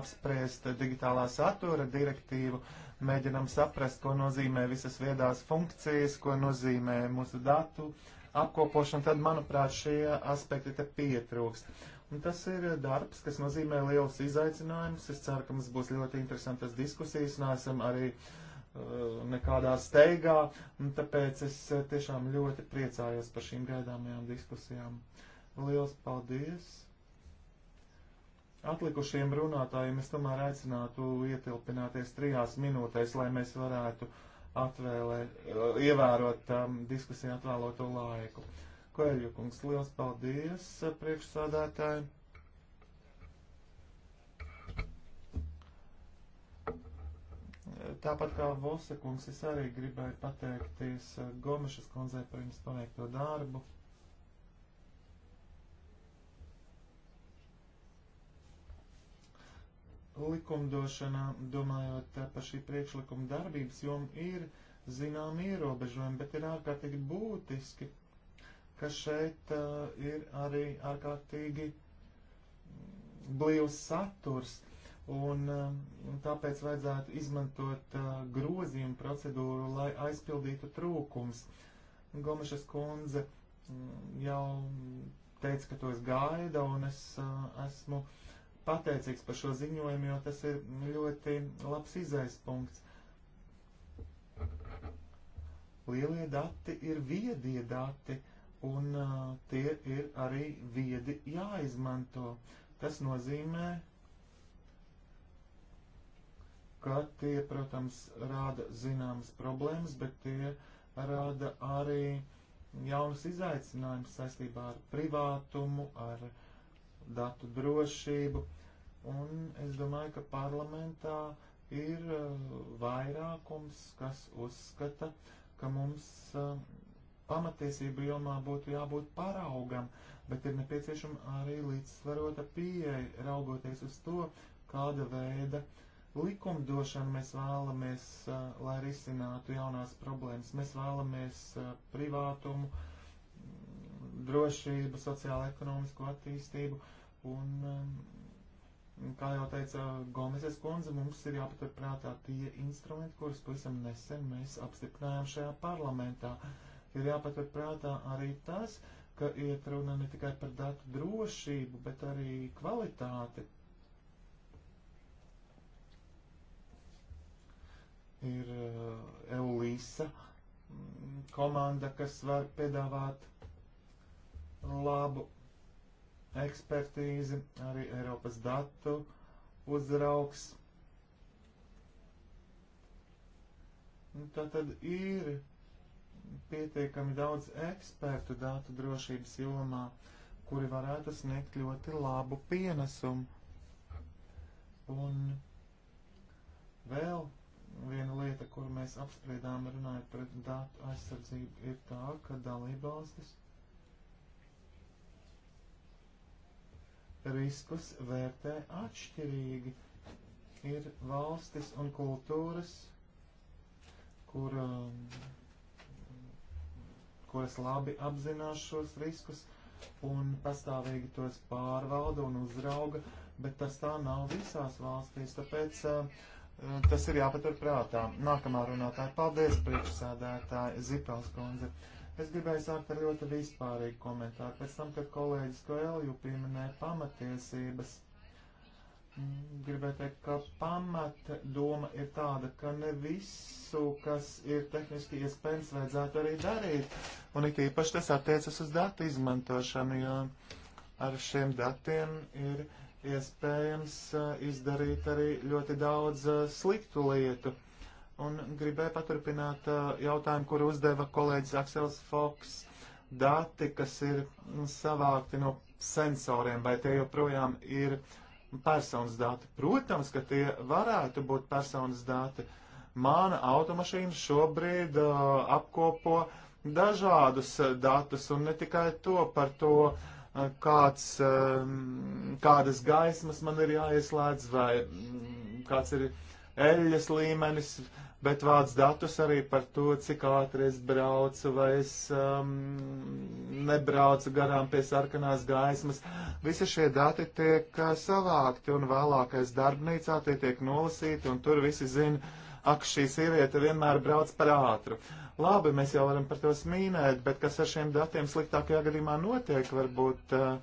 apspriest digitālā satura direktīvu, mēģinam saprast, ko nozīmē visas viedās funkcijas, ko nozīmē mūsu datu apkopošanu, tad, manuprāt, šie aspekti te pietrūkst. Un tas ir eh, darbs, kas nozīmē lielus izaicinājumus. Es ceru, ka mums būs ļoti interesantas diskusijas, neesam arī uh, nekādā steigā, un tāpēc es eh, tiešām ļoti priecājos par šīm gaidāmajām diskusijām. Liels paldies! Atlikušiem runātājiem es tomēr aicinātu ietilpināties trijās minūtēs, lai mēs varētu uh, atvēlēt, eh, ievērot um, diskusiju atvēloto laiku. Koeļu kungs, liels paldies eh, priekšsādātāji. Tāpat kā Vosa kungs, es arī gribēju pateikties eh, Gomešas kundzei par jums paveikto darbu. likumdošanā, domājot par šī priekšlikuma darbības jomu, ir zināmi ierobežojumi, bet ir ārkārtīgi būtiski, ka šeit uh, ir arī ārkārtīgi blīvs saturs, un uh, tāpēc vajadzētu izmantot uh, grozījumu procedūru, lai aizpildītu trūkums. Gomešas kundze jau teica, ka to es gaida, un es uh, esmu uh, pateicīgs par šo ziņojumu, jo tas ir ļoti labs izais punkts. Lielie dati ir viedie dati, un uh, tie ir arī viedi jāizmanto. Tas nozīmē, ka tie, protams, rāda zināmas problēmas, bet tie rāda arī jaunas izaicinājumas saistībā ar privātumu, ar uh, datu drošību. Un es domāju, ka parlamentā ir eh, vairākums, kas uzskata, ka mums eh, pamatiesību jomā būtu jābūt paraugam, bet ir nepieciešama arī līdzsvarota pieeja raugoties uz to, kāda veida likumdošanu mēs vēlamies, eh, lai risinātu jaunās problēmas. Mēs vēlamies privātumu, uh, drošību, sociālo ekonomisko attīstību. Un, um, kā jau teica Gomeses kundze, mums ir jāpatur prātā tie instrumenti, kurus pavisam nesen mēs apstiprinājām šajā parlamentā. Ir jāpatur prātā arī tas, ka iet runa ne tikai par datu drošību, bet arī kvalitāti. Ir uh, Eulīsa mm, komanda, kas var piedāvāt labu ekspertīzi, arī Eiropas datu uzraugs. Nu, tā tad ir pietiekami daudz ekspertu datu drošības jomā, kuri varētu sniegt ļoti labu pienesumu. Un vēl viena lieta, kur mēs apspriedām runājot par datu aizsardzību, ir tā, ka dalībvalstis riskus vērtē atšķirīgi. Ir valstis un kultūras, kur, um, kuras labi apzinās šos riskus un pastāvīgi tos pārvalda un uzrauga, bet tas tā nav visās valstīs. Tāpēc uh, tas ir jāpatur prātā. Nākamā runātāja, paldies priekšsādētāji Zipels kundze. Uh, Es gribēju sākt ar ļoti vispārīgu komentāru. Pēc tam, kad kolēģis Koelju pieminēja pamatiesības, mm, gribēju teikt, ka pamatdoma ir tāda, ka ne visu, kas ir tehniski iespējams, vajadzētu arī darīt. Un it īpaši tas attiecas uz datu izmantošanu, jo ar šiem datiem ir iespējams eh, izdarīt arī ļoti daudz eh, sliktu lietu. Un gribēju paturpināt uh, jautājumu, kur uzdeva kolēģis Aksels Foks. Dati, kas ir savākti no sensoriem, vai tie joprojām ir personas dati? Protams, ka tie varētu būt personas dati. Mana automašīna šobrīd uh, apkopo dažādus uh, datus un ne tikai to par to, uh, kāds, um, kādas gaismas man ir jāieslēdz, vai mm, kāds ir eļļas līmenis, bet vāc datus arī par to, cik ātri es braucu vai es um, nebraucu garām pie sarkanās gaismas. Visi šie dati tiek uh, savākti un vēlākais darbnīcā tie tiek nolasīti un tur visi zina, ak, šī sieviete vienmēr brauc par ātru. Labi, mēs jau varam par to smīnēt, bet kas ar šiem datiem sliktākajā gadījumā notiek, varbūt. Uh,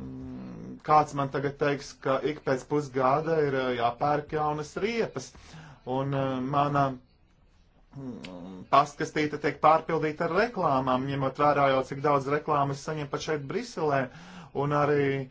Mm, kāds man tagad teiks, ka ik pēc pusgada ir eh, jāpērk jaunas riepas, un eh, mana mm, pastkastīte tiek pārpildīta ar reklāmām, ņemot vērā jau, cik daudz reklāmas saņem pat šeit Briselē, un arī eh,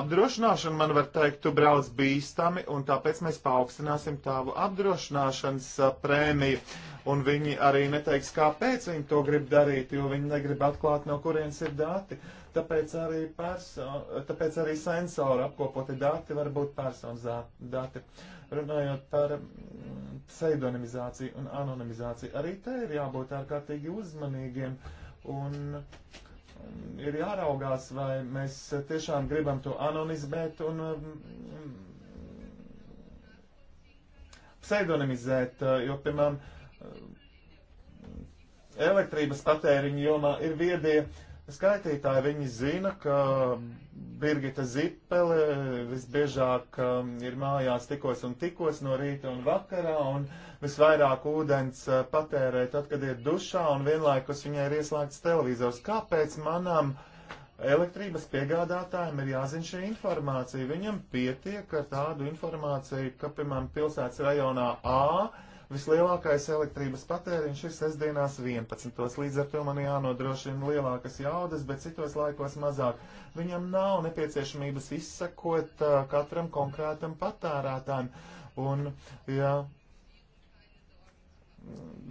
apdrošināšana, man var teikt, tu brauc bīstami, un tāpēc mēs paaugstināsim tavu apdrošināšanas prēmiju, un viņi arī neteiks, kāpēc viņi to grib darīt, jo viņi negrib atklāt, no kurienes ir dati. Uh, Tāpēc arī, perso, tāpēc arī sensoru apkopoti dati var būt personas dati. Runājot par mm, pseidonimizāciju un anonimizāciju, arī te ir jābūt ārkārtīgi uzmanīgiem un mm, ir jāraugās, vai mēs tiešām gribam to anonizēt un mm, pseidonimizēt, jo, piemēram, elektrības patēriņa jomā ir viedie uh, Skaitītāji viņi zina, ka Birgita Zipele visbiežāk um, ir mājās tikos un tikos no rīta un vakarā un visvairāk ūdens uh, patērē tad, kad ir dušā un vienlaikus viņai ir ieslēgts televizors. Kāpēc manam elektrības piegādātājiem ir jāzina šī informācija? Viņam pietiek ar tādu informāciju, ka, piemēram, pilsētas rajonā A Vislielākais elektrības patēriņš ir sestdienās 11. Līdz ar to man jānodrošina lielākas jaudas, bet citos laikos mazāk. Viņam nav nepieciešamības izsekot uh, katram konkrētam patērētājam. Un, ja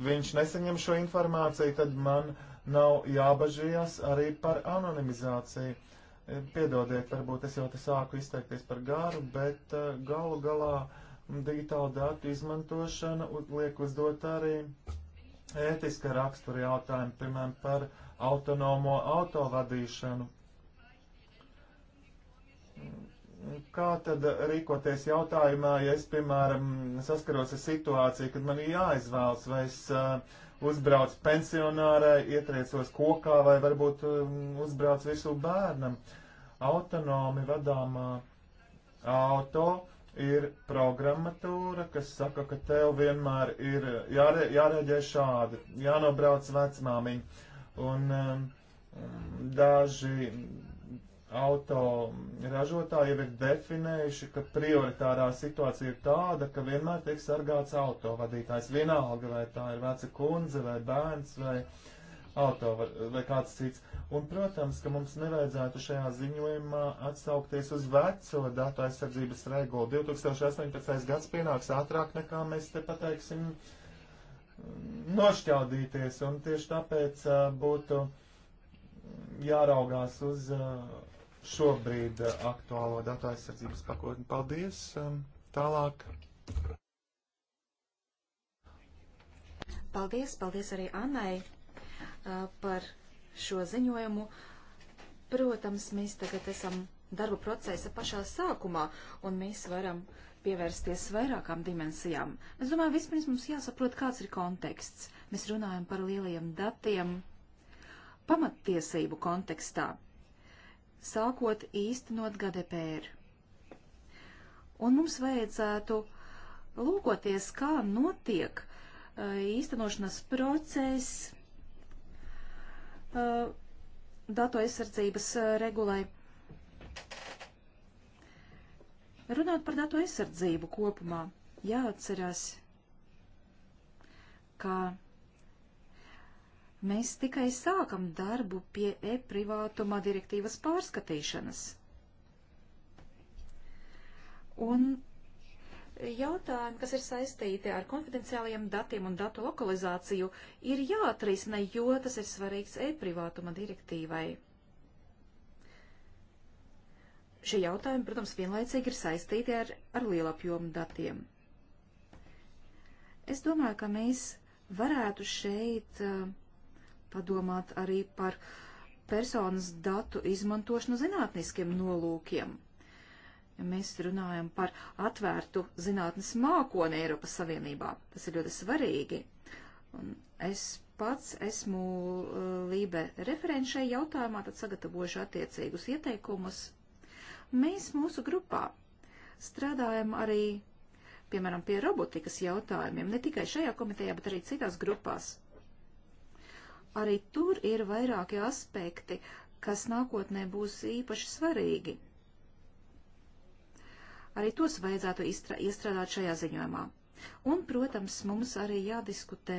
viņš nesaņem šo informāciju, tad man nav jābažījās arī par anonimizāciju. Piedodiet, varbūt es jau te sāku izteikties par garu, bet uh, galu galā uh, Digitāla datu izmantošana liek uzdot arī ētiska rakstura jautājumu, piemēram, par autonomo autovadīšanu. Kā tad rīkoties jautājumā, ja es, piemēram, saskaros ar situāciju, kad man ir jāizvēlas, vai es uh, uzbraucu pensionārai, ietriecos kokā, vai varbūt uh, uzbraucu visu bērnam? Autonomi vadāmā uh, auto ir programmatūra, kas saka, ka tev vienmēr ir jāre, jārēģē šādi, jānobrauc vecmāmiņa. Un um, daži auto ražotāji jau ir definējuši, ka prioritārā situācija ir tāda, ka vienmēr tiek sargāts autovadītājs. Vienalga, vai tā ir veca kundze, vai bērns, vai auto, vai kāds cits. Un, protams, ka mums nevajadzētu šajā ziņojumā atsaukties uz veco datu aizsardzības regulu. 2018. gads pienāks ātrāk nekā mēs te pateiksim mm, nošķaudīties, un tieši tāpēc uh, būtu jāraugās uz uh, šobrīd uh, aktuālo datu aizsardzības pakotni. Paldies! Um, tālāk! Paldies, paldies arī Annai uh, par šo ziņojumu. Protams, mēs tagad esam darba procesa pašā sākumā, un mēs varam pievērsties vairākām dimensijām. Es domāju, vispirms mums jāsaprot, kāds ir konteksts. Mēs runājam par lielajiem datiem pamattiesību kontekstā, sākot īstenot GDPR. Un mums vajadzētu lūkoties, kā notiek īstenošanas process, uh, datu aizsardzības uh, regulai. Runāt par datu aizsardzību kopumā, jāatcerās, ka mēs tikai sākam darbu pie e-privātuma direktīvas pārskatīšanas. Un jautājumi, kas ir saistīti ar konfidenciāliem datiem un datu lokalizāciju, ir jāatrisina, jo tas ir svarīgs e-privātuma direktīvai. Šie jautājumi, protams, vienlaicīgi ir saistīti ar, ar lielapjomu datiem. Es domāju, ka mēs varētu šeit eh, padomāt arī par personas datu izmantošanu zinātniskiem nolūkiem. Mēs runājam par atvērtu zinātnes mākoni Eiropas Savienībā. Tas ir ļoti svarīgi. Un es pats esmu uh, Lībe referents šai jautājumā, tad sagatavošu attiecīgus ieteikumus. Mēs mūsu grupā strādājam arī, piemēram, pie robotikas jautājumiem, ne tikai šajā komitejā, bet arī citās grupās. Arī tur ir vairāki aspekti, kas nākotnē būs īpaši svarīgi. Arī tos vajadzētu iestrādāt šajā ziņojumā. Un, protams, mums arī jādiskutē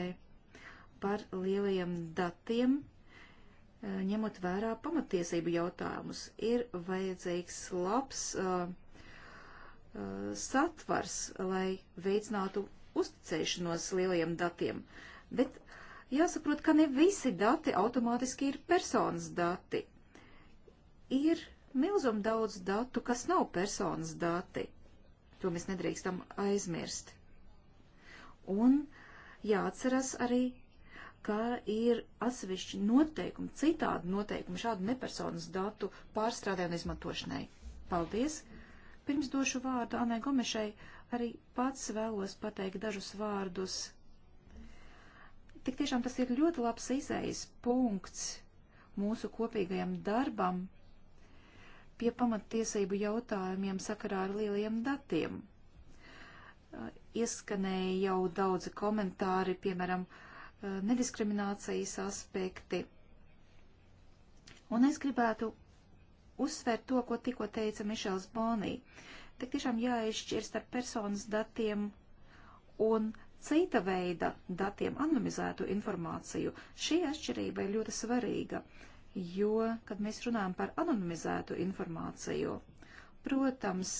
par lielajiem datiem, e, ņemot vērā pamatiesību jautājumus. Ir vajadzīgs labs uh, uh, satvars, lai veicinātu uzticēšanos lielajiem datiem. Bet jāsaprot, ka ne visi dati automātiski ir personas dati. Ir milzumu daudz datu, kas nav personas dati. To mēs nedrīkstam aizmirst. Un jāatceras arī, ka ir atsevišķi noteikumi, citādi noteikumi šādu nepersonas datu pārstrādē un izmantošanai. Paldies! Pirms došu vārdu Anai Gomešai, arī pats vēlos pateikt dažus vārdus. Tik tiešām tas ir ļoti labs izējas punkts mūsu kopīgajam darbam pie pamatiesību jautājumiem sakarā ar lieliem datiem. Uh, ieskanēja jau daudzi komentāri, piemēram, uh, nediskriminācijas aspekti. Un es gribētu uzsvērt to, ko tikko teica Mišels Bonī. Tik tiešām jāizšķir starp personas datiem un cita veida datiem anonimizētu informāciju. Šī atšķirība ir ļoti svarīga. Uh, jo, kad mēs runājam par anonimizētu informāciju, protams,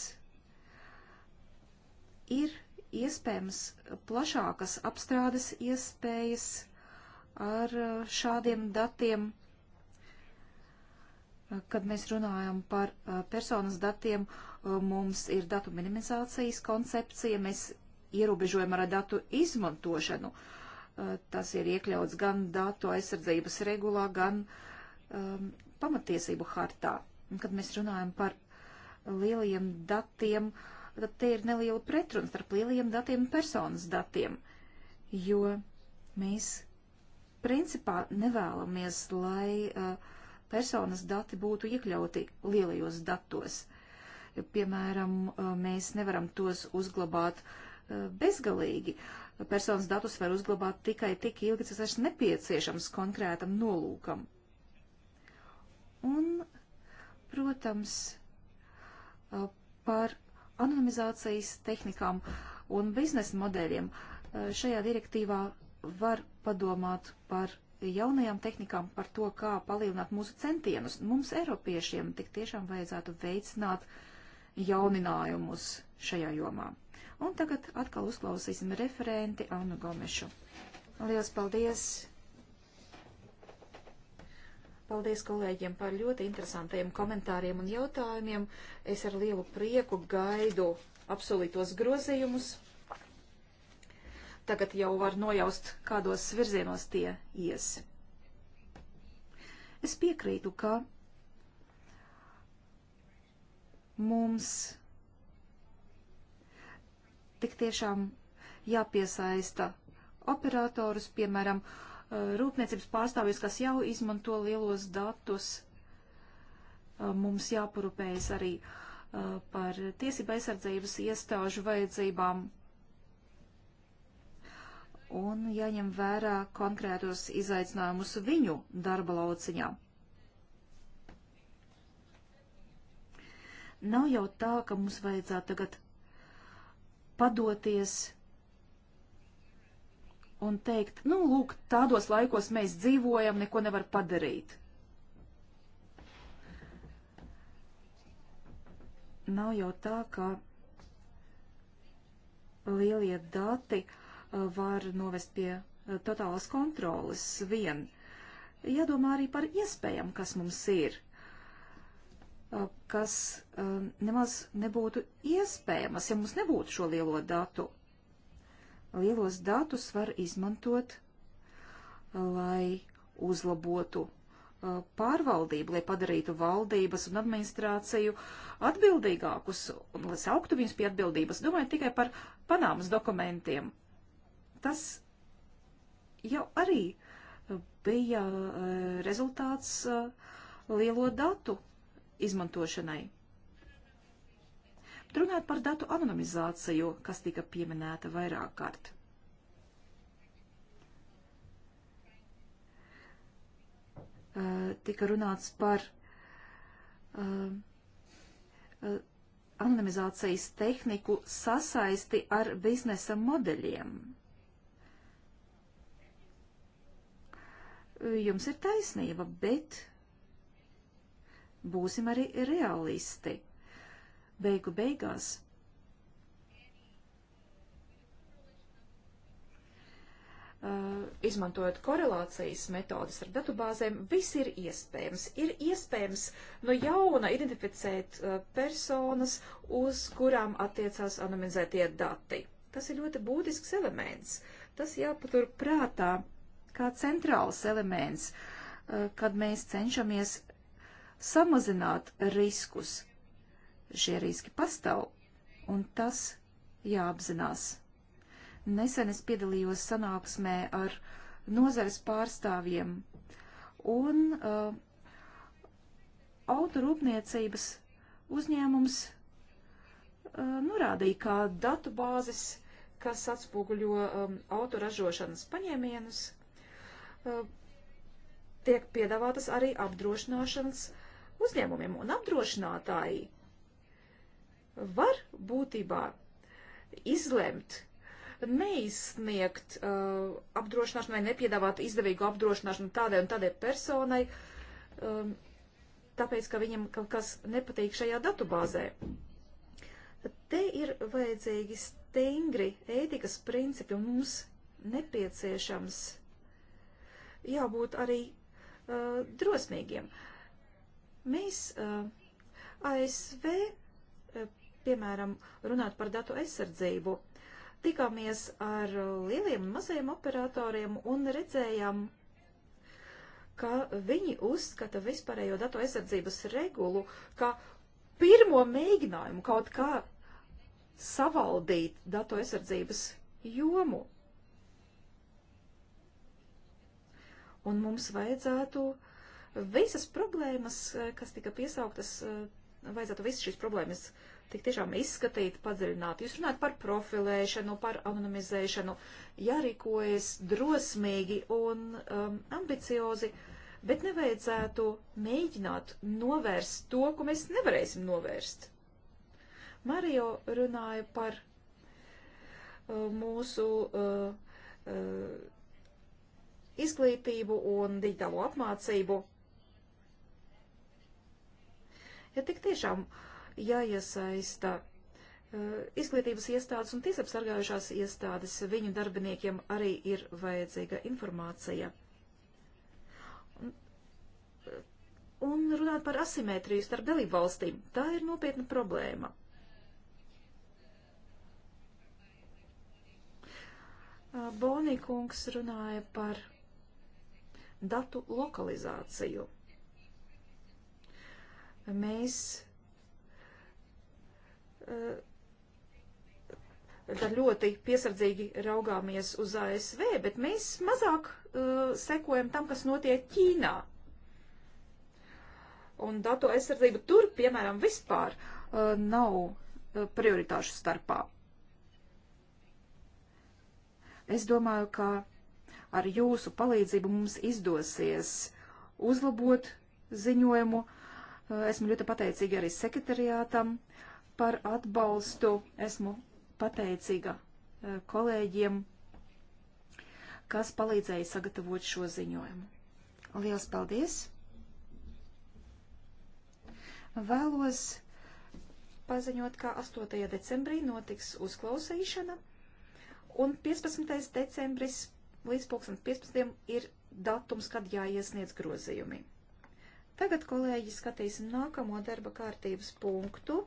ir iespējams plašākas apstrādes iespējas ar uh, šādiem datiem, kad mēs runājam par uh, personas datiem, uh, mums ir datu minimizācijas koncepcija, mēs ierobežojam ar datu izmantošanu. Tas ir iekļauts gan datu aizsardzības regulā, gan uh, um, pamatiesību hartā. Un, kad mēs runājam par lielajiem datiem, tad te ir neliela pretruna starp lielajiem datiem un personas datiem, jo mēs principā nevēlamies, lai uh, personas dati būtu iekļauti lielajos datos. Jo, piemēram, uh, mēs nevaram tos uzglabāt uh, bezgalīgi. Personas datus var uzglabāt tikai tik ilgi, cik tas ir nepieciešams konkrētam nolūkam. Un, protams, par anonimizācijas tehnikām un biznesa modeļiem šajā direktīvā var padomāt par jaunajām tehnikām, par to, kā palielināt mūsu centienus. Mums, Eiropiešiem, tik tiešām vajadzētu veicināt jauninājumus šajā jomā. Un tagad atkal uzklausīsim referenti Annu Gomešu. Lielas paldies! Paldies kolēģiem par ļoti interesantiem komentāriem un jautājumiem. Es ar lielu prieku gaidu apsolītos grozījumus. Tagad jau var nojaust, kādos virzienos tie ies. Es piekrītu, ka mums tik tiešām jāpiesaista operatorus, piemēram, uh, rūpniecības pārstāvjus, kas jau izmanto lielos datus. Mums jāparūpējas arī par tiesība aizsardzības iestāžu vajadzībām un jāņem vērā konkrētos izaicinājumus viņu darba lauciņā. Nav jau tā, ka mums vajadzētu tagad padoties un teikt, nu, lūk, tādos laikos mēs dzīvojam, neko nevar padarīt. Nav jau tā, ka lielie dati uh, var novest pie uh, totālas kontrolas vien. Jādomā arī par iespējām, kas mums ir, uh, kas nemaz nebūtu iespējamas, ja mums nebūtu šo lielo datu lielos datus var izmantot, lai uzlabotu pārvaldību, lai padarītu valdības un administrāciju atbildīgākus un lai sauktu viņus pie atbildības. Domāju tikai par Panāmas dokumentiem. Tas jau arī bija rezultāts lielo datu izmantošanai. Runājot par datu anonimizāciju, kas tika pieminēta vairāk kārt. Eh, tika runāts par eh, eh, anonimizācijas tehniku sasaisti ar biznesa modeļiem. Jums ir taisnība, bet būsim arī realisti beigu beigās Uh, izmantojot korelācijas metodas ar datubāzēm, viss ir iespējams. Ir iespējams no jauna identificēt uh, personas, uz kurām attiecās anonimizētie dati. Tas ir ļoti būtisks elements. Tas jāpatur prātā kā centrāls elements, uh, kad mēs cenšamies samazināt riskus Šie riski pastāv, un tas jāapzinās. Nesen es piedalījos sanāksmē ar nozares pārstāvjiem, un uh, autorūpniecības uzņēmums uh, norādīja, kā datu bāzes, kas atspoguļo um, autoražošanas paņēmienus, uh, tiek piedāvātas arī apdrošināšanas uzņēmumiem, un apdrošinātāji uh, var būtībā izlemt neizsniegt uh, apdrošināšanu vai nepiedāvāt izdevīgu apdrošināšanu tādai un tādai personai, um, tāpēc, ka viņam kaut kas nepatīk šajā datubāzē. Te ir vajadzīgi stingri ētikas principi un mums nepieciešams jābūt arī uh, drosmīgiem. Mēs uh, ASV piemēram, runāt par datu aizsardzību. Tikāmies ar lieliem un mazajiem operatoriem un redzējām, ka viņi uzskata vispārējo datu aizsardzības regulu, ka pirmo mēģinājumu kaut kā savaldīt datu aizsardzības jomu. Un mums vajadzētu visas problēmas, eh, kas tika piesauktas, eh, vajadzētu visas šīs problēmas uh, tik tiešām izskatīt, padziļināt. Jūs runājat par profilēšanu, par anonimizēšanu, jārīkojas drosmīgi un um, ambiciozi, bet nevajadzētu mēģināt novērst to, ko mēs nevarēsim novērst. Mario runāja par uh, mūsu uh, uh, izglītību un digitālo apmācību. Ja tik tiešām uh, jāiesaista eh, izglītības iestādes un tiesapsargājušās iestādes. Viņu darbiniekiem arī ir vajadzīga informācija. Un, eh, un runāt par asimetriju starp dalībvalstīm, tā ir nopietna problēma. Eh, Bonīkungs runāja par datu lokalizāciju. Mēs tad ļoti piesardzīgi raugāmies uz ASV, bet mēs mazāk uh, sekojam tam, kas notiek Ķīnā. Un datu aizsardzība tur, piemēram, vispār uh, nav uh, prioritāšu starpā. Es domāju, ka ar jūsu palīdzību mums izdosies uzlabot ziņojumu. Uh, esmu ļoti pateicīga arī sekretariātam. Uh, par atbalstu. Esmu pateicīga e, kolēģiem, kas palīdzēja sagatavot šo ziņojumu. Lielas paldies! Vēlos paziņot, ka 8. decembrī notiks uzklausīšana, un 15. decembris līdz 2015. ir datums, kad jāiesniedz grozījumi. Tagad, kolēģi, skatīsim nākamo darba kārtības punktu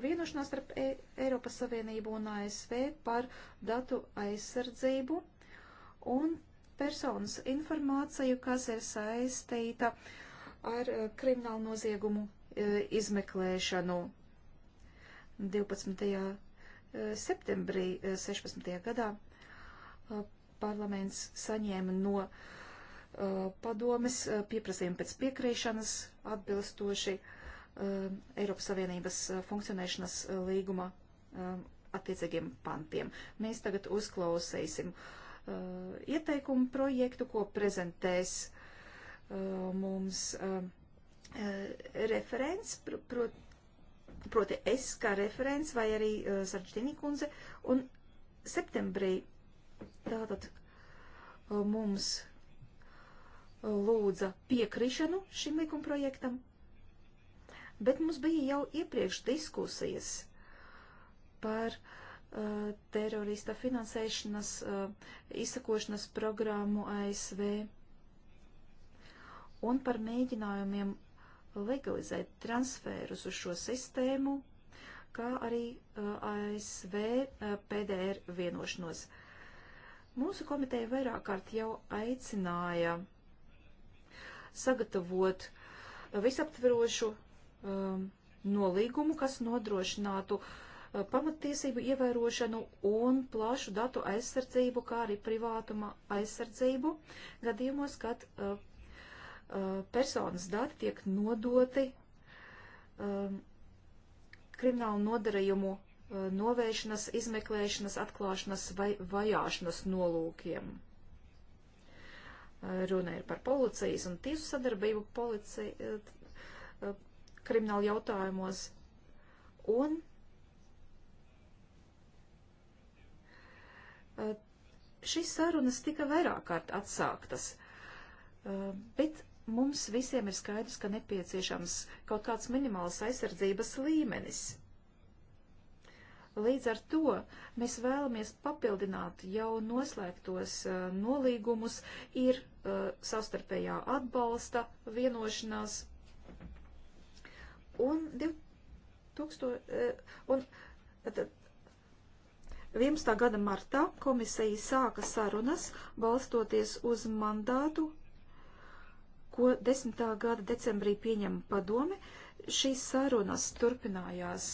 vienošanās starp e Eiropas Savienību un ASV par datu aizsardzību un personas informāciju, kas ir saistīta ar eh, kriminālu noziegumu eh, izmeklēšanu. 12. Eh, septembrī 16. gadā parlaments saņēma no padomes pieprasījumu pēc piekrīšanas atbilstoši uh, Um, Eiropas Savienības uh, funkcionēšanas uh, līguma um, attiecīgiem pantiem. Mēs tagad uzklausīsim uh, ieteikumu projektu, ko prezentēs mums um, referents, prot, proti es kā referents vai arī Sarčtini kundze, un septembrī tātad mums lūdza piekrišanu šim likumprojektam, Bet mums bija jau iepriekš diskusijas par uh, terorista finansēšanas, uh, izsakošanas programmu ASV un par mēģinājumiem legalizēt transferus uz šo sistēmu, kā arī uh, ASV uh, PDR vienošanos. Mūsu komiteja vairāk kārt jau aicināja sagatavot uh, visaptverošu um, nolīgumu, kas nodrošinātu uh, pamattiesību ievērošanu un plašu datu aizsardzību, kā arī privātuma aizsardzību gadījumos, kad uh, uh, personas dati tiek nodoti um, kriminālu nodarījumu uh, novēršanas, izmeklēšanas, atklāšanas vai vajāšanas nolūkiem uh, runa ir par policijas un tiesu sadarbību policija, uh, krimināla jautājumos. Un eh, šīs sarunas tika vairāk kārt atsāktas, eh, bet mums visiem ir skaidrs, ka nepieciešams kaut kāds minimāls aizsardzības līmenis. Līdz ar to mēs vēlamies papildināt jau noslēgtos eh, nolīgumus, ir savstarpējā atbalsta vienošanās un 2000, e, un 11. gada martā komisija sāka sarunas, balstoties uz mandātu, ko 10. gada decembrī pieņem padome. Šīs sarunas turpinājās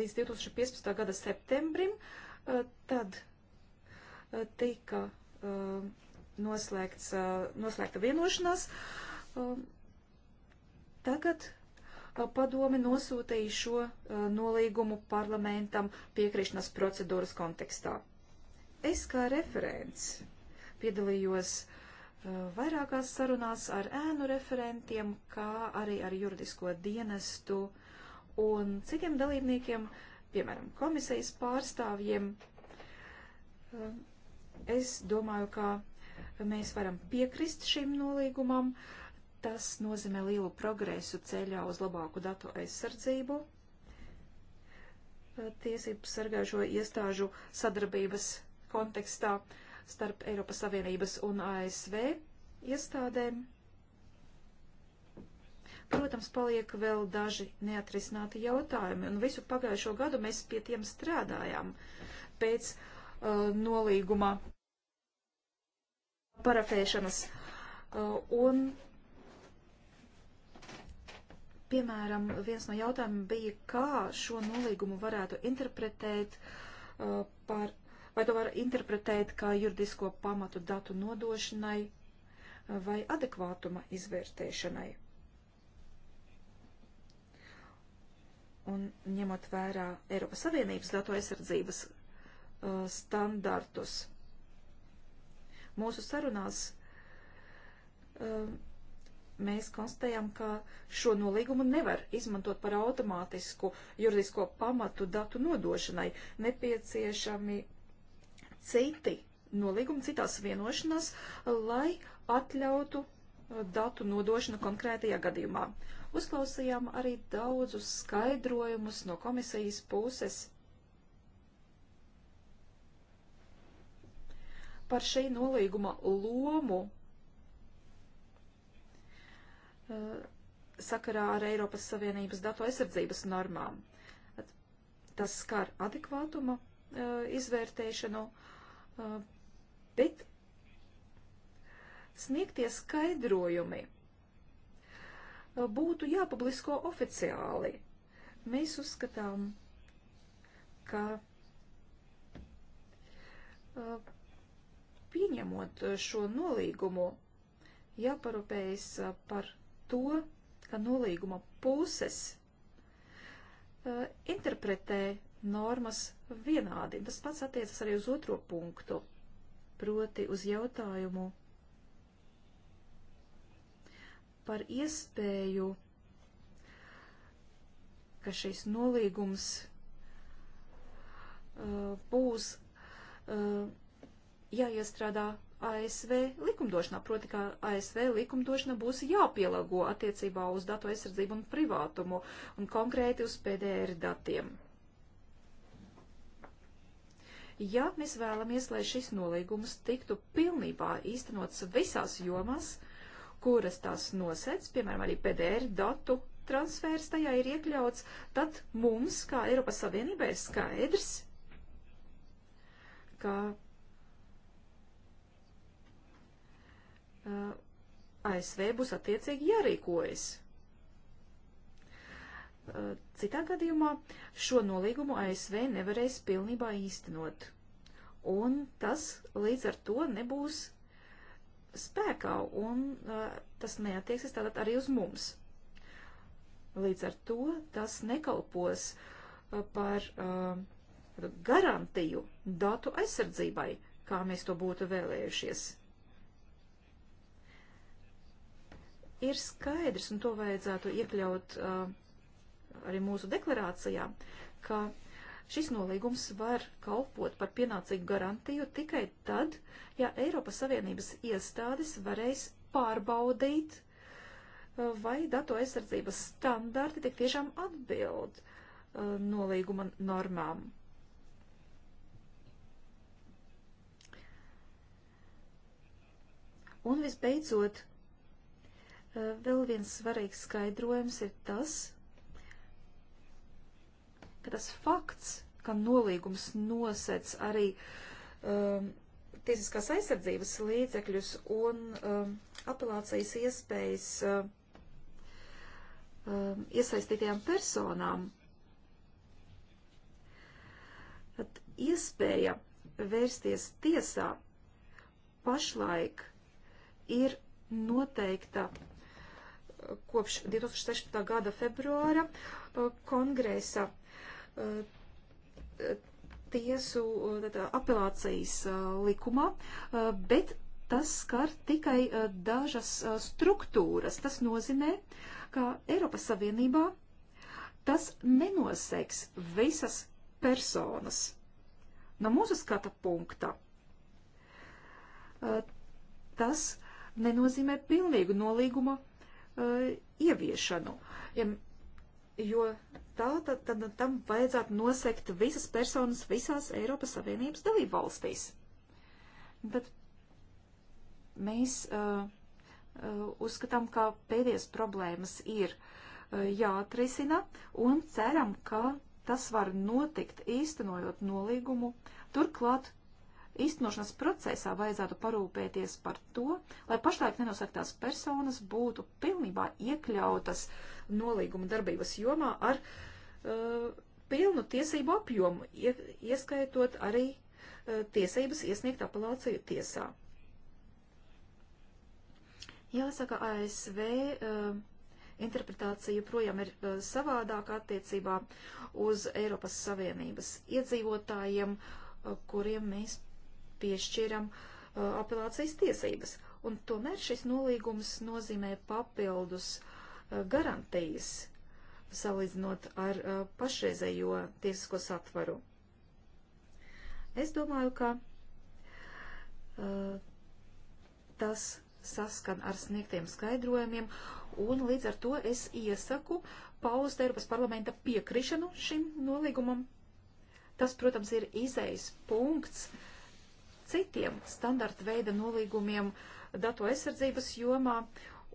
līdz 2015. gada septembrim, e, tad e, tika noslēgts, noslēgta vienošanās Tagad padome nosūtīja šo nolīgumu parlamentam piekrišanas procedūras kontekstā. Es kā referents piedalījos vairākās sarunās ar ēnu referentiem, kā arī ar juridisko dienestu un citiem dalībniekiem, piemēram, komisijas pārstāvjiem. Es domāju, ka mēs varam piekrist šim nolīgumam. Uh, Tas nozīmē lielu progresu ceļā uz labāku datu aizsardzību, eh, tiesību sargājušo iestāžu sadarbības kontekstā starp Eiropas Savienības un ASV iestādēm. Protams, paliek vēl daži neatrisināti jautājumi, un visu pagājušo gadu mēs pie tiem strādājām pēc uh, nolīguma parafēšanas. Uh, un Piemēram, viens no jautājumiem bija, kā šo nolīgumu varētu interpretēt uh, par, vai to var interpretēt kā juridisko pamatu datu nodošanai uh, vai adekvātuma izvērtēšanai. Un ņemot vērā Eiropas Savienības datu aizsardzības uh, standartus, mūsu sarunās uh, mēs konstatējam, ka šo nolīgumu nevar izmantot par automātisku juridisko pamatu datu nodošanai. Nepieciešami citi nolīgumi, citās vienošanās, lai atļautu uh, datu nodošanu konkrētajā gadījumā. Uzklausījām arī daudzus skaidrojumus no komisijas puses par šī nolīguma lomu sakarā ar Eiropas Savienības datu aizsardzības normām. Tas skar adekvātuma e, izvērtēšanu, e, bet sniegtie skaidrojumi e, būtu jāpublisko oficiāli. Mēs uzskatām, ka pieņemot šo nolīgumu, jāparūpējas par to, ka nolīguma puses uh, interpretē normas vienādi. Tas pats attiecas arī uz otro punktu, proti uz jautājumu par iespēju, ka šīs nolīgums uh, būs uh, jāiestrādā ASV likumdošanā, proti, ka ASV likumdošana būs jāpielāgo attiecībā uz datu aizsardzību un privātumu un konkrēti uz PDR datiem. Ja mēs vēlamies, lai šis nolīgums tiktu pilnībā īstenots visās jomās, kuras tās nosēc, piemēram, arī PDR datu transfers tajā ir iekļauts, tad mums, kā Eiropas Savienībai, ir skaidrs, ka Eh, ASV būs attiecīgi jārīkojas. Eh, citā gadījumā šo nolīgumu ASV nevarēs pilnībā īstenot, un tas līdz ar to nebūs spēkā, un eh, tas neatieksies tātad arī uz mums. Līdz ar to tas nekalpos par garantiju datu aizsardzībai, kā mēs to būtu vēlējušies. ir skaidrs, un to vajadzētu iekļaut uh, arī mūsu deklarācijā, ka šis nolīgums var kalpot par pienācīgu garantiju tikai tad, ja Eiropas Savienības iestādes varēs pārbaudīt, uh, vai datu aizsardzības standarti tik tiešām atbild uh, nolīguma normām. Un visbeidzot, Vēl viens svarīgs skaidrojums ir tas, ka tas fakts, ka nolīgums nosec arī um, tiesiskās aizsardzības līdzekļus un um, apelācijas iespējas um, iesaistītajām personām, tad iespēja vērsties tiesā pašlaik ir noteikta kopš 2016. gada februāra uh, kongresa uh, tiesu uh, apelācijas likumā, bet tas skar tikai dažas struktūras. Tas nozīmē, ka Eiropas Savienībā tas nenoseiks visas personas. No mūsu skata punkta tas nenozīmē pilnīgu nolīguma Uh, ieviešanu. Ja, jo tā, tad, tad tam vajadzētu nosekt visas personas visās Eiropas Savienības dalību valstīs. Bet mēs uh, uh, uzskatām, ka pēdējās problēmas ir uh, jāatrisina un ceram, ka tas var notikt īstenojot nolīgumu. Turklāt īstenošanas procesā vajadzētu parūpēties par to, lai pašlaik nenosaktās personas būtu pilnībā iekļautas nolīguma darbības jomā ar uh, pilnu tiesību apjomu, ie, ieskaitot arī uh, tiesības iesniegt apelāciju tiesā. Jāsaka, ASV uh, interpretācija joprojām ir uh, savādāka attiecībā uz Eiropas Savienības iedzīvotājiem, uh, kuriem mēs piešķiram uh, apelācijas tiesības. Un tomēr šis nolīgums nozīmē papildus uh, garantijas, salīdzinot ar uh, pašreizējo tiesisko satvaru. Es domāju, ka uh, tas saskan ar sniegtiem skaidrojumiem, un līdz ar to es iesaku paust Eiropas parlamenta piekrišanu šim nolīgumam. Tas, protams, ir izējas punkts uh, citiem standarta veida nolīgumiem datu aizsardzības jomā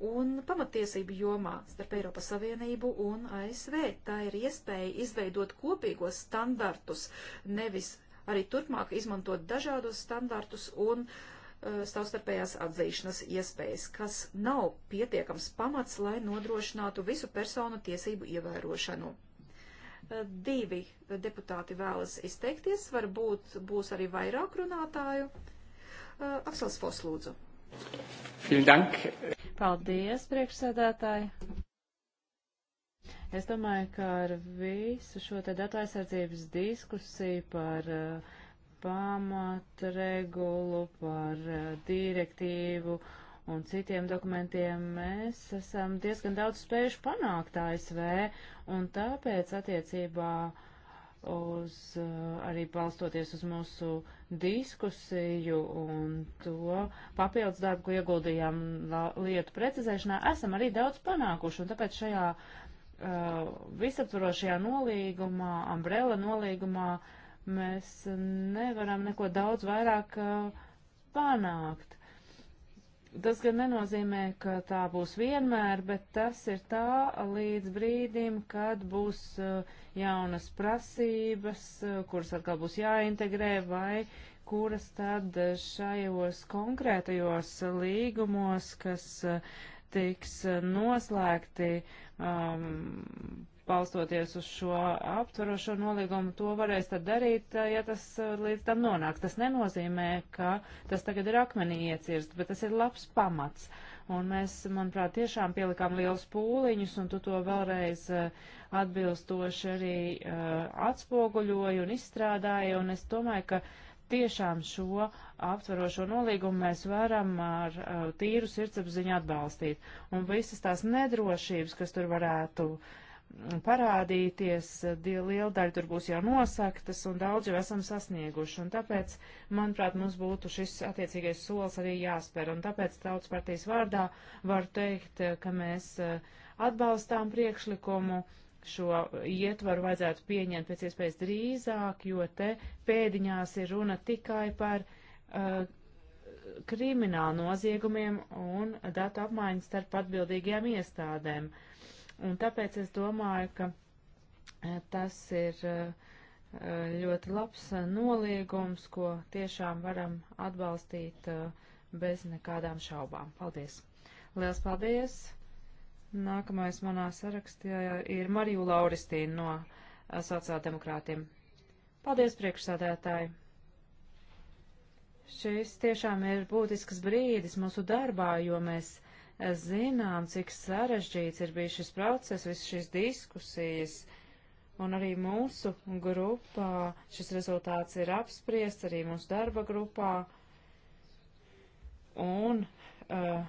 un pamatiesību jomā starp Eiropas Savienību un ASV. Tā ir iespēja izveidot kopīgos standartus, nevis arī turpmāk izmantot dažādos standartus un uh, savstarpējās atzīšanas iespējas, kas nav pietiekams pamats, lai nodrošinātu visu personu tiesību ievērošanu. Divi deputāti vēlas izteikties, varbūt būs arī vairāk runātāju. Uh, Aksels Fos, lūdzu. Paldies, priekšsēdētāji. Es domāju, ka ar visu šo te datu aizsardzības diskusiju par uh, pamatregulu, par uh, direktīvu, uh, un citiem dokumentiem mēs esam diezgan daudz spējuši panākt ASV, un tāpēc attiecībā uz, eh, arī balstoties uz mūsu diskusiju un to papildus darbu, ko ieguldījām lietu precizēšanā, esam arī daudz panākuši, un tāpēc šajā uh, visaptvarošajā nolīgumā, umbrella nolīgumā, mēs nevaram neko daudz vairāk uh, panākt Tas gan nenozīmē, ka tā būs vienmēr, bet tas ir tā līdz brīdim, kad būs uh, jaunas prasības, uh, kuras atkal būs jāintegrē vai kuras tad uh, šajos konkrētajos līgumos, kas tiks noslēgti, um, balstoties uz šo aptverošo nolīgumu, to varēs tad darīt, eh, ja tas eh, līdz tam nonāks. Tas nenozīmē, ka tas tagad ir akmenī iecirst, bet tas ir labs pamats. Un mēs, manuprāt, tiešām pielikām lielus pūliņus, un tu to vēlreiz eh, atbilstoši arī atspoguļoji un izstrādāji, un es domāju, ka tiešām šo aptverošo nolīgumu mēs varam ar, ar tīru sirdsapziņu atbalstīt. Un visas tās nedrošības, kas tur varētu uh, parādīties, liela daļa tur būs jau nosaktas un daudz jau esam sasnieguši. Un tāpēc, manuprāt, mums būtu šis attiecīgais solis arī jāspēr. Un tāpēc tautas partijas vārdā var teikt, ka mēs eh, atbalstām priekšlikumu. Šo ietvaru vajadzētu pieņemt pēc iespējas drīzāk, jo te pēdiņās ir runa tikai par uh, eh, kriminālu noziegumiem un datu apmaiņu starp atbildīgajām iestādēm. Uh, Un tāpēc es domāju, ka e, tas ir e, e, ļoti labs noliegums, ko tiešām varam atbalstīt bez nekādām šaubām. Paldies! Liels paldies! Nākamais manā sarakstā ir Mariju Lauristīna no sociāldemokrātiem. Paldies, priekšsādētāji! Šis tiešām ir būtisks brīdis mūsu darbā, jo mēs zinām, cik sarežģīts ir bijis šis process, visas šīs diskusijas, un arī mūsu grupā šis rezultāts ir apspriests, arī mūsu darba grupā, un uh,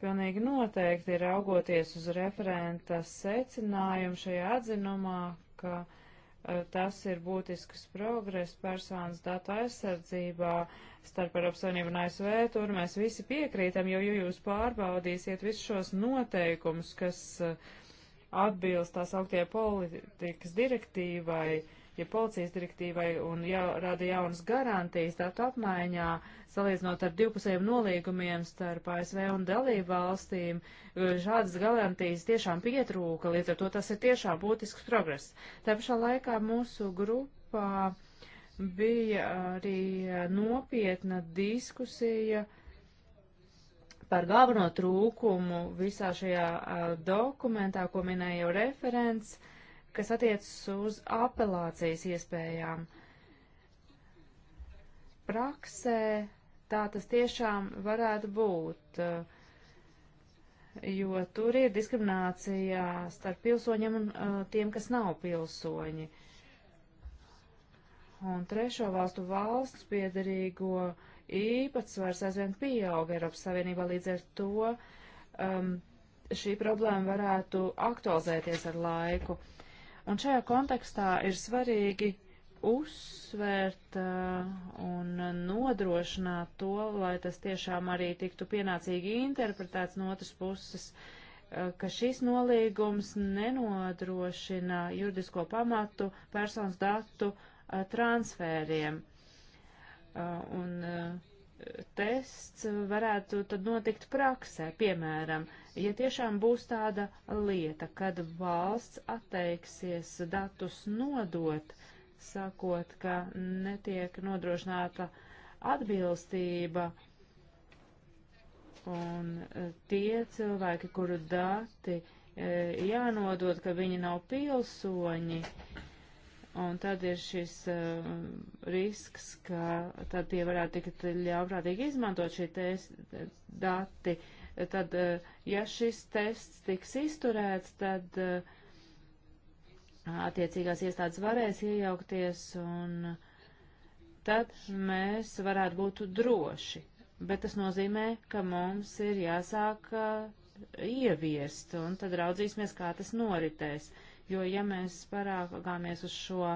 pilnīgi noteikti ir augoties uz referenta secinājumu šajā atzinumā, ka uh, Eh, tas ir būtisks progress personas datu aizsardzībā starp Eiropas Savienību un ASV. Tur mēs visi piekrītam, jo, ja jūs pārbaudīsiet visus šos noteikumus, kas eh, atbilst tās augtie politikas direktīvai, uh, ja policijas direktīvai un jau rada jaunas garantijas datu apmaiņā, salīdzinot ar divpusējiem nolīgumiem starp ASV un dalību valstīm, eh, šādas garantijas tiešām pietrūka, līdz ar to tas ir tiešām būtisks progress. Tā pašā laikā mūsu grupā bija arī nopietna diskusija par galveno trūkumu visā šajā a, eh, dokumentā, ko minēja jau referents. A, kas attiecas uz apelācijas iespējām. Praksē tā tas tiešām varētu būt, jo tur ir diskriminācija starp pilsoņiem un tiem, kas nav pilsoņi. Un trešo valstu valsts piedarīgo īpatsvars aizvien pieauga Eiropas Savienībā, līdz ar to um, šī problēma varētu aktualizēties ar laiku. Uh, Un šajā kontekstā ir svarīgi uzsvērt uh, un nodrošināt to, lai tas tiešām arī tiktu pienācīgi interpretēts no otras puses, uh, ka šis nolīgums nenodrošina juridisko pamatu personas datu uh, transfēriem. Uh, un uh, tests varētu tad notikt praksē. Piemēram, ja tiešām būs tāda lieta, kad valsts atteiksies datus nodot, sakot, ka netiek nodrošināta atbilstība, un e, tie cilvēki, kuru dati e, jānodot, ka viņi nav pilsoņi, uh, Un tad ir šis uh, risks, ka tad tie varētu tikt ļaunprātīgi izmantot šie dati. Tad, uh, ja šis tests tiks izturēts, tad uh, attiecīgās iestādes varēs iejaukties un tad mēs varētu būt droši. Bet tas nozīmē, ka mums ir jāsāk uh, ieviest un tad raudzīsimies, kā tas noritēs. Uh, jo, ja mēs parāgāmies uz šo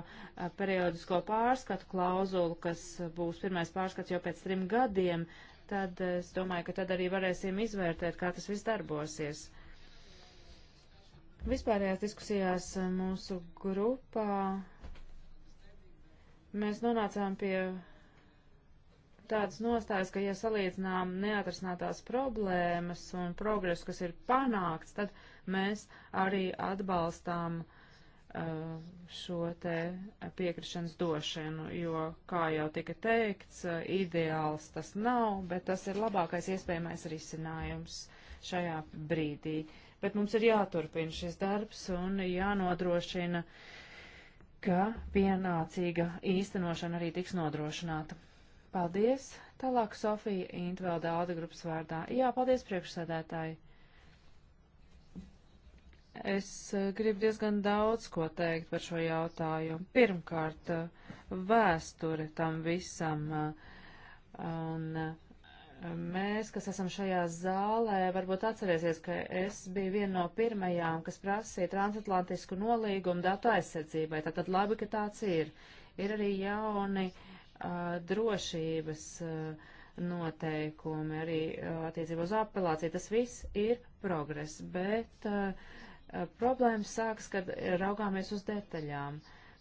periodisko pārskatu klauzulu, kas būs pirmais pārskats jau pēc trim gadiem, tad es domāju, ka tad arī varēsim izvērtēt, kā tas viss darbosies. Vispārējās diskusijās mūsu grupā mēs nonācām pie tādas nostājas, ka, ja salīdzinām neatrisinātās problēmas un progresu, kas ir panākts, tad mēs arī atbalstām uh, šo te piekrišanas došanu, jo, kā jau tika teikts, uh, ideāls tas nav, bet tas ir labākais iespējamais risinājums šajā brīdī. Bet mums ir jāturpina šis darbs un jānodrošina, ka pienācīga īstenošana arī tiks nodrošināta. Paldies! Tālāk Sofija Intvelda Alda grupas vārdā. Jā, paldies priekšsēdētāji! Es eh, gribu diezgan daudz ko teikt par šo jautājumu. Pirmkārt, eh, vēsture tam visam. Eh, un mēs, kas esam šajā zālē, varbūt atcerēsies, ka es biju viena no pirmajām, kas prasīja transatlantisku nolīgumu datu aizsardzībai. Tātad labi, ka tāds ir. Ir arī jauni uh, drošības noteikumi, arī attiecībā uz apelāciju. Tas viss ir progress, bet problēmas sākas, kad raugāmies uz detaļām.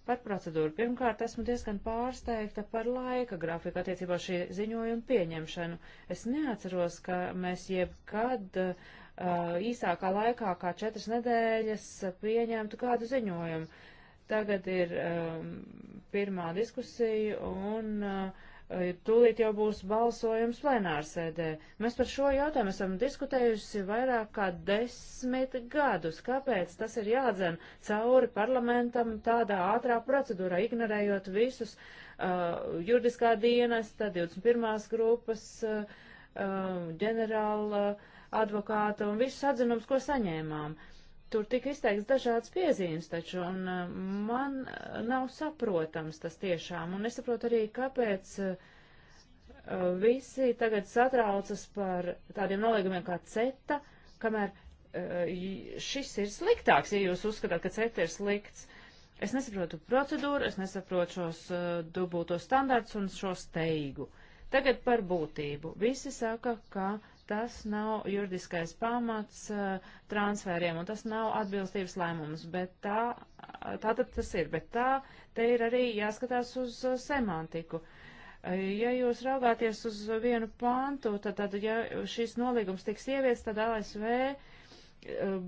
Par procedūru. Pirmkārt, esmu diezgan pārsteigta par laika grafiku attiecībā šī ziņojuma pieņemšanu. Es neatceros, ka mēs jebkad uh, īsākā laikā, kā četras nedēļas, pieņemtu kādu ziņojumu. Uh, Tagad ir um, pirmā diskusija un uh, tūlīt jau būs balsojums plenārsēdē. Mēs par šo jautājumu esam diskutējusi vairāk kā desmit gadus. Kāpēc tas ir jādzen cauri parlamentam tādā ātrā procedūrā, ignorējot visus uh, juridiskā dienesta, 21. grupas, uh, um, ģenerāla advokāta un visus atzinumus, ko saņēmām? Uh, Tur tika izteikts dažādas piezīmes taču, un eh, man eh, nav saprotams tas tiešām, un nesaprotu arī, kāpēc eh, visi tagad satraucas par tādiem nolīgumiem kā CETA, kamēr šis ir sliktāks, ja jūs uzskatāt, ka CETA ir slikts. Es nesaprotu procedūru, es nesaprotu šos dubultos standārts un šo steigu. Tagad par būtību. Visi saka, ka tas nav juridiskais pamats uh, eh, transfēriem, un tas nav atbilstības lēmums, bet tā, tā tad tas ir, bet tā, te ir arī jāskatās uz uh, semantiku. Uh, ja jūs raugāties uz vienu pantu, tad, tad ja šis nolīgums tiks ieviests, tad ASV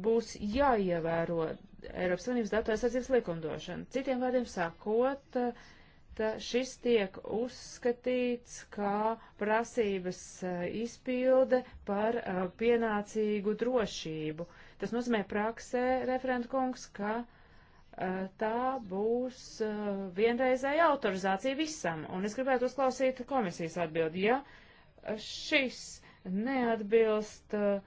būs jāievēro Eiropas Savienības datu aizsardzības likumdošana. Citiem vārdiem sakot, uh, bet eh, šis tiek uzskatīts kā prasības eh, izpilde par eh, pienācīgu drošību. Tas nozīmē praksē, referent kungs, ka tā būs vienreizēja autorizācija visam. Un es gribētu uzklausīt komisijas atbildi. Ja šis neatbilst uh,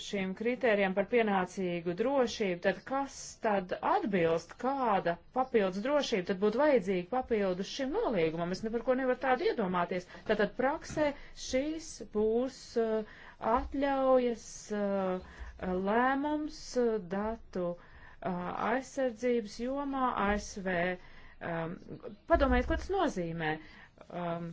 šiem kritērijiem par pienācīgu drošību, tad kas tad atbilst, kāda papildus drošība tad būtu vajadzīga papildus šim nolīgumam? Es ne par ko nevaru tādu iedomāties. Tātad praksē šīs būs uh, atļaujas uh, lēmums uh, datu uh, aizsardzības jomā ASV. Um, padomājiet, ko tas nozīmē. Um,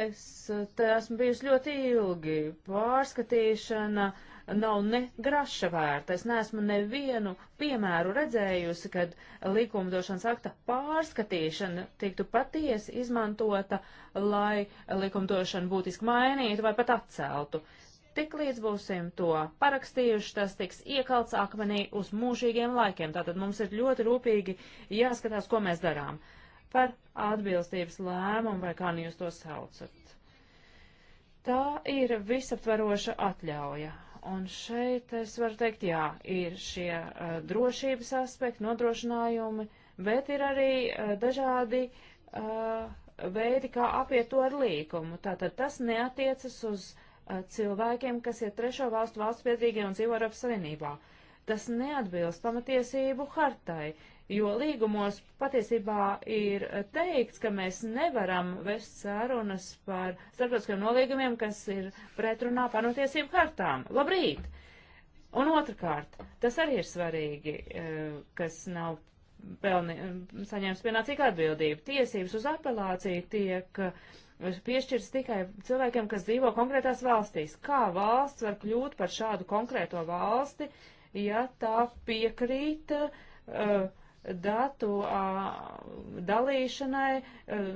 Es eh, te esmu bijusi ļoti ilgi. Pārskatīšana nav ne graša vērta. Es neesmu nevienu piemēru redzējusi, kad likumdošanas akta pārskatīšana tiktu patiesi izmantota, lai likumdošanu būtiski mainītu vai pat atceltu. Tik līdz būsim to parakstījuši, tas tiks iekalts akmenī uz mūžīgiem laikiem. Tātad mums ir ļoti rūpīgi jāskatās, ko mēs darām. Uh, par atbilstības lēmumu, vai kā nu jūs to saucat. Tā ir visaptveroša atļauja. Un šeit es varu teikt, jā, ir šie uh, drošības aspekti, nodrošinājumi, bet ir arī uh, dažādi uh, veidi, kā apiet to ar līkumu. Tātad tas neatiecas uz uh, cilvēkiem, kas ir trešo valstu valsts piedrīgie un dzīvo Eiropas Savienībā. Tas neatbilst pamatiesību hartai, jo līgumos patiesībā ir teikts, ka mēs nevaram vest sarunas par starptautiskiem nolīgumiem, kas ir pretrunā panotiesību kartām. Labrīt! Un otrkārt, tas arī ir svarīgi, eh, kas nav pelni, saņēmis pienācīgu atbildību. Tiesības uz apelāciju tiek eh, piešķirts tikai cilvēkiem, kas dzīvo konkrētās valstīs. Kā valsts var kļūt par šādu konkrēto valsti, ja tā piekrīt uh, datu dalīšanai,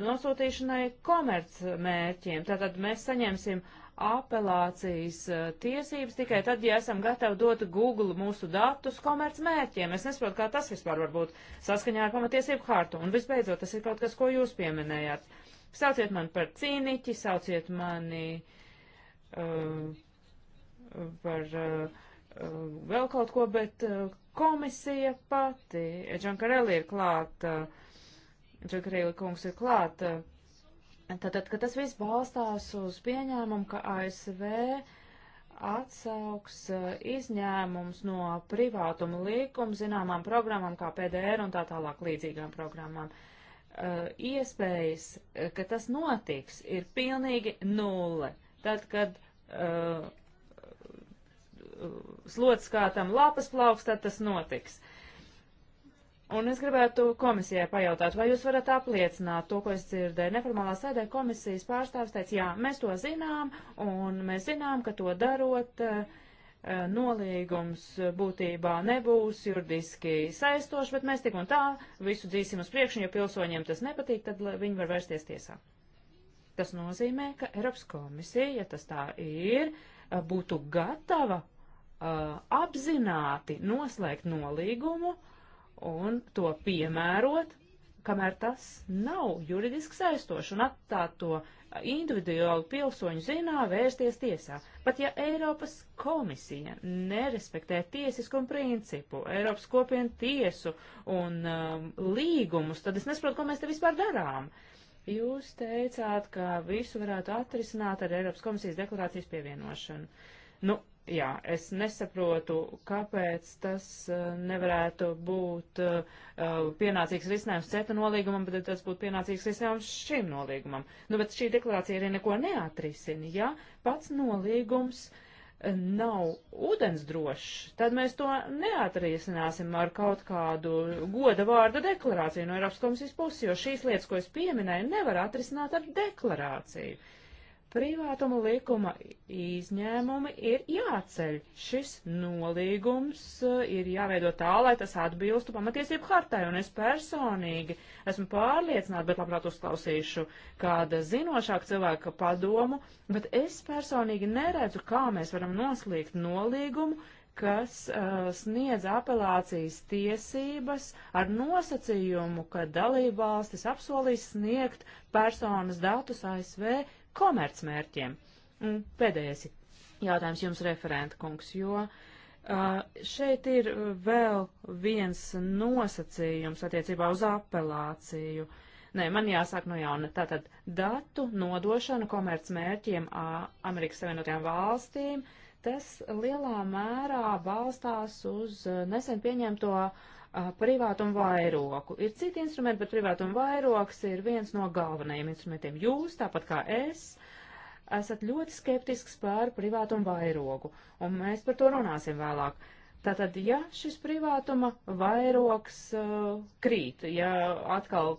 nosūtīšanai komerc mērķiem. Tātad mēs saņemsim apelācijas tiesības tikai tad, ja esam gatavi dot Google mūsu datus komerc mērķiem. Es nesaprotu, kā tas vispār var būt saskaņā ar pamatiesību hārtu. Un visbeidzot, tas ir kaut kas, ko jūs pieminējāt. Sauciet mani par cīniķi, sauciet mani uh, par. Uh, Eh, vēl kaut ko, bet eh, komisija pati, Džankarelli eh, ir klāt, Džankarelli kungs ir klāt. Tātad, ka tas viss balstās uz pieņēmumu, ka ASV atsauks izņēmums no privātuma līkuma zināmām programmām, kā PDR un tā tālāk līdzīgām programmām. Iespējas, ka tas notiks, ir pilnīgi nulle. Tad, kad uh, Uh, slodskātam lapas plauks, tad tas notiks. Un es gribētu komisijai pajautāt, vai jūs varat apliecināt to, ko es dzirdēju. Neformālā sēdē komisijas pārstāvis teica, jā, mēs to zinām, un mēs zinām, ka to darot, uh, nolīgums būtībā nebūs juridiski saistošs, bet mēs tik un tā visu dzīsim uz priekšu, ja pilsoņiem tas nepatīk, tad viņi var vērsties tiesā. Tas nozīmē, ka Eiropas komisija, ja tas tā ir, būtu gatava Uh, apzināti noslēgt nolīgumu un to piemērot, kamēr tas nav juridiski saistoši un atstāt to individuāli pilsoņu zinā vērsties tiesā. Pat ja Eiropas komisija nerespektē tiesiskumu principu, Eiropas kopienu tiesu un um, līgumus, tad es nesaprotu, ko mēs te vispār darām. Jūs teicāt, ka visu varētu atrisināt ar Eiropas komisijas deklarācijas pievienošanu. Nu, jā, es nesaprotu, kāpēc tas eh, nevarētu būt eh, eh, pienācīgs risinājums CETA nolīgumam, bet tas būtu pienācīgs risinājums šim nolīgumam. Nu, bet šī deklarācija arī neko neatrisina, ja pats nolīgums nav ūdensdrošs, tad mēs to neatrisināsim ar kaut kādu goda vārda deklarāciju no Eiropas komisijas puses, jo šīs lietas, ko es pieminēju, nevar atrisināt ar deklarāciju. Uh, privātuma likuma izņēmumi ir jāceļ. Šis nolīgums uh, ir jāveido tā, lai tas atbilstu pamatiesību hartai, un es personīgi esmu pārliecināta, bet labprāt uzklausīšu kāda zinošāka cilvēka padomu, bet es personīgi neredzu, kā mēs varam noslīgt nolīgumu, kas uh, sniedz apelācijas tiesības ar nosacījumu, ka dalībvalstis apsolīs sniegt personas datus ASV komercmērķiem. Un pēdējais jautājums jums, referenta kungs, jo uh, šeit ir vēl viens nosacījums attiecībā uz apelāciju. Nē, man jāsāk no jauna. Tātad datu nodošana komercmērķiem Amerikas Savienotajām valstīm, tas lielā mērā balstās uz nesen pieņemto uh, privātumu vairoku. Ir citi instrumenti, bet privātumu vairoks ir viens no galvenajiem instrumentiem. Jūs, tāpat kā es, esat ļoti skeptisks par privātumu vairogu, un mēs par to runāsim vēlāk. Tātad, ja šis privātuma vairoks uh, krīt, ja atkal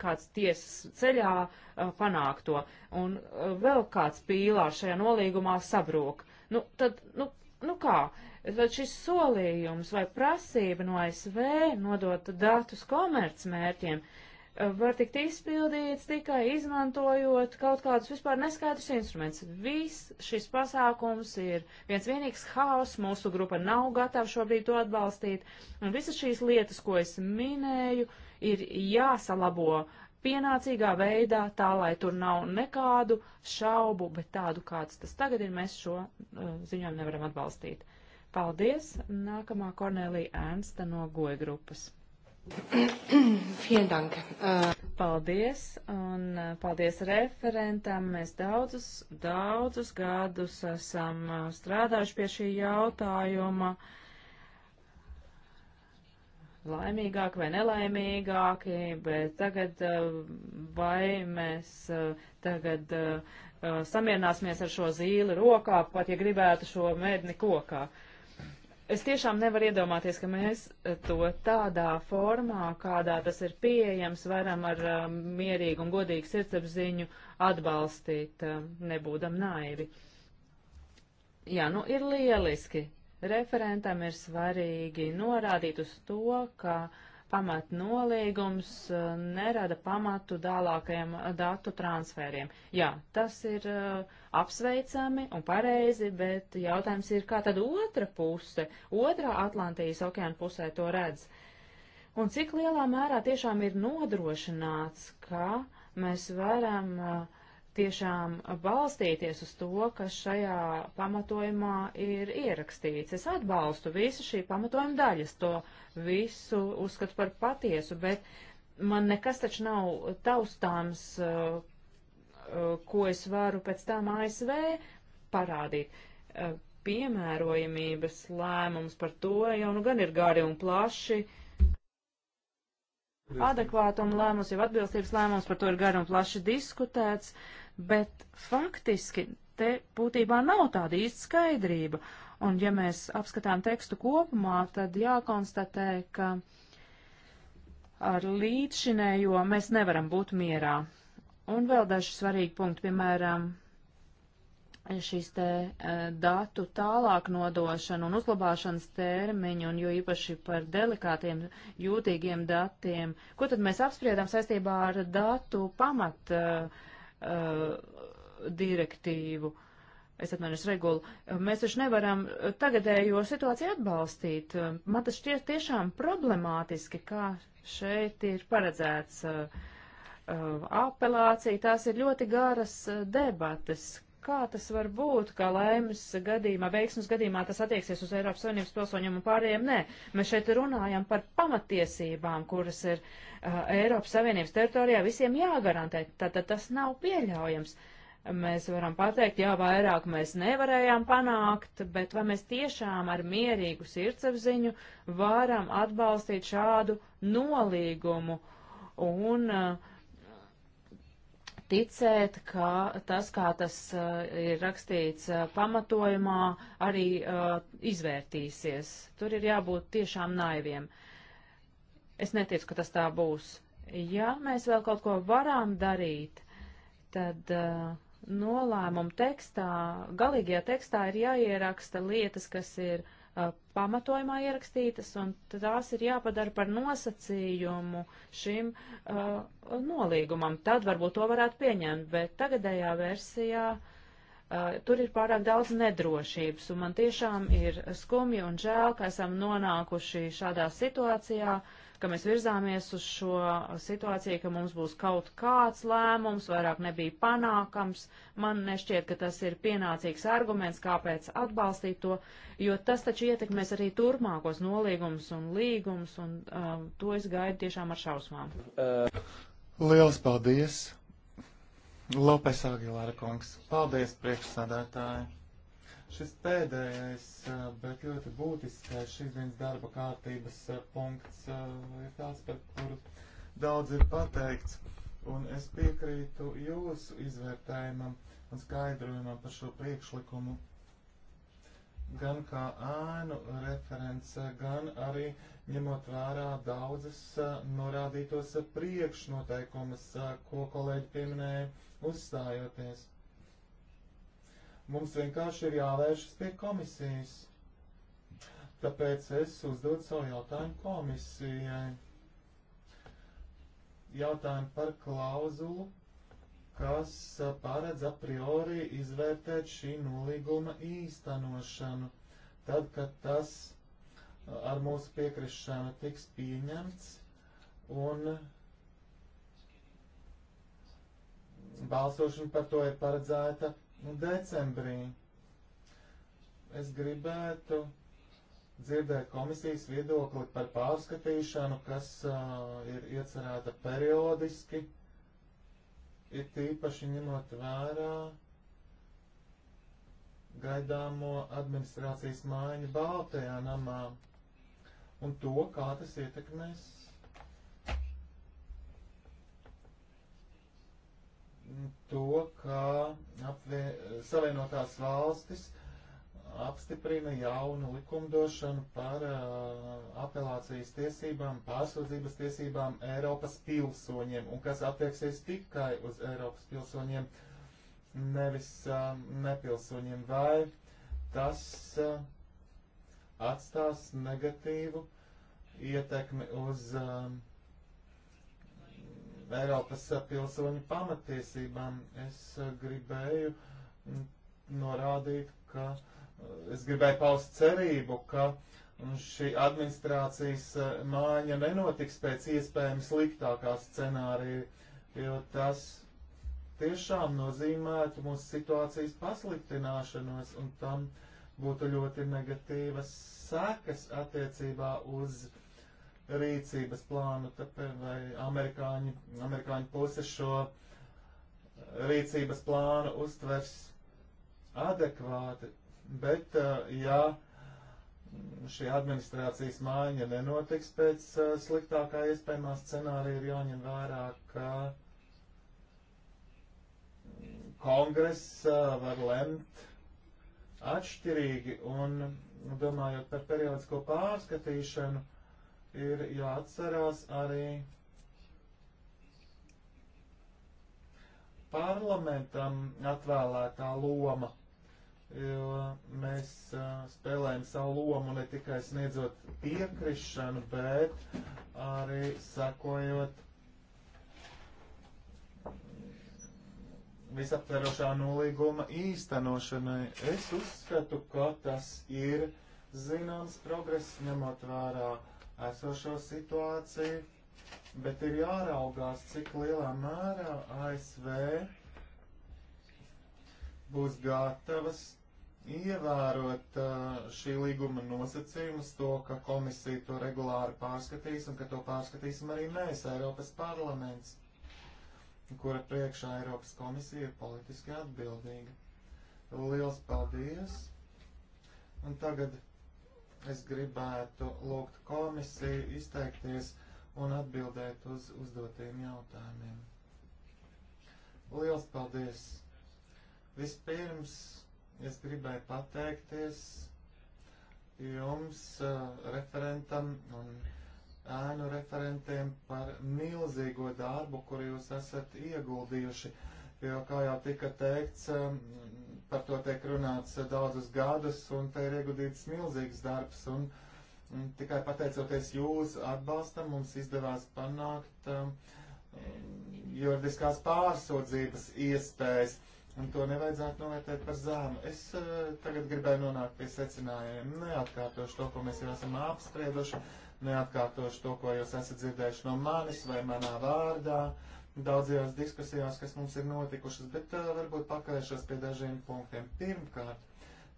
kāds tiesas ceļā uh, panāk to, un uh, vēl kāds pīlārs šajā nolīgumā sabrūk, nu, tad, nu, nu kā, Tad šis solījums vai prasība no ASV nodot datus komercmērķiem eh, var tikt izpildīts tikai izmantojot kaut kādus vispār neskaidrus instrumentus. Viss šis pasākums ir viens vienīgs haoss, mūsu grupa nav gatava šobrīd to atbalstīt, un visas šīs lietas, ko es minēju, ir jāsalabo pienācīgā veidā, tā lai tur nav nekādu šaubu, bet tādu, kāds tas tagad ir, mēs šo uh, ziņojumu nevaram atbalstīt. Paldies! Nākamā Kornelija Ēnsta no Goja grupas. Fiendank. Paldies, un paldies referentam. Mēs daudzus, daudzus gadus esam strādājuši pie šī jautājuma. Laimīgāk vai nelaimīgāki, bet tagad vai mēs tagad samierināsimies ar šo zīli rokā, pat ja gribētu šo mēdni kokā. Uh, Es tiešām nevaru iedomāties, ka mēs eh, to tādā formā, kādā tas ir pieejams, varam ar um, mierīgu un godīgu sirdsapziņu atbalstīt, um, nebūdam naivi. Jā, nu ir lieliski. Referentam ir svarīgi norādīt uz to, ka uh, pamat nolīgums eh, nerada pamatu tālākajiem datu transfēriem. Jā, tas ir eh, apsveicami un pareizi, bet jautājums ir, kā tad otra puse, otrā Atlantijas okeāna pusē to redz? Un cik lielā mērā tiešām ir nodrošināts, ka mēs varam uh, tiešām balstīties uz to, kas šajā pamatojumā ir ierakstīts. Es atbalstu visu šī pamatojuma daļas, to visu uzskatu par patiesu, bet man nekas taču nav taustāms, uh, uh, ko es varu pēc tam ASV parādīt. Uh, piemērojamības lēmums par to jau nu gan ir gari un plaši adekvātuma lēmums, jau atbilstības lēmums, par to ir gari un plaši diskutēts, bet faktiski te būtībā nav tāda īsta skaidrība. Un ja mēs apskatām tekstu kopumā, tad jākonstatē, ka ar līdzšinējo mēs nevaram būt mierā. Un vēl daži svarīgi punkti, piemēram, šīs te e, datu tālāk nodošana un uzglabāšanas termiņi, un jo īpaši par delikātiem, jūtīgiem datiem. Ko tad mēs apspriedām saistībā ar datu pamat uh, uh, direktīvu. Es atvainojos regulu. Mēs taču nevaram tagadējo situāciju atbalstīt. Man tas šķiet tiešām problemātiski, kā šeit ir paredzēts uh, uh apelācija. Tās ir ļoti garas uh, debates, kā tas var būt, ka laimes gadījumā, veiksmas gadījumā tas attieksies uz Eiropas Savienības pilsoņiem un pārējiem? Nē, mēs šeit runājam par pamatiesībām, kuras ir Eiropas Savienības teritorijā visiem jāgarantē. Tātad tas nav pieļaujams. Mēs varam pateikt, jā, vairāk mēs nevarējām panākt, bet vai mēs tiešām ar mierīgu sirdsapziņu varam atbalstīt šādu nolīgumu un ticēt, ka tas, kā tas ir rakstīts pamatojumā, arī izvērtīsies. Tur ir jābūt tiešām naiviem. Uh, Es neticu, ka tas tā būs. Ja mēs vēl kaut ko varam darīt, tad uh, nolēmuma tekstā, galīgajā tekstā ir jāieraksta lietas, kas ir uh, pamatojumā ierakstītas, un tās ir jāpadara par nosacījumu šim uh, nolīgumam. Tad varbūt to varētu pieņemt, bet tagadējā versijā uh, tur ir pārāk daudz nedrošības, un man tiešām ir skumji un žēl, ka esam nonākuši šādā situācijā. Uh, ka mēs virzāmies uz šo situāciju, ka mums būs kaut kāds lēmums, vairāk nebija panākams. Man nešķiet, ka tas ir pienācīgs arguments, kāpēc atbalstīt to, jo tas taču ietekmēs arī turpmākos nolīgumus un līgumus, un uh, to es gaidu tiešām ar šausmām. Uh. Lielas paldies! Lopes Agilāra kungs, paldies priekšsādātāji! Šis pēdējais, bet ļoti būtiskais šīs dienas darba kārtības punkts ir tāds, par kuru daudz ir pateikts. Un es piekrītu jūsu izvērtējumam un skaidrojumam par šo priekšlikumu gan kā ēnu referents, gan arī ņemot vērā daudzas norādītos priekšnoteikumus, ko kolēģi pieminēja uzstājoties. Mums vienkārši ir jāvēršas pie komisijas. Tāpēc es uzdodu savu jautājumu komisijai. Jautājumu par klauzulu, kas paredz a priori izvērtēt šī nolīguma īstenošanu. Tad, kad tas ar mūsu piekrišanu tiks pieņemts un balsošana par to ir paredzēta Nu, decembrī. Es gribētu dzirdēt komisijas viedokli par pārskatīšanu, kas uh, ir iecerēta periodiski, ir tīpaši ņemot vērā gaidāmo administrācijas mājiņu Baltajā namā un to, kā tas ietekmēs to, ka apvie, Savienotās valstis apstiprina jaunu likumdošanu par uh, apelācijas tiesībām, pārsūdzības tiesībām Eiropas pilsoņiem, un kas attieksies tikai uz Eiropas pilsoņiem, nevis uh, nepilsoņiem, vai tas uh, atstās negatīvu ietekmi uz uh, Eiropas eh, pilsoņu pamatiesībām. Es eh, gribēju mm, norādīt, ka eh, es gribēju paust cerību, ka mm, šī administrācijas māja nenotiks pēc iespējami sliktākā scenārija, jo tas tiešām nozīmētu mūsu situācijas pasliktināšanos un tam būtu ļoti negatīvas sekas attiecībā uz uh, rīcības plānu, tāpēc, vai amerikāņu, amerikāņu puse šo eh, rīcības plānu uztvers adekvāti, bet eh, ja mm, šī administrācijas maiņa nenotiks pēc eh, sliktākā iespējamā scenārija, ir jāņem vērā, ka mm, kongress var lemt atšķirīgi un domājot par periodisko pārskatīšanu, ir jāatcerās arī parlamentam atvēlētā loma, jo mēs spēlējam savu lomu ne tikai sniedzot piekrišanu, bet arī sakojot visaptverošā nolīguma īstenošanai. Es uzskatu, ka tas ir zināms progress, ņemot vērā uh, esošo situāciju, bet ir jāraugās, cik lielā mērā ASV būs gatavas ievērot uh, šī līguma nosacījumus, to, ka komisija to regulāri pārskatīs un ka to pārskatīsim arī mēs, Eiropas parlaments, kura priekšā Eiropas komisija ir politiski atbildīga. Liels paldies! Un tagad es gribētu lūgt komisiju izteikties un atbildēt uz uzdotiem jautājumiem. Liels paldies! Vispirms es gribēju pateikties jums, eh, referentam un ēnu referentiem par milzīgo darbu, kuru jūs esat ieguldījuši. Jo, kā jau tika teikts, eh, par to tiek runāts eh, daudzus gadus, un te ir ieguldīts milzīgs darbs. Un, un tikai pateicoties jūsu atbalstam, mums izdevās panākt um, juridiskās pārsūdzības iespējas, un to nevajadzētu novērtēt par zēmu. Es uh, tagad gribēju nonākt pie secinājumiem. Neatkārtošu to, ko mēs jau esam apsprieduši, neatkārtošu to, ko jūs esat dzirdējuši no manis vai manā vārdā. Uh, daudzajās diskusijās, kas mums ir notikušas, bet uh, varbūt pakarēšos pie dažiem punktiem. Pirmkārt,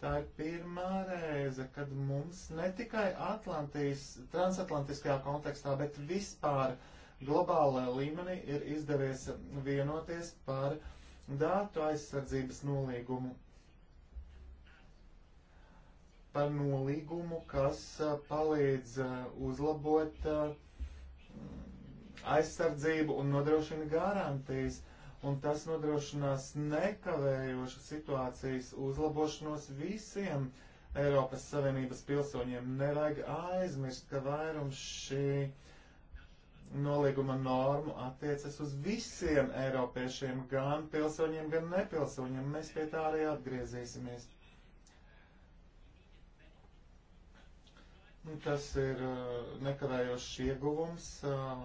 tā ir pirmā reize, kad mums ne tikai Atlantijas, transatlantiskajā kontekstā, bet vispār globālajā līmenī ir izdevies vienoties par dātu aizsardzības nolīgumu. Par nolīgumu, kas uh, palīdz uh, uzlabot uh, aizsardzību un nodrošina garantijas. Un tas nodrošinās nekavējošu situācijas uzlabošanos visiem Eiropas Savienības pilsoņiem. Nevajag aizmirst, ka vairums šī nolīguma normu attiecas uz visiem eiropiešiem, gan pilsoņiem, gan nepilsoņiem. Mēs pie tā arī atgriezīsimies. Tas ir uh, nekavējošs ieguvums uh,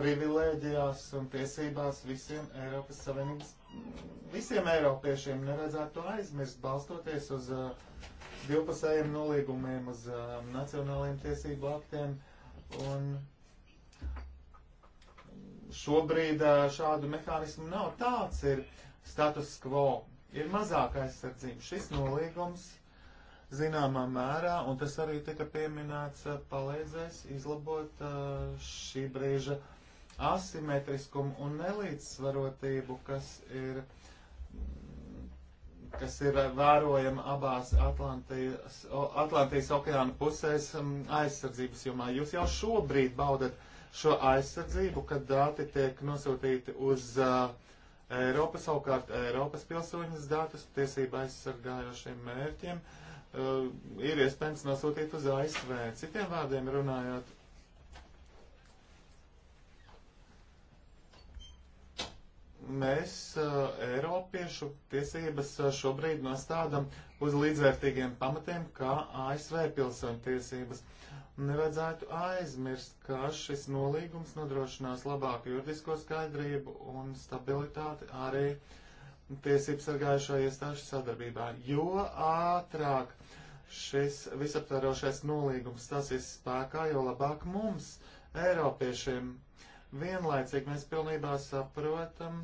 privilēģijās un tiesībās visiem Eiropas Savienības, visiem Eiropiešiem neredzētu to aizmirst, balstoties uz uh, divpusējiem nolīgumiem, uz uh, um, nacionāliem tiesību aktiem. Un šobrīd uh, šādu mehānismu nav. Tāds ir status quo. Ir mazāk aizsardzība. Šis nolīgums zināmā mērā, un tas arī tika pieminēts, uh, palīdzēs izlabot uh, šī brīža asimetriskumu un nelīdzsvarotību, kas ir, kas ir vērojama abās Atlantijas, Atlantijas okeāna pusēs um, aizsardzības jomā. Jūs jau šobrīd baudat šo aizsardzību, kad dati tiek nosūtīti uz uh, Eiropa savukārt Eiropas pilsoņas datus tiesība aizsargājošiem mērķiem uh, ir iespējams nosūtīt uz ASV. Citiem vārdiem runājot, mēs eh, Eiropiešu tiesības eh, šobrīd nostādam uz līdzvērtīgiem pamatiem, kā ASV pilsoņu tiesības. Nevajadzētu aizmirst, ka šis nolīgums nodrošinās labāku juridisko skaidrību un stabilitāti arī tiesību sargājušo iestāžu sadarbībā. Jo ātrāk šis visaptvarošais nolīgums stāsies spēkā, jo labāk mums, Eiropiešiem, Vienlaicīgi mēs pilnībā saprotam,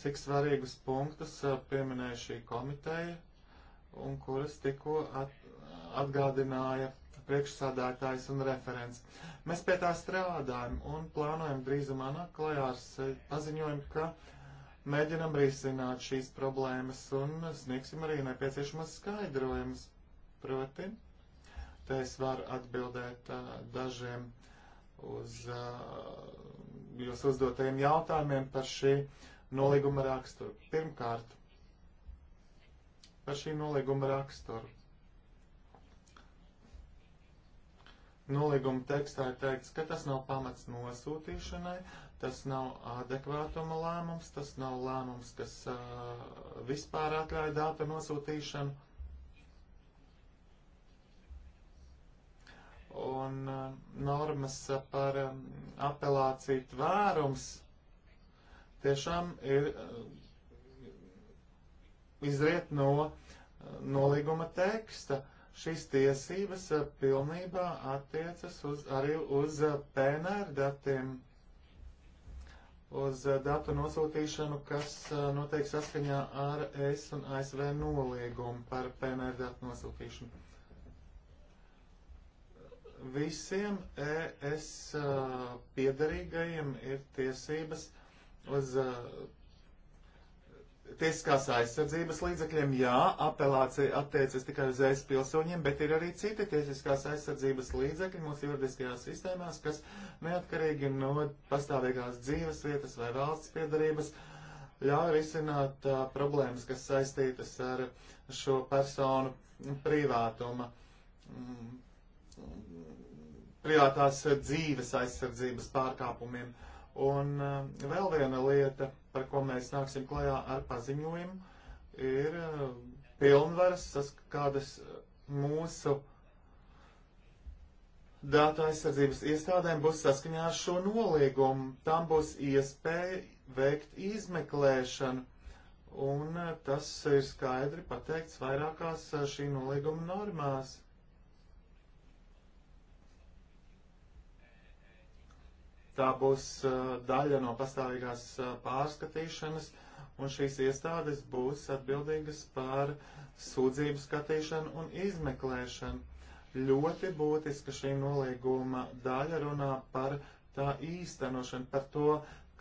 cik svarīgus punktus pieminēja šī komiteja un kuras tikko at, atgādināja priekšsādātājs un referents. Mēs pie tā strādājam un plānojam drīzumā nāk klajā ar paziņojumu, ka mēģinam risināt šīs problēmas un sniegsim arī nepieciešamas skaidrojumus. Proti, te es varu atbildēt uh, dažiem uz uh, jūs uzdotajiem jautājumiem par šī nolīguma raksturu. Pirmkārt, par šī nolīguma raksturu. Nolīguma tekstā ir teikts, ka tas nav pamats nosūtīšanai, tas nav adekvātuma lēmums, tas nav lēmums, kas uh, vispār atļauj dāta nosūtīšanu un uh, normas par um, apelāciju tvērums tiešām ir uh, izriet no uh, nolīguma teksta. Šīs tiesības pilnībā attiecas uz, arī uz PNR datiem, uz datu nosūtīšanu, kas notiek saskaņā ar ES un ASV nolīgumu par PNR datu nosūtīšanu visiem ES piedarīgajiem ir tiesības uz tiesiskās aizsardzības līdzekļiem. Jā, apelācija attiecas tikai uz ES pilsoņiem, bet ir arī citi tiesiskās aizsardzības līdzekļi mūsu juridiskajās sistēmās, kas neatkarīgi no pastāvīgās dzīves vietas vai valsts piedarības ļauj risināt uh, problēmas, kas saistītas ar šo personu privātuma mm, privātās dzīves aizsardzības pārkāpumiem. Un eh, vēl viena lieta, par ko mēs nāksim klajā ar paziņojumu, ir eh, pilnvaras, kādas eh, mūsu datu aizsardzības iestādēm būs saskaņā ar šo noliegumu. Tam būs iespēja veikt izmeklēšanu, un tas ir skaidri pateikts vairākās šī nolieguma normās. Tā būs uh, daļa no pastāvīgās uh, pārskatīšanas, un šīs iestādes būs atbildīgas par sūdzību skatīšanu un izmeklēšanu. Ļoti būtiska šī nolīguma daļa runā par tā īstenošanu, par to,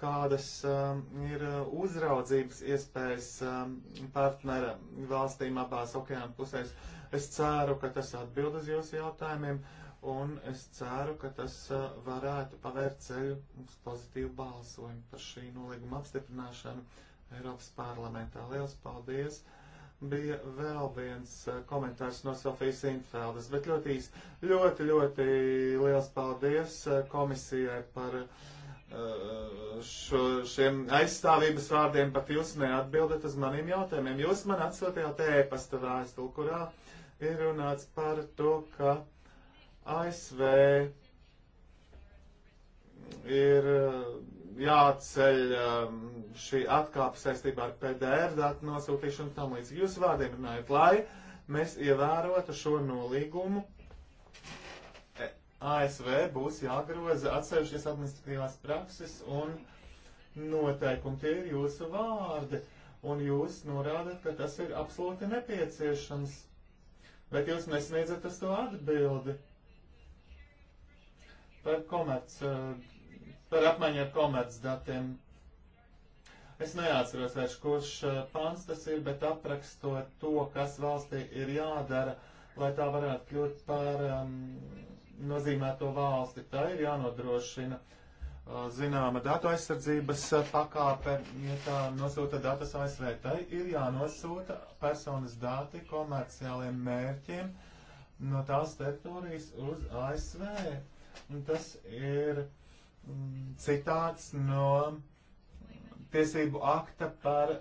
kādas um, ir uh, uzraudzības iespējas um, partnera valstīm abās okeāna pusēs. Es ceru, ka tas atbild uz jūsu jautājumiem. Uh, un es ceru, ka tas varētu pavērt ceļu uz pozitīvu balsojumu par šī nolīguma apstiprināšanu Eiropas parlamentā. Liels paldies! Bija vēl viens komentārs no Sofijas Infeldes, bet ļoti īsti, ļoti, ļoti liels paldies komisijai par šo, šiem aizstāvības vārdiem, pat jūs neatbildat uz maniem jautājumiem. Jūs man atsūtījāt ēpasta vēstuli, kurā ir runāts par to, ka ASV ir eh, jāceļ eh, šī atkāpe saistībā ar PDR datu nosūtīšanu tam līdzīgi. Jūs vārdiem runājat, lai mēs ievērotu šo nolīgumu. E, ASV būs jāgroza atsevišķas administratīvās prakses un noteikumi. Tie ir jūsu vārdi, un jūs norādat, ka tas ir absolūti nepieciešams. Bet jūs nesniedzat uz to atbildi par komerc, eh, par apmaiņu ar komerc datiem. Es neatceros vairs, kurš eh, pants tas ir, bet aprakstot to, kas valstī ir jādara, lai tā varētu kļūt par um, nozīmēto valsti, tā ir jānodrošina uh, zināma datu aizsardzības pakāpe, ja tā nosūta datus ASV, tai ir jānosūta personas dati komerciāliem mērķiem no tās teritorijas uz ASV Un tas ir mm, citāts no tiesību akta par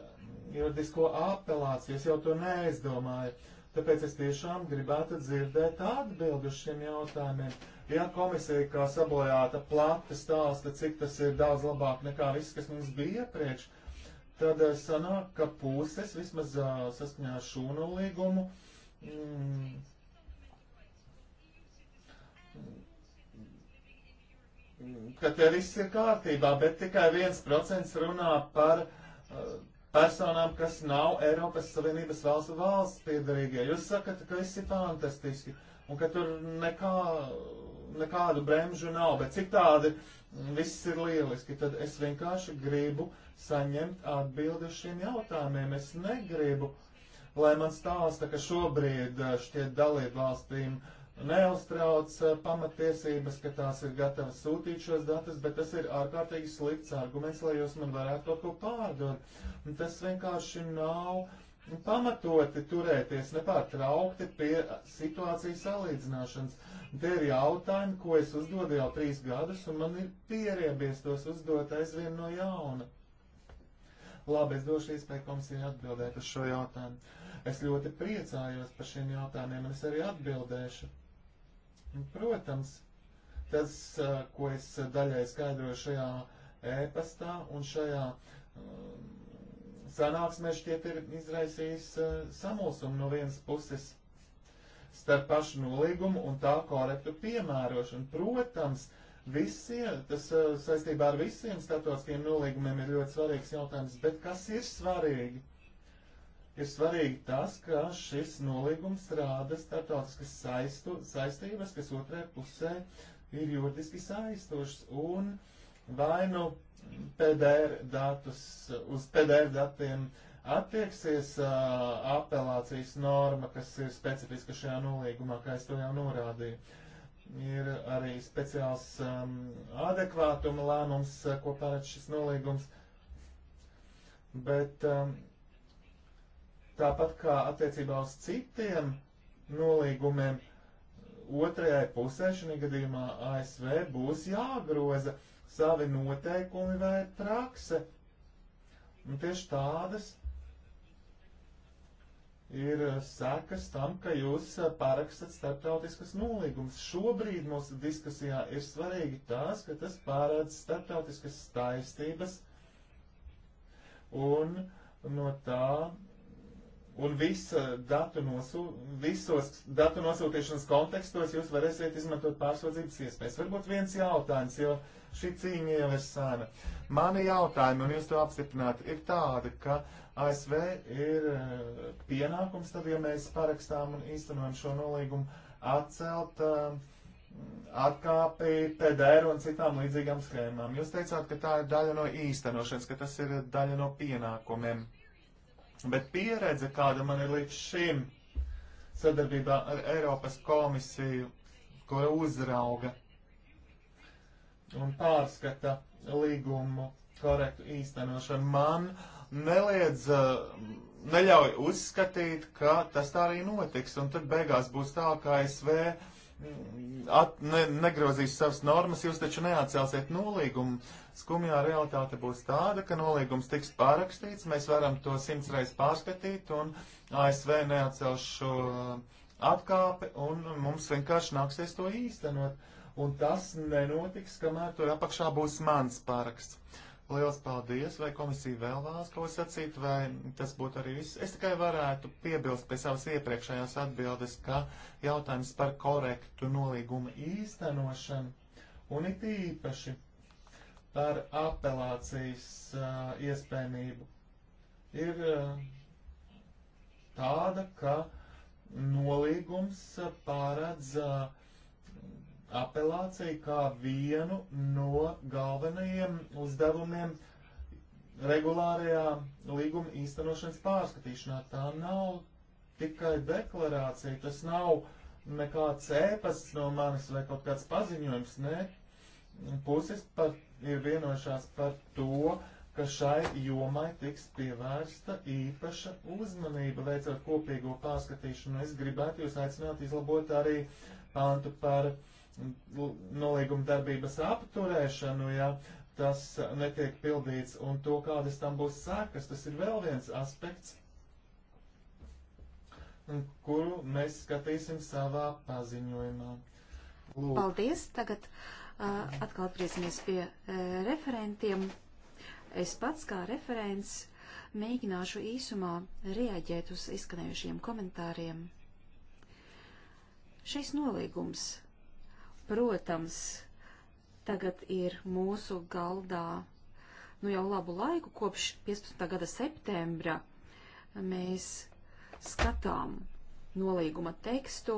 juridisko apelāciju. Es jau to neizdomāju. Tāpēc es tiešām gribētu dzirdēt atbildi uz šiem jautājumiem. Ja komisija kā sabojāta plata stāsta, cik tas ir daudz labāk nekā viss, kas mums bija iepriekš, tad eh, sanāk, ka puses vismaz eh, saskaņā ar šūnu līgumu. Mm, Mm, ka te viss ir kārtībā, bet tikai 1% runā par uh, personām, kas nav Eiropas Savienības valstu valsts piedarīgie. Jūs sakat, ka viss ir fantastiski un ka tur nekā, nekādu bremžu nav, bet cik tādi mm, viss ir lieliski, tad es vienkārši gribu saņemt atbildi uz šiem jautājumiem. Es negribu, lai man stāsta, ka šobrīd uh, šķiet dalību valstīm uh, neuztrauc eh, pamatiesības, ka tās ir gatavas sūtīt šos datus, bet tas ir ārkārtīgi slikts arguments, lai jūs man varētu kaut ko pārdot. Un tas vienkārši nav pamatoti turēties nepārtraukti pie situācijas salīdzināšanas. Tie ir jautājumi, ko es uzdodu jau trīs gadus, un man ir pieriebies tos uzdot aizvien no jauna. Labi, es došu iespēju komisijai atbildēt uz šo jautājumu. Es ļoti priecājos par šiem jautājumiem, un es arī atbildēšu. Nu, protams, tas, ko es daļai skaidroju šajā ēpastā un šajā um, sanāksmē šķiet ir izraisījis uh, samulsumu no vienas puses starp pašu nolīgumu un tā korektu piemērošanu. Protams, visiem, tas uh, saistībā ar visiem starptautiskiem nolīgumiem ir ļoti svarīgs jautājums, bet kas ir svarīgi? ir svarīgi tas, ka šis nolīgums rāda startautiskas saistu, saistības, kas otrē pusē ir juridiski saistošas, un vai nu PDR datus, uz PDR datiem attieksies uh, apelācijas norma, kas ir specifiska šajā nolīgumā, kā es to jau norādīju. Ir arī speciāls um, adekvātuma lēmums, ko paredz šis nolīgums, bet um, Tāpat kā attiecībā uz citiem nolīgumiem, otrajai pusē šī gadījumā ASV būs jāgroza savi noteikumi vai prakse. Un tieši tādas ir sekas tam, ka jūs parakstat starptautiskas nolīgumus. Šobrīd mūsu diskusijā ir svarīgi tas, ka tas pārēdz starptautiskas saistības un no tā Un visa datu nosū, visos datu nosūtīšanas kontekstos jūs varēsiet izmantot pārsūdzības iespējas. Varbūt viens jautājums, jo šī cīņa jau ir sāna. Mani jautājumi, un jūs to apstiprināt, ir tādi, ka ASV ir eh, pienākums, tad, ja mēs parakstām un īstenojam šo nolīgumu, atcelt uh, atkāpi PDR un citām līdzīgām schēmām. Jūs teicāt, ka tā ir daļa no īstenošanas, ka tas ir daļa no pienākumiem. Bet pieredze, kāda man ir līdz šim sadarbībā ar Eiropas komisiju, kura uzrauga un pārskata līgumu korektu īstenošanu, man neliedz, neļauj uzskatīt, ka tas tā arī notiks. Un tad beigās būs tā, ka ASV at, ne, negrozīs savas normas, jūs taču neatcelsiet nolīgumu. Skumjā realitāte būs tāda, ka nolīgums tiks pārakstīts, mēs varam to simts reizes pārskatīt, un ASV neatcels šo atkāpi, un mums vienkārši nāksies to īstenot. Un tas nenotiks, kamēr tur apakšā būs mans paraksts. Liels paldies, vai komisija vēl vēlas ko sacīt, vai tas būtu arī viss. Es tikai varētu piebilst pie savas iepriekšējās atbildes, ka jautājums par korektu nolīgumu īstenošanu un it īpaši par apelācijas uh, iespējamību ir uh, tāda, ka nolīgums pārēdz uh, apelāciju kā vienu no galvenajiem uzdevumiem regulārajā līguma īstenošanas pārskatīšanā. Tā nav tikai deklarācija, tas nav nekāds ēpasts no manis vai kaut kāds paziņojums, nē. Puses par, ir vienojušās par to, ka šai jomai tiks pievērsta īpaša uzmanība, veicot kopīgo pārskatīšanu. Es gribētu jūs aicināt izlabot arī pantu par uh, Nu, nolīguma darbības apturēšanu, ja tas netiek pildīts, un to, kādas tam būs sēkas, tas ir vēl viens aspekts, kuru mēs skatīsim savā paziņojumā. Lūk. Paldies! Tagad uh, atkal atgriezīsimies pie uh, referentiem. Es pats kā referents mēģināšu īsumā reaģēt uz izskanējušiem komentāriem. Šis nolīgums protams, tagad ir mūsu galdā nu jau labu laiku, kopš 15. gada septembra mēs skatām nolīguma tekstu,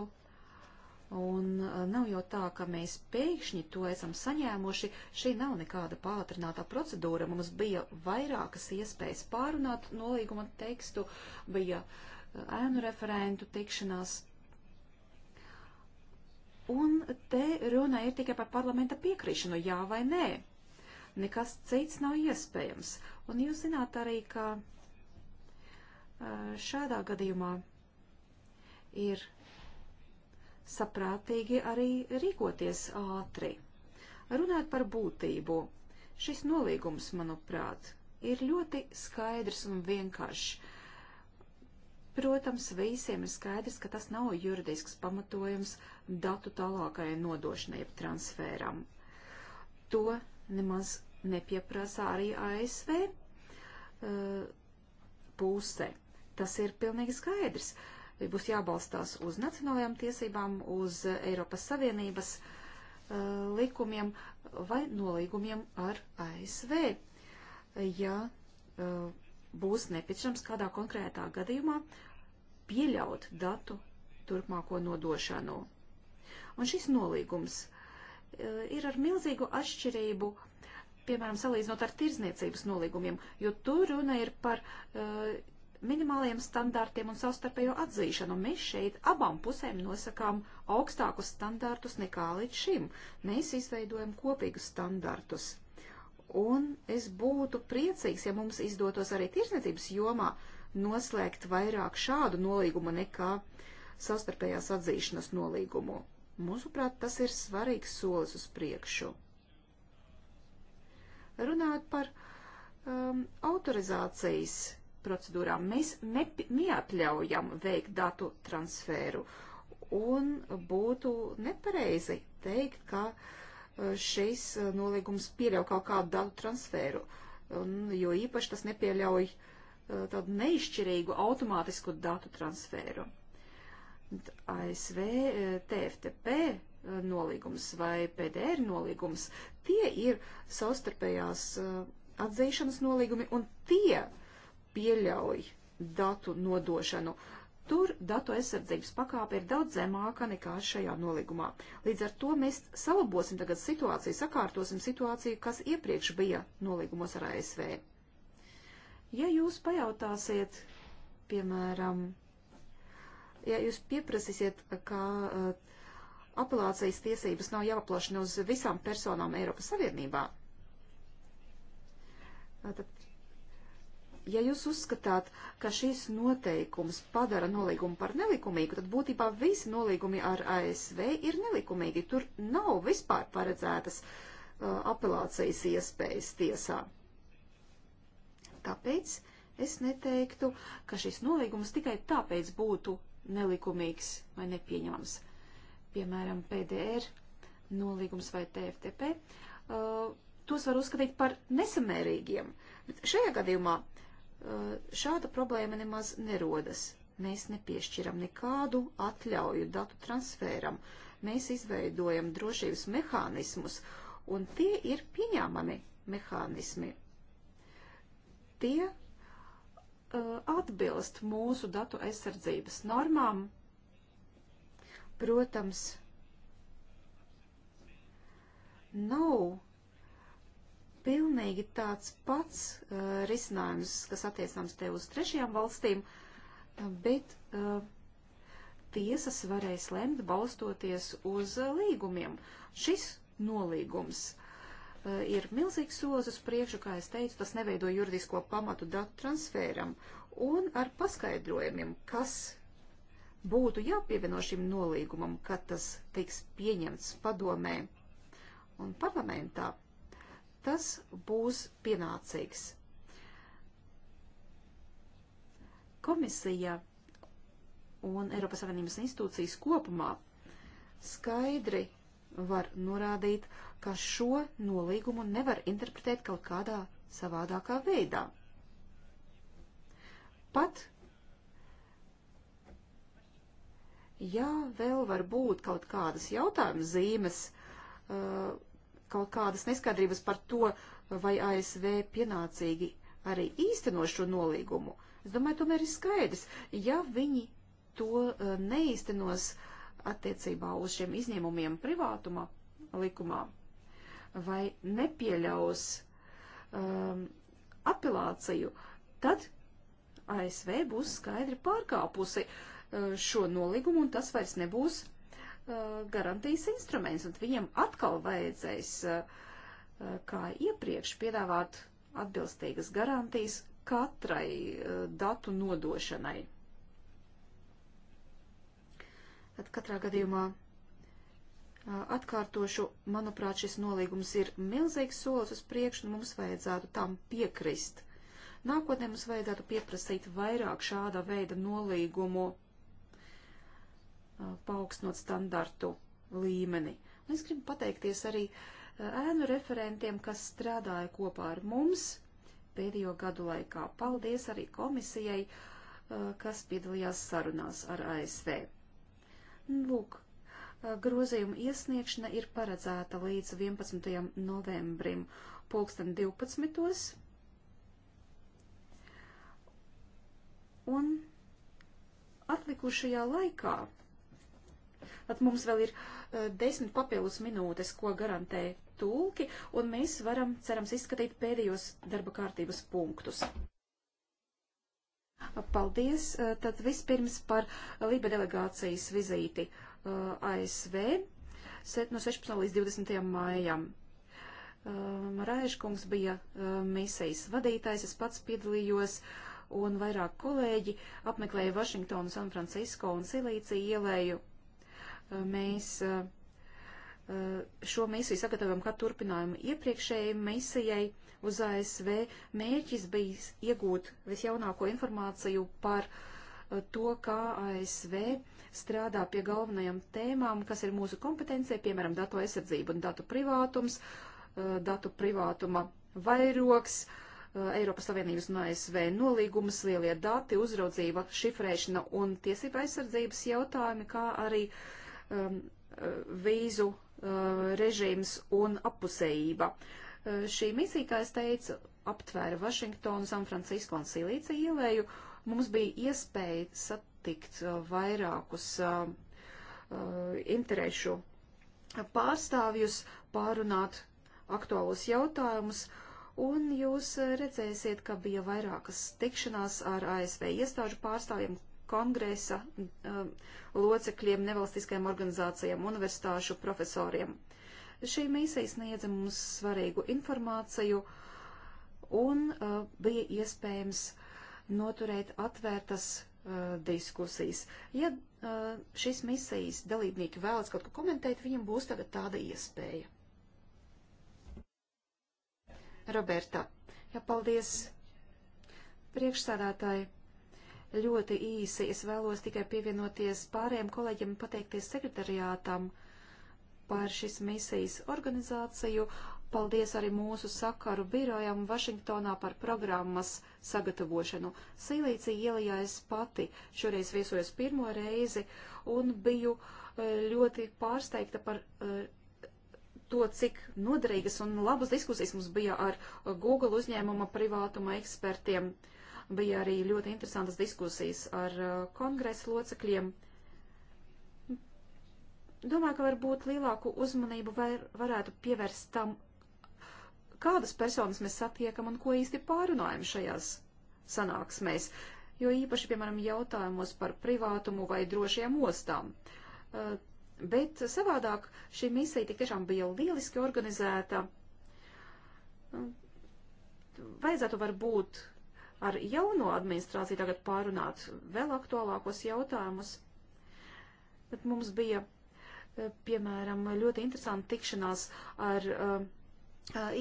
un uh, nav jau tā, ka mēs pēkšņi to esam saņēmuši. Šī nav nekāda pātrinātā procedūra. Mums bija vairākas iespējas pārunāt nolīguma tekstu, bija uh, ēnu referentu tikšanās Un te runa ir tikai par parlamenta piekrišanu, jā vai nē. Nekas cits nav iespējams. Un jūs zināt arī, ka šādā gadījumā ir saprātīgi arī rīkoties ātri. Runāt par būtību. Šis nolīgums, manuprāt, ir ļoti skaidrs un vienkāršs. Protams, visiem ir skaidrs, ka tas nav juridisks pamatojums datu tālākajai nodošanai, transferam. To nemaz nepieprasa arī ASV uh, puse. Tas ir pilnīgi skaidrs. Būs jābalstās uz nacionālajām tiesībām, uz Eiropas Savienības uh, likumiem vai nolīgumiem ar ASV. Ja uh, būs nepieciešams kādā konkrētā gadījumā pieļaut datu turpmāko nodošanu. Un šis nolīgums e, ir ar milzīgu atšķirību, piemēram, salīdzinot ar tirzniecības nolīgumiem, jo tur runa ir par uh, minimāliem standārtiem un savstarpējo atzīšanu. Mēs šeit abām pusēm nosakām augstākus standārtus nekā līdz šim. Mēs izveidojam kopīgus standārtus. Un es būtu priecīgs, ja mums izdotos arī tirsniecības jomā noslēgt vairāk šādu nolīgumu nekā savstarpējās atzīšanas nolīgumu. Mūsuprāt, tas ir svarīgs solis uz priekšu. Runājot par um, autorizācijas procedūrām, mēs ne, neatļaujam veikt datu transferu. Un būtu nepareizi teikt, ka uh, Eh, šis eh, nolīgums pieļauj kaut kādu datu transferu, un, jo īpaši tas nepieļauj eh, tādu neizšķirīgu automātisku datu transferu. ASV TFTP nolīgums vai PDR nolīgums, tie ir savstarpējās atzīšanas nolīgumi, un tie pieļauj datu nodošanu uh, Tur datu aizsardzības pakāpe ir daudz zemāka nekā šajā nolīgumā. Līdz ar to mēs salabosim tagad situāciju, sakārtosim situāciju, kas iepriekš bija nolīgumos ar ASV. Ja jūs pajautāsiet, piemēram, ja jūs pieprasīsiet, ka uh, apelācijas tiesības nav jāpaplašina uz visām personām Eiropas Savienībā, tad Ja jūs uzskatāt, ka šīs noteikums padara nolīgumu par nelikumīgu, tad būtībā visi nolīgumi ar ASV ir nelikumīgi. Tur nav vispār paredzētas uh, apelācijas iespējas tiesā. Tāpēc es neteiktu, ka šis nolīgums tikai tāpēc būtu nelikumīgs vai nepieņemams. Piemēram, PDR nolīgums vai TFTP. Uh, tos var uzskatīt par nesamērīgiem. Bet šajā gadījumā Eh, šāda problēma nemaz nerodas. Mēs nepiešķiram nekādu atļauju datu transferam. Mēs izveidojam drošības mehānismus, un tie ir pieņēmami mehānismi. Tie uh, atbilst mūsu datu aizsardzības normām. Protams, nav pilnīgi tāds pats uh, risinājums, kas attiecams te uz trešajām valstīm, uh, bet uh, tiesas varēs lemt balstoties uz uh, līgumiem. Šis nolīgums uh, ir milzīgs solis uz priekšu, kā es teicu, tas neveido juridisko pamatu datu transfēram un ar paskaidrojumiem, kas būtu jāpievieno šim nolīgumam, kad tas tiks pieņemts padomē un parlamentā tas būs pienācīgs. Komisija un Eiropas Savienības institūcijas kopumā skaidri var norādīt, ka šo nolīgumu nevar interpretēt kaut kādā savādākā veidā. Pat, ja vēl var būt kaut kādas jautājuma zīmes, uh, kaut kādas neskaidrības par to, vai ASV pienācīgi arī īsteno šo nolīgumu. Es domāju, tomēr ir skaidrs, ja viņi to eh, neīstenos attiecībā uz šiem izņēmumiem privātuma likumā, vai nepieļaus um, apelāciju, tad ASV būs skaidri pārkāpusi uh, šo nolīgumu, un tas vairs nebūs Uh, garantijas instruments, un viņiem atkal vajadzēs, uh, uh, kā iepriekš, piedāvāt atbilstīgas garantijas katrai datu nodošanai. Tad katrā gadījumā atkārtošu, manuprāt, šis nolīgums ir milzīgs solis uz priekšu, un mums vajadzētu tam piekrist. Nākotnē mums vajadzētu pieprasīt vairāk šāda veida nolīgumu paaugstinot standartu līmeni. Un es gribu pateikties arī ēnu referentiem, kas strādāja kopā ar mums pēdējo gadu laikā. Paldies arī komisijai, kas piedalījās sarunās ar ASV. Lūk, grozījuma iesniegšana ir paredzēta līdz 11. novembrim pulksten 12. Un atlikušajā laikā Tad mums vēl ir uh, desmit papildus minūtes, ko garantē tulki, un mēs varam, cerams, izskatīt pēdējos darba kārtības punktus. Paldies! Eh, tad vispirms par Liba delegācijas vizīti uh, eh, ASV no 16. līdz 20. maijam. Uh, Raiškungs bija uh, misijas vadītājs, es pats piedalījos un vairāk kolēģi apmeklēja Vašingtonu, San Francisco un Silīciju ielēju Mēs eh, eh, šo misiju sagatavojam kā turpinājumu iepriekšējai misijai uz ASV. Mērķis bija iegūt visjaunāko informāciju par eh, to, kā ASV strādā pie galvenajām tēmām, kas ir mūsu kompetencija, piemēram, datu aizsardzība un datu privātums, datu privātuma vairoks, Eiropas Savienības un ASV nolīgums, lielie dati, uzraudzība, šifrēšana un tiesība aizsardzības jautājumi, kā arī uh, um, vīzu uh, režīms un apusējība. Uh, šī misija, kā es teicu, aptvēra Vašingtonu, San Francisco un Silīcija ielēju. Mums bija iespēja satikt uh, vairākus uh, uh, interešu pārstāvjus, pārunāt aktuālus jautājumus, un jūs uh, redzēsiet, ka bija vairākas tikšanās ar ASV iestāžu pārstāvjiem, kongresa um, locekļiem, nevalstiskajām organizācijām, universitāšu profesoriem. Šī misija sniedza mums svarīgu informāciju un uh, bija iespējams noturēt atvērtas uh, diskusijas. Ja uh, šīs misijas dalībnieki vēlas kaut ko komentēt, viņam būs tagad tāda iespēja. Roberta, jā, paldies priekšsādātāji. Ļoti īsi es vēlos tikai pievienoties pārējiem kolēģiem un pateikties sekretariātam par šīs misijas organizāciju. Paldies arī mūsu sakaru birojam Vašingtonā par programmas sagatavošanu. Silīcija ielijā es pati šoreiz viesojos pirmo reizi un biju e, ļoti pārsteigta par e, to, cik noderīgas un labas diskusijas mums bija ar Google uzņēmuma privātuma ekspertiem. Uh, Bija arī ļoti interesantas diskusijas ar uh, kongresa locekļiem. Domāju, ka varbūt lielāku uzmanību var, varētu pievērst tam, kādas personas mēs satiekam un ko īsti pārunājam šajās sanāksmēs, jo īpaši, piemēram, jautājumos par privātumu vai drošajām ostām. Uh, bet savādāk šī misija tik tiešām bija lieliski organizēta. Uh, vajadzētu varbūt ar jauno administrāciju tagad pārunāt vēl aktuālākos jautājumus. Bet mums bija, eh, piemēram, ļoti interesanti tikšanās ar uh,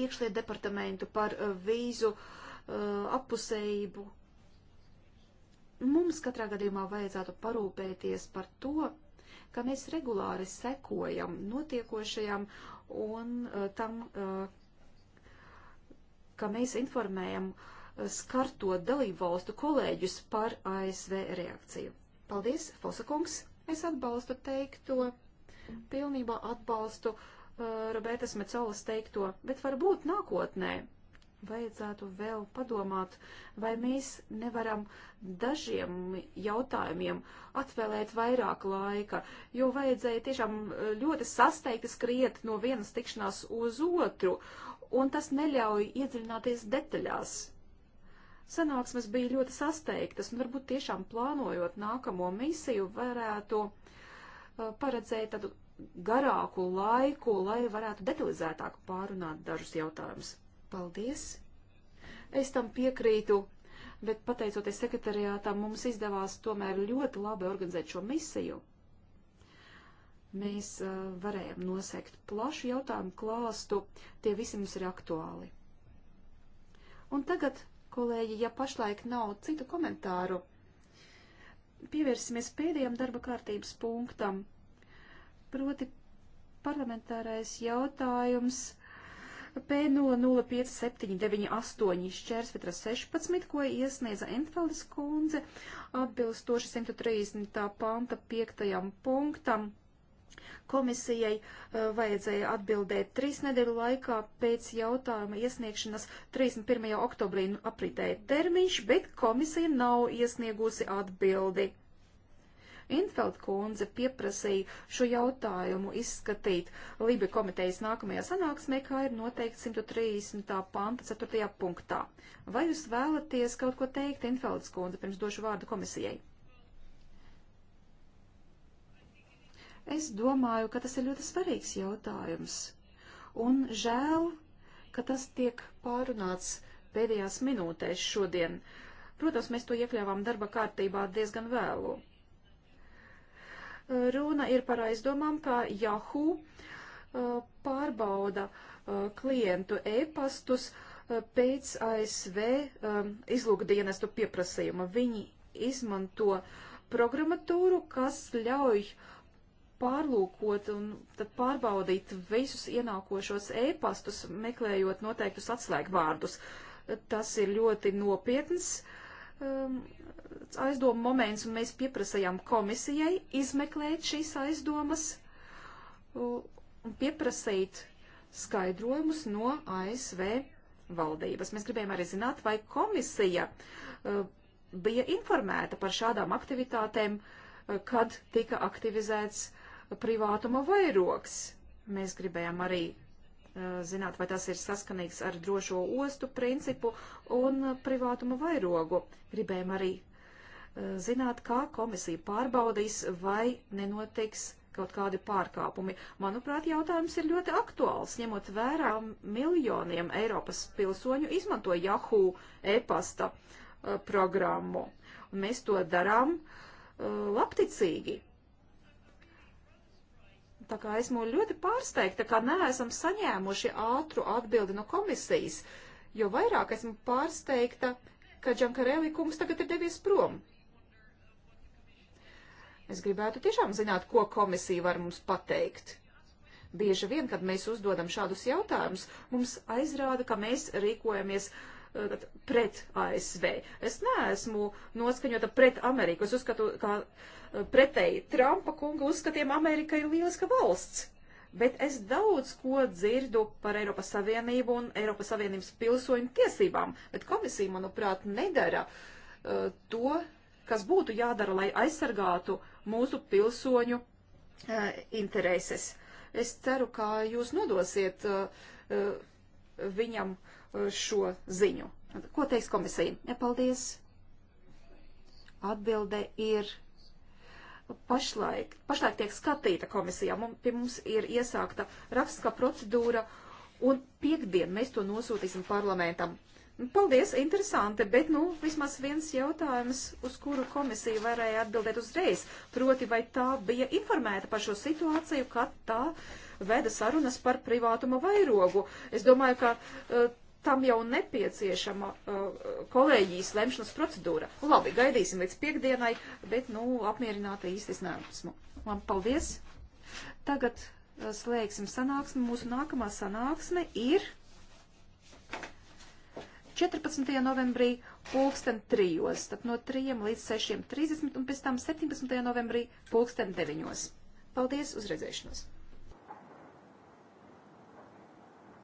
iekšlietu departamentu par uh, vīzu uh, apusējību. Mums katrā gadījumā vajadzētu parūpēties par to, ka mēs regulāri sekojam notiekošajam un tam, ka mēs informējam uh, skartot dalību valstu kolēģus par ASV reakciju. Paldies, Fosakungs! Es atbalstu teikto, pilnībā atbalstu uh, Robertas Mecolas teikto, bet varbūt nākotnē vajadzētu vēl padomāt, vai mēs nevaram dažiem jautājumiem atvēlēt vairāk laika, jo vajadzēja tiešām uh, ļoti sasteigti skriet no vienas tikšanās uz otru, un tas neļauj iedziļināties detaļās sanāksmes bija ļoti sasteigtas, un varbūt tiešām plānojot nākamo misiju varētu uh, paredzēt tādu garāku laiku, lai varētu detalizētāk pārunāt dažus jautājumus. Paldies! Es tam piekrītu, bet pateicoties sekretariātam, mums izdevās tomēr ļoti labi organizēt šo misiju. Mēs uh, varējām nosegt plašu jautājumu klāstu, tie visi mums ir aktuāli. Un tagad Kolēģi, ja pašlaik nav citu komentāru, pievērsimies pēdējam darba kārtības punktam, proti parlamentārais jautājums P005798 šķērsvitra 16, ko iesniedza Entfeldes kundze atbilstoši 130. panta 5. punktam Komisijai eh, vajadzēja atbildēt trīs nedēļu laikā pēc jautājuma iesniegšanas 31. oktobrī nu, apritēja termiņš, bet komisija nav iesniegusi atbildi. Infeld kundze pieprasīja šo jautājumu izskatīt Libi komitejas nākamajā sanāksmē, kā ir noteikti 130. panta 4. punktā. Vai jūs vēlaties kaut ko teikt, Infelds kundze, pirms došu vārdu komisijai? Es domāju, ka tas ir ļoti svarīgs jautājums. Un žēl, ka tas tiek pārunāts pēdējās minūtēs šodien. Protams, mēs to iekļāvām darba kārtībā diezgan vēlu. Runa ir par aizdomām, ka Yahoo uh, pārbauda uh, klientu e-pastus uh, pēc ASV um, izlūkdienestu pieprasījuma. Viņi izmanto programmatūru, kas ļauj uh, pārlūkot un pārbaudīt visus ienākošos ēpastus, meklējot noteiktus atslēgvārdus. Tas ir ļoti nopietns um, aizdomu moments, un mēs pieprasījām komisijai izmeklēt šīs aizdomas un pieprasīt skaidrojumus no ASV valdības. Mēs gribējām arī zināt, vai komisija uh, bija informēta par šādām aktivitātēm, uh, kad tika aktivizēts uh, privātuma vairoks. Mēs gribējām arī zināt, vai tas ir saskanīgs ar drošo ostu principu un privātuma vairogu. Gribējām arī zināt, kā komisija pārbaudīs, vai nenotiks kaut kādi pārkāpumi. Manuprāt, jautājums ir ļoti aktuāls, ņemot vērā miljoniem Eiropas pilsoņu izmanto Yahoo e-pasta uh, programmu. Un mēs to darām uh, labticīgi. Tā kā esmu ļoti pārsteigta, ka neesam saņēmuši ātru atbildi no komisijas, jo vairāk esmu pārsteigta, ka Džankarēlī kungs tagad ir devies prom. Es gribētu tiešām zināt, ko komisija var mums pateikt. Bieži vien, kad mēs uzdodam šādus jautājumus, mums aizrāda, ka mēs rīkojamies uh, tad, pret ASV. Es neesmu noskaņota pret Ameriku. Es uzskatu, ka eh, pretēji Trumpa kunga uzskatiem Amerika ir lieliska valsts. Bet es daudz ko dzirdu par Eiropas Savienību un Eiropas Savienības pilsoņu tiesībām, bet komisija, manuprāt, nedara uh, to, kas būtu jādara, lai aizsargātu mūsu pilsoņu uh, intereses. Es ceru, ka jūs nodosiet uh, viņam uh, šo ziņu. Ko teiks komisija? Ja, paldies. Atbilde ir pašlaik. Pašlaik tiek skatīta komisijā. Mums, pie mums ir iesākta rakstiskā procedūra, un piekdien mēs to nosūtīsim parlamentam. Nu, paldies, interesanti, bet, nu, vismaz viens jautājums, uz kuru komisija varēja atbildēt uzreiz. Proti, vai tā bija informēta par šo situāciju, kad tā veda sarunas par privātuma vairogu? Es domāju, ka uh, tam jau nepieciešama uh, kolēģijas lemšanas procedūra. Nu, labi, gaidīsim līdz piekdienai, bet, nu, apmierināta īsti es neesmu. Labi, paldies. Tagad uh, slēgsim sanāksmi. Mūsu nākamā sanāksme ir 14. novembrī pulksten trijos, tad no 3 līdz 6.30 un pēc tam 17. novembrī pulksten deviņos. Paldies, uzredzēšanos!